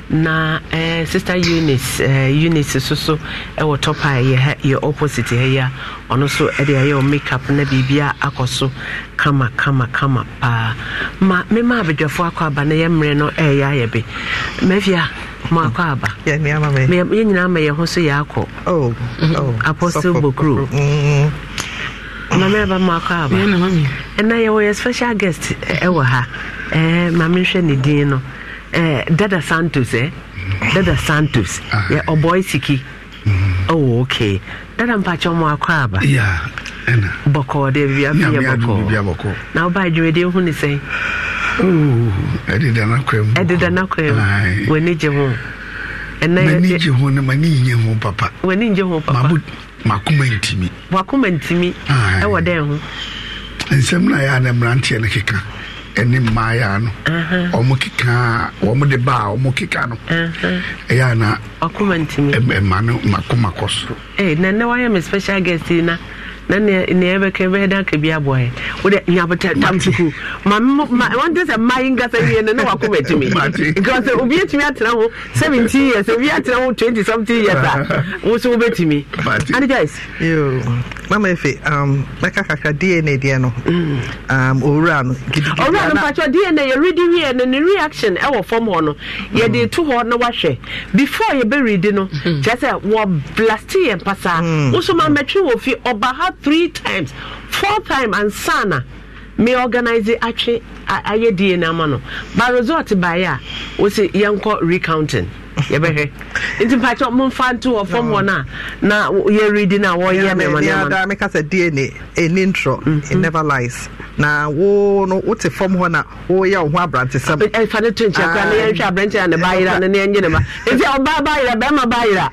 na sister unis so so ɛwɔ tɔpaa yɛ opposite ha yi a ɔno so ɛde ayɛwɔ makeup na biribia akɔ so kama kama kama paa ma mema abadwafoɔ akɔ aba na yɛmmerɛ no ɛyɛ eh, ayɛ be mafia mo akɔ aba yɛnyinaa ma yɛ ho so yɛ akɔ oh, oh, apostle bokuro mm. mama ɛba mu akɔ aba ɛna yɛwɔ yɛ special guest ɛwɔ eh, ha ɛɛ eh, maame hwɛ ne din no ɛɛ eh, dada santos ɛ dada santos ah. yɛ ɔbɔi siki ɔwɔ mm-hmm. oh, okay dada mpakyɛ mu akɔ aba bɔkɔɔ de bia bi yɛ bɔkɔɔ na ɔba adwumaden ho ne sɛn. ɛdeda nakɔɛ mu ɛdeda nakɔɛ mu w'ani gye ho ɛnɛ m'ani gye ho na m'ani nye ho papa w'ani nye ho papa makoma ntimi wakoma ntimi ɛwɔ dɛn ho nsɛm no a yɛ a na mmeranteɛ no keka ɛne mmaayɛ no ɔmo keka ɔmo de baa ɔmo keka no ɛyɛ a na ɛma no makoma kɔ so eh, nɛnɛ wayɛ me special guest na na nea ɛbɛka bɛyɛ dɛ aka bi aboɛ wode nyabotɛ tam tuku wante sɛ ma yi nkasa wie no na wakɔ matumi nka sɛ obi atumi atena ho 17 years obi atena ho 20 something years a wo so wobɛtumi ane guys mama efe um, mɛka kakra dna deɛ no mm. um, owura no owura no mpakyɛ dna yɛredi wie no ne reaction ɛwɔ fam hɔ no yɛde mm. to hɔ na wahwɛ before yɛbɛredi no mm. kyerɛ sɛ wɔblaste yɛ mpasaa wo so mmɛtwe wɔ fi ɔba three times four times and sana me organize atwe ayɛ die no ama no ba resort baeɛ a wɔsɛ yɛnkɔ recounting yɛbɛhwɛ nti mpakyɛ momfa nto wɔ fam hɔ no a na yɛredi no a wɔyɛ mɛma no meka sɛ dna ɛni ntrɔ it never lies na wo no wote fam hɔ na woyɛ wo ho aberante sɛm ɛfa eh, ne to nkyɛ kora na yɛhwɛ aberante a ne bayera no ne ɛnye ne ma ɛnti ɔbaa bayera bɛrima bayera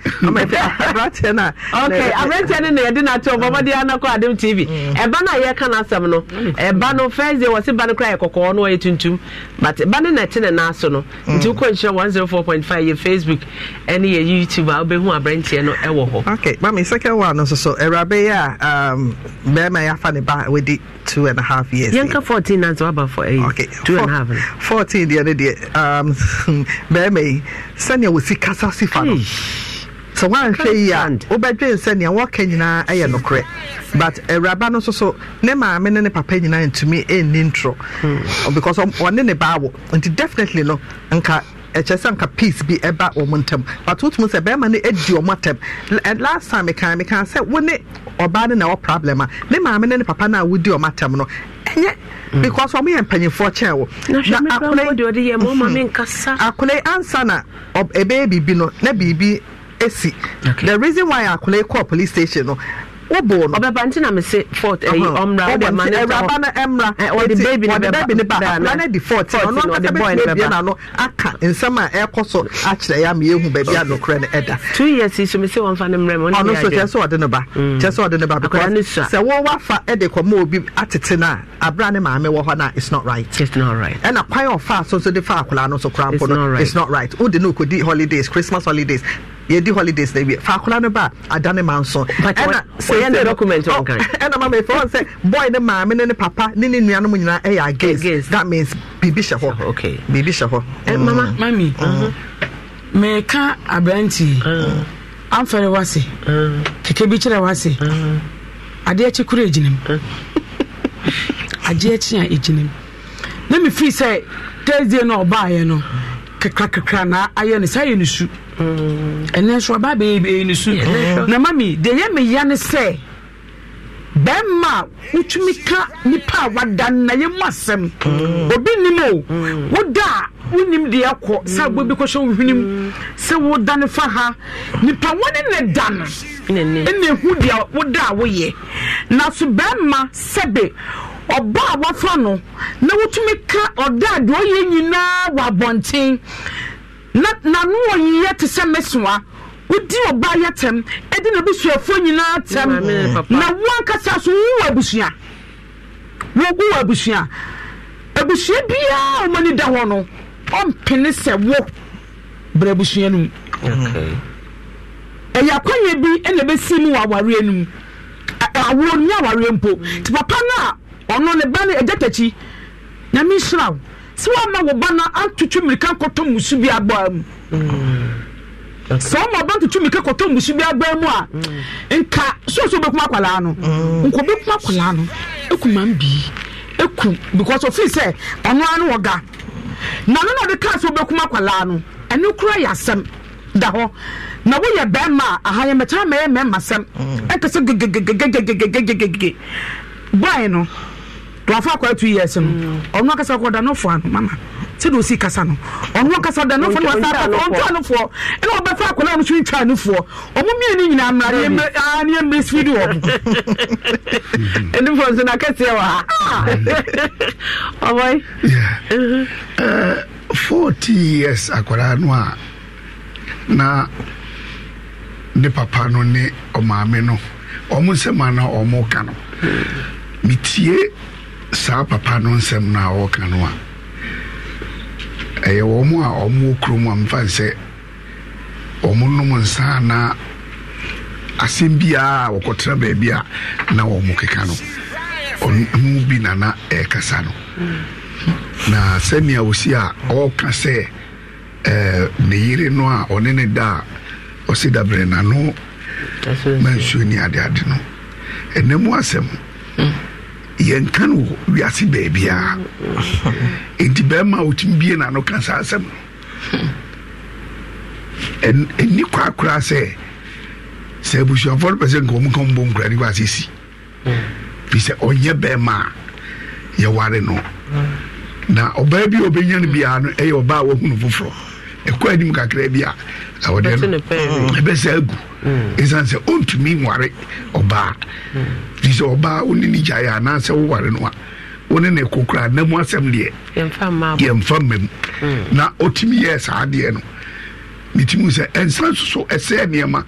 aberanteɛ no ok aberanteɛ no na yɛde no ato ɔbɔbɔde ana kɔ adem tv mm. ɛba no a yɛka no asɛm no ɛba no first day wɔ se ba no kora yɛ kɔkɔɔ no ɔyɛ tuntum but ba no na ɛte ne nan so no mm. nti wokɔ nkyerɛ 104.5 yɛ facebook ɛne yɛ youtube a wobɛhu aberanteɛ no ɛwɔ hɔ ok mami second one no nso so awurabe yɛ a um, bɛrima yɛafa ne ba wɔdi two and a half years. Yanka fourteen and Waba four eight. Okay. Two Four, and a half. Fourteen the other day. Um, Beme, Sanya was Sikasa Sifano. So one say ya, Obedre Sanya, what can you know? I no correct. But a rabbano so so, Nema, I mean, any papa, you know, me, in intro. Because I'm one in a bow. And definitely no, and ɛkyɛ sɛ nka peace bi ɛba wɔn ntam but wotumi sɛ bɛrima no edi wɔn atam last time kan kan sɛ wo ne ɔbaa no na ɛwɔ problem a ne maame ne ne papa no a wodi wɔn atam no ɛnyɛ mm. because wɔn yɛ mpanyinfoɔ kyɛn wo na akɔnɛ akɔnɛ mhm. ansa na ɛbɛyɛ biribi no na biribi esi the reason why akɔnɛ kɔ police station no wobɔ no ɔbɛba nti na mese fort ɛyi ɔmra ɔde ma ne ɛwuraba no ɛmra ɔde baby ne bɛba ɔde baby ne ba akura ne di fort na ɔno akasa bɛtumi ebien ano aka nsɛm a ɛkɔ so akyerɛ ya ma ehu baabi a nokora no ɛda. two years yi so mese wɔn fa ne mmerɛ mu ɔno so kyerɛ sɛ ɔde ne ba mm. kyerɛ sɛ ɔde ne ba because sɛ wɔn wafa ɛde kɔ ma obi atete na abira ne maame wɔ hɔ na it's not right it's not right ɛna kwan ɔfa so so de fa akwadaa no so koraa mpo no it's not right o de no kodi holidays christmas holidays yɛdi holidays na wie faakora no ba adane ma nso ɛna oh, ɛna mama ɛfɛ wɔn sɛ boy ne maame ne ne papa ne ne nuanom nyinaa ɛyɛ agays that means biribi hyɛ hɔ biribi hyɛ hɔ. Mm. mama mami mɛka mm-hmm. uh-huh. aberanti mm. amfɛre wase mm. keke bi kyerɛ wase adeɛ akyi kura egyina mu adeɛ a egyina na mi fi sɛ thursday na ɔbaayɛ no kakrakakra na ayɛ no saa yɛ no su. ɛnɛ nso ɔbaa bɛyɛ ne su na mami deɛ yɛ mi ya ne sɛ bɛrima a wotumi ka nipa a wada na yɛ mu asɛm mm. obi nim mm. o woda a wonim deɛ ɛkɔ sɛ agbo mm. bi kɔhyɛ wohwenem sɛ woda ne fa ha nipa wɔne ne da no ɛna ehu deɛ woda a woyɛ na so bɛrima sɛbe ɔbaa a wafa no na wotumi ka ɔda a deɛ ɔyɛ nyinaa wɔ abɔnten. na nanu wɔ yiyɛ te sɛ mesoa wodi ɔba yɛ tɛm ɛdi na abusuafoɔ nyinaa tɛm na wankasa so wowɔ abusua wogu wɔ abusua abusua biara ɔmo ani da hɔ no ɔmpene sɛ wo brɛ abusua no mu ɛyɛ akwanya bi ɛna ebesi mu wɔ awareɛ no mu awoɔ ni awareɛ mpo te papa no ɔno ne ba no ɛgya takyi nyame nhyira sɛ woama wo ba no antotwe mmirika nkɔtɔ musu bi abaa mu mm. sɛ mmirika kɔtɔ musu bi mu a mm. nka soso bɛkum akwalaa no mm. nkɔbɛkum akwalaa no ɛku mam bii ɛku because ɔfii sɛ ɔno ara no na no na ɔde kaa sɛ wobɛkum akwalaa no ɛno kora yɛ asɛm da hɔ na woyɛ bɛrima a ahayɛmɛkyɛ ya mɛrima sɛm gegegegegegegegege no wafa akɔyɛ two years no mm. ɔno akasa kɔ da no fo ano mama sɛde osi kasa no ɔno akasa da no fo no wasa ɔntwa no foɔ ɛna ɔbɛfa akɔla no so ntwa no foɔ ɔmo mmienu nyinaa mmara ne ɛmmere siri wɔ mo ɛne fo nso nakɛseɛ wɔ ha ɔbɔi mm-hmm. uh, forty years akwadaa no a na ne papa no ne ɔmaame no ɔmo nsɛm a na ɔmo ka no metie mm saa papa no nsɛm no a wɔka no a ɛyɛ wɔn a wɔn kurom a mfa sɛ wɔn nom nsa na asɛm biara a wɔkɔtena baabi a na wɔn keka no ɔno bi nana ɛrekasa no na sɛnea osi a ɔreka sɛ ɛɛ ne yere no a ɔne ne da a ɔsi dabrɛ n'ano mansuo ne adeade no ɛnam asɛm. Mm. yɛnka no wɔ wiase baabiaa enti bɛrima a bie na ka saa asɛm no ɛni kwaa koraa sɛ sɛ abusuafoɔ no pɛ sɛ nka ɔmka mbɔ nkura ne kwaasɛ si fi sɛ ɔnyɛ bɛrima a na ɔbaa bi a ɔbɛnya no biara no ɛyɛ ɔbaa a wahunu ɛkɔ anim kakra bi a ɛwɔde no ɛbɛsɛ mm, agu ɛsiane mm. sɛ ɔntumi nware ɔbaa mm. fi sɛ ɔbaa wone ne gyaeɛ anaasɛ woware no a wone ne ko na mu asɛm deɛ yɛmfa mma mu na ɔtumi yɛɛ saa deɛ no metumi sɛ ɛnsa nso so ɛsɛɛ nneɛma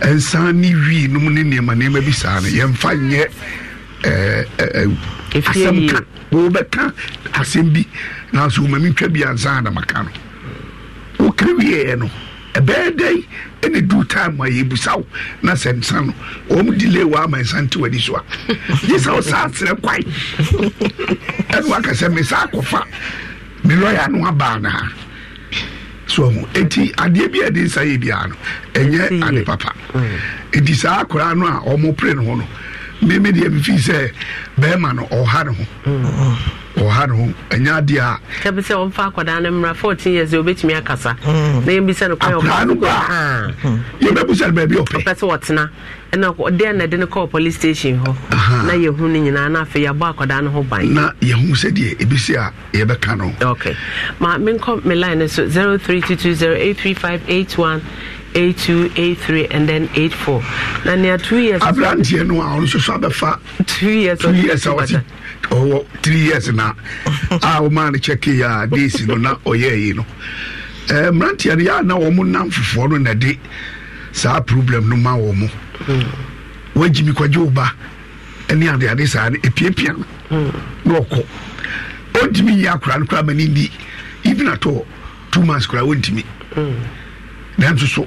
ɛnsa ne wii nom ne nneɛma nneɛma bi saa no yɛmfa nyɛ asɛm ka wɔbɛka asɛm bi nanso mami twa bi ansa na maka no wokra wieɛ no ɛbɛyɛ dɛn ɛne du time a yɛbusa wo na sɛ nsa no ɔm delay wɔ ama nsa nte w'ani so a gye sɛ wo saa serɛ kwae ɛne waka sɛ me saa kɔfa me lɔya no abaa no ha so ho adeɛ bi a ɛde nsa yɛ biara no ɛnyɛ hmm. ade papa enti saa akwaraa no a ɔmo pere no ho no mímí deɛ mi fi sɛ bɛrima no ɔha ne ho mm-hmm. ɔha ne ho ɛnya adeɛ a. tẹbi sɛ ɔnfa akwadaa ne mmira fourteen years old obetumi akasa mm-hmm. na yɛn bi sɛ no kwan ɔkọ ɔkọ ɔkọ yɛn bɛ busa no baabi ɔpɛ. ɔpɛ sɛ ɔtena ɛna ɔdeɛ na ɛde ne kɔɔ police station hɔ na yɛn hu ne nyinaa na afei yɛabɔ akwadaa ne ho ban. na yɛn hu sɛ deɛ ebi si a yɛbɛka no. ok maa mi nkɔ mi line so zero three two two zero eight three five eight one. 82 83 and then 84 na nea two years aberanteɛ no a ɔno nso so abɛfa two years two years a wɔte ɔwɔ three years na a wɔmaa no kyɛke a days no na ɔyɛ yi no ɛɛ mmeranteɛ no yɛa na wɔn mo nam fofoɔ no na de saa problem no ma wɔn mo wɔgyimi kɔgye wo ba ɛne adeade saa no epiapia no na ɔkɔ ɔntumi yi akora no kora ma ne ni even at all two months kora ɔntumi. Mm nanso so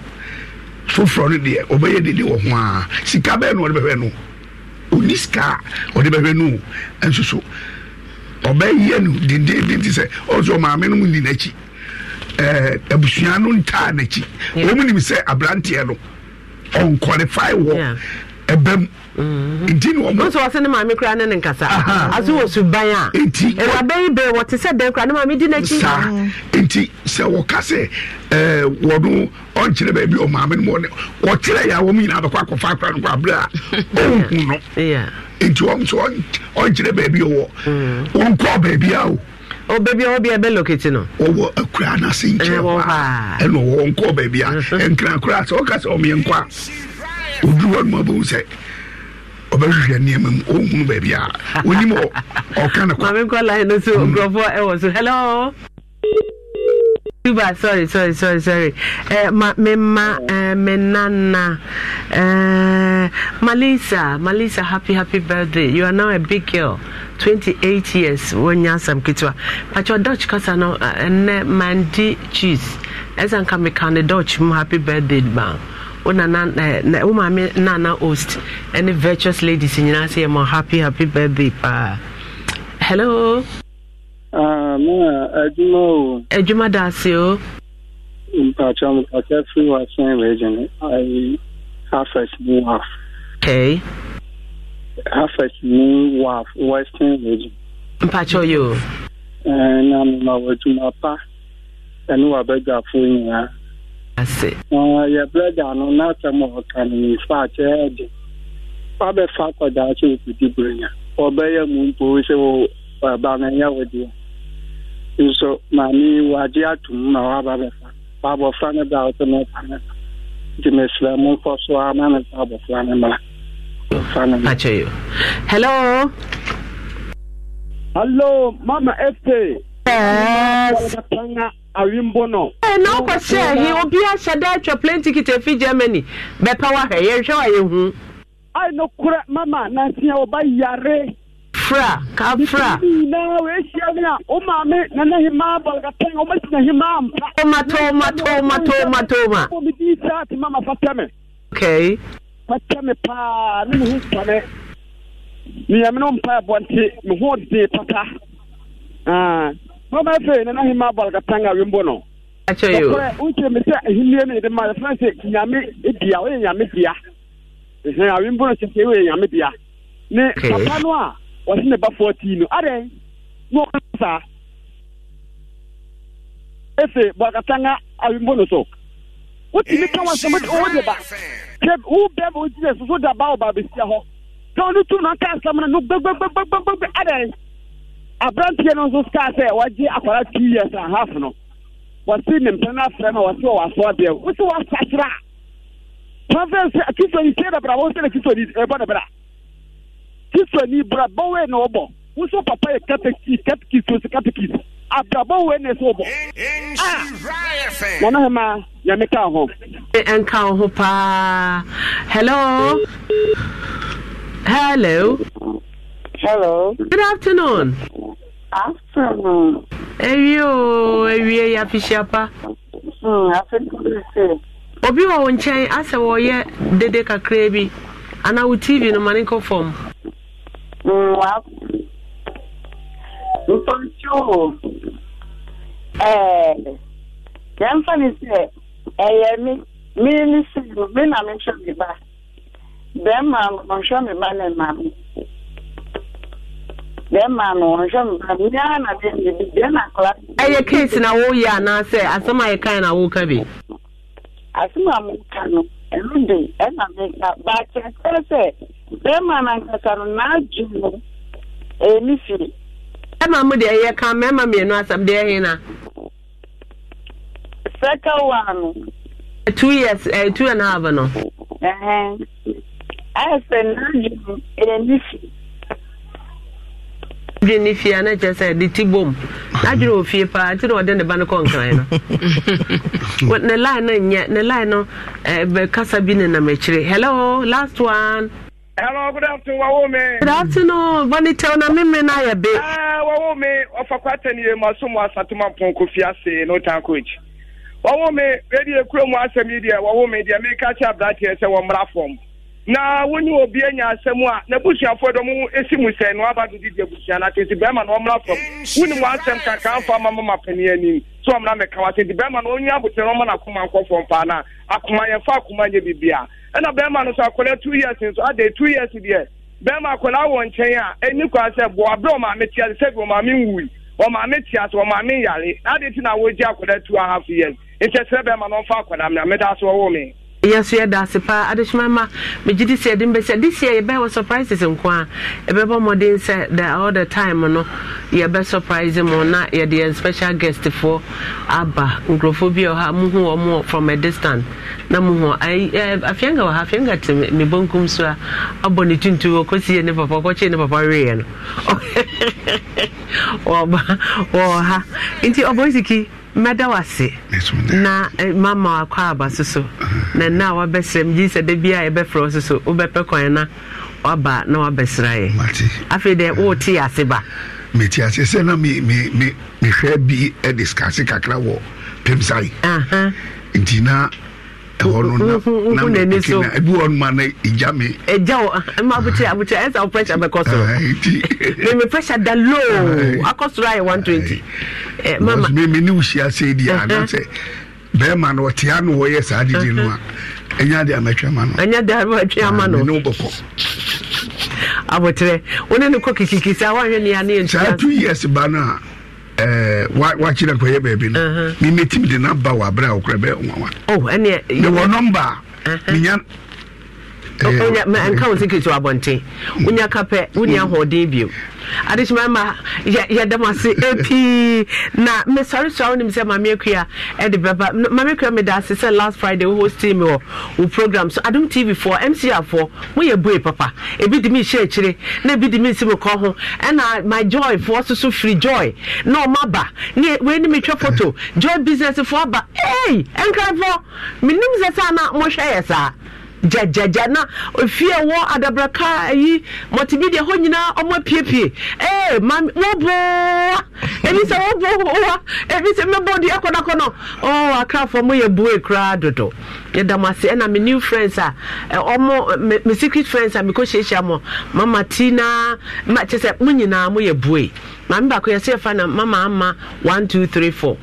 foforɔ no deɛ ɔbɛyɛ dede wɔ ho a sika bɛɛ no ɔde bɛhwɛ no ɔni sika a ɔde bɛhwɛ no nso so ɔbɛyɛ no dendenden te sɛ ɔsɛ ɔmaame no mu ni n'akyi ɛɛ abusua no ntaa n'akyi wɔn mu nim sɛ aberanteɛ no ɔnkwalifai wɔ ɛbɛm. Yeah. Mm-hmm. nti na ɔmo. nso ɔsɛ ne maame kura ne ne nkasa aso wɔ suban a. nti ɛwuraba yi bɛn wɔte sɛ dɛn kura ne maame di n'akyi. saa nti sɛ wɔka sɛ ɛɛ wɔdo ɔnkyerɛ baabi ɔ maame no mu ɔne ɔkyerɛ yɛ a wɔn nyinaa bɛkɔ akɔfa akora no kɔ abira ɔnhu no nti wɔn nso ɔnkyerɛ baabi ɔwɔ wɔn kɔ baabi a o. o baabi a ɔbea bɛ lokete no. ɔwɔ akura anase nkyɛn mm-hmm. hɔ a ɛna ɔwɔ nkɔ baabi a nkran ɔbɛhwehwɛ nneɛma mu ɔnhunu baabi a onim ɔka no kwame nkɔ line no so mm. nkurɔfoɔ so hello tuba sorry sorry sorry sorry eh, ma me ma eh, me nana eh, malisa malisa happy happy birthday you are now a big girl 28 years wonya asam ketewa patwa dutch kasa no eh, ɛnɛ mandi cheese ɛsɛ nka meka ne dutch mu happy birthday ma wo maame nana ost ne virtuous ladies nyinaa sɛ yɛma happy happy birthday paa hello ah, eh, adwuma o adwuma da ase o mpakyɛ mpakyɛ firi wasen region harvest mu waf okay harvest mu waf western region mpakyɛ yi o na mema wɔ adwuma pa ɛne wabɛgyafoɔ nyinaa ase. yɛ brɛda no n'asɛm a ɔka no nifa akyɛ ɛde wabɛfa akɔda sɛ ɔkudi buronya ɔbɛyɛ mu mpo sɛ wo ɛba no ɛnyɛ wo deɛ nso maame wagye ato mu na waba bɛfa wabɔfra no da ɔsɛ no ɔfa no nti mesrɛ mo nkɔ so a ma no fa abɔfra no mmra akyɛ yo hello hello mama efe awimbono. ẹ eh, na ọkọchị ehi obi ahyada atwa plane ticket germany bẹpẹ wa hẹ yẹn hwẹ wa yẹn hu. mama yare. fura ka wee si o maame nana hima bọlọkata yẹn o ma tina hima mpa. toma toma toma toma toma. o mi di isa mama afei na nahema abalakatan a wembo no wokyerɛ me sɛ ya no yɛde ma yɛfrɛ sɛ nyame dua woyɛ nyame dua awembo no kyɛ sɛ woyɛ nyame dua ne papa no a wɔse ne ba fourteen no adɛn na ɔka saa efe balakatan a awembo no so wotumi ka ba ba hɔ no aberanteɛ no nso sika sɛ wɔgye akwara two years and half no wɔsi ne mpɛn afrɛ no wɔsi wɔ wasoɔ deɛ wosi wɔasasra prɔfɛn tie dabra wɔn sɛ ne kisoni ɛbɔ eh, dabra kisoni bra bɔwɛ na ɔbɔ wosi papa yɛ katekis ah! katekis hello hello. Hello. Good afternoon. Afternoon. Ewie o, ewie ya fisiapa. Hmm, afternoon se. Obi wɔ wo nkyɛn asɛ wɔyɛ dede kakra bi anaa wo TV no ma ne nkɔ fam. Hmm, wa mpɔntu ɛɛ yɛmfa ne sɛ ɛyɛ mi mi ne si mi na mi hwɛ mi ba bɛrima nhwɛ mi ba ne maame. bẹẹma no ọhwẹ mpa nyinaa na bẹẹbi kora. na wọ́ọ̀yẹ anaasẹ asẹ́m a na wọ́ọ̀ka bi. a mo ka no ẹnu de ka baakyẹ sẹsẹ na no n'adu no ẹni firi. ẹma mu de mmienu na. sẹkẹ wa no. two years uh, two and a half no. dwe ne fie ana kyerɛ sɛ de ti bom adwene wɔ fie paa nti na ɔde ne ba no kɔ no ne line no nyɛ ne line no bɛkasa bi ne nam akyire hello last one Hello, good afternoon, Wawome. Good afternoon, Bonito, na mimi na ya be. Ah, Wawome, ofakwata ni masumu satuma mponko fiase no tankoich. Wawome, wedi ekuro mu asem yi dia, Wawome dia make catch up that here say wo form. na wonye obi enyi a dɔm esi mu sɛn di na tete bɛrima na ɔmra fam wuni mu asem kaka afa ama mama panyin anim so ɔmra wa bɛrima na onye abotire ɔmo na akoma nkɔ fam akoma yɛ fa akoma bibia ɛna bɛrima no so akɔla two years nso ade two years deɛ bɛrima akɔla wɔ nkyɛn a eni kɔ asɛ bɔ abirɛ ɔmaame tia sɛ ɔmaame tia ɔmaame yare ade ti na wogye akɔla two years yɛso yɛda ase paa adehyema ma megye di sɛ yɛde mbɛsɛ this year yɛbɛwɔ surprises nko a ɛbɛbɔ mmɔden sɛ the all the time no yɛbɛ surprise mu na yɛde yɛn special guest foɔ aba nkurɔfoɔ bi ɔha muhu ɔmo from a distance na muhu eh, afianga wɔ ha afianga te me bonkum so a abɔ ne tuntu ɔkɔsie ne papa ɔkɔkyee ne papa weeɛ no wɔba wɔ ha nti ɔbɔ siki mɛda wase na eh, mama wakɔ aba so na nna a wabɛsrɛ me gye sɛ da biaa yɛbɛfrɛ wo wobɛpɛ kwan na waba na wabɛsra yɛ afei deɛ wote ase ba mete ase sɛ na mehwɛ bi eh, discase kakra wɔ pemsare nti na ɛhɔ no na mm-hmm, mm-hmm, na mekina mm-hmm, ebi wɔ ma na egya mi. egya o ɛmu abuti abuti ɛsɛ awo pressure bɛ kɔ soro mɛ mɛ pressure da low ah. akɔ soro ayɛ one twenty. Ah. Eh, mama mi mi ni wusi ase di a na sɛ bɛrima na ɔte ano wɔyɛ saa didi no a uh-huh. ɛnya de ama twɛ ma no. ɛnya de ama twɛ ah, no. ne bɔkɔ. abotire wo ne ne kɔ kikikisa wa hwɛ ne two years ba no a wakyerɛ nkɔyɛ baabi no memɛtumi de naba wɔ aberɛ a wokora bɛyɛ nwanwa ne wɔ nɔmba a menya Eh, oh, eh, nka wo sikiri tiwa abɔnten wonya kapɛ wonya hmm. ahoɔden bio adekyima ma yɛda mo ase ɛpii eh, na mesɔresɔre wonim sɛ mame akua ɛde bɛba mame akua meda ase sɛ last friday wo hostii me wɔ wo program so adom tv foɔ mcafoɔ moyɛ bue papa ebi de me hyɛ akyire na ebi de me nsi ho ɛna my joy foɔ so firi joy na ɔma ba ne wei ne metwa photo joy business foɔ aba ei ɛnkrafoɔ menim sɛ saa na mohwɛ yɛ saa gyagyagya na fie wɔ adabraka ayi mɔtibidia hɔ nyinaa ɔmo apiepie ee eh, maame wɔboa ebi sɛ wɔboa ebi sɛ mɛbɔ de akɔnakɔnɔ ɔɔ oh, akrafo mo yɛ bue koraa dodo yɛda mo ase ɛna mi new friends a ɔmo mi secret friends a mekɔ hyehyɛ mo mama tina ma kyerɛ sɛ mo nyinaa mo yɛ bue maame baako yɛ sɛ yɛfa na mama ama one two three four.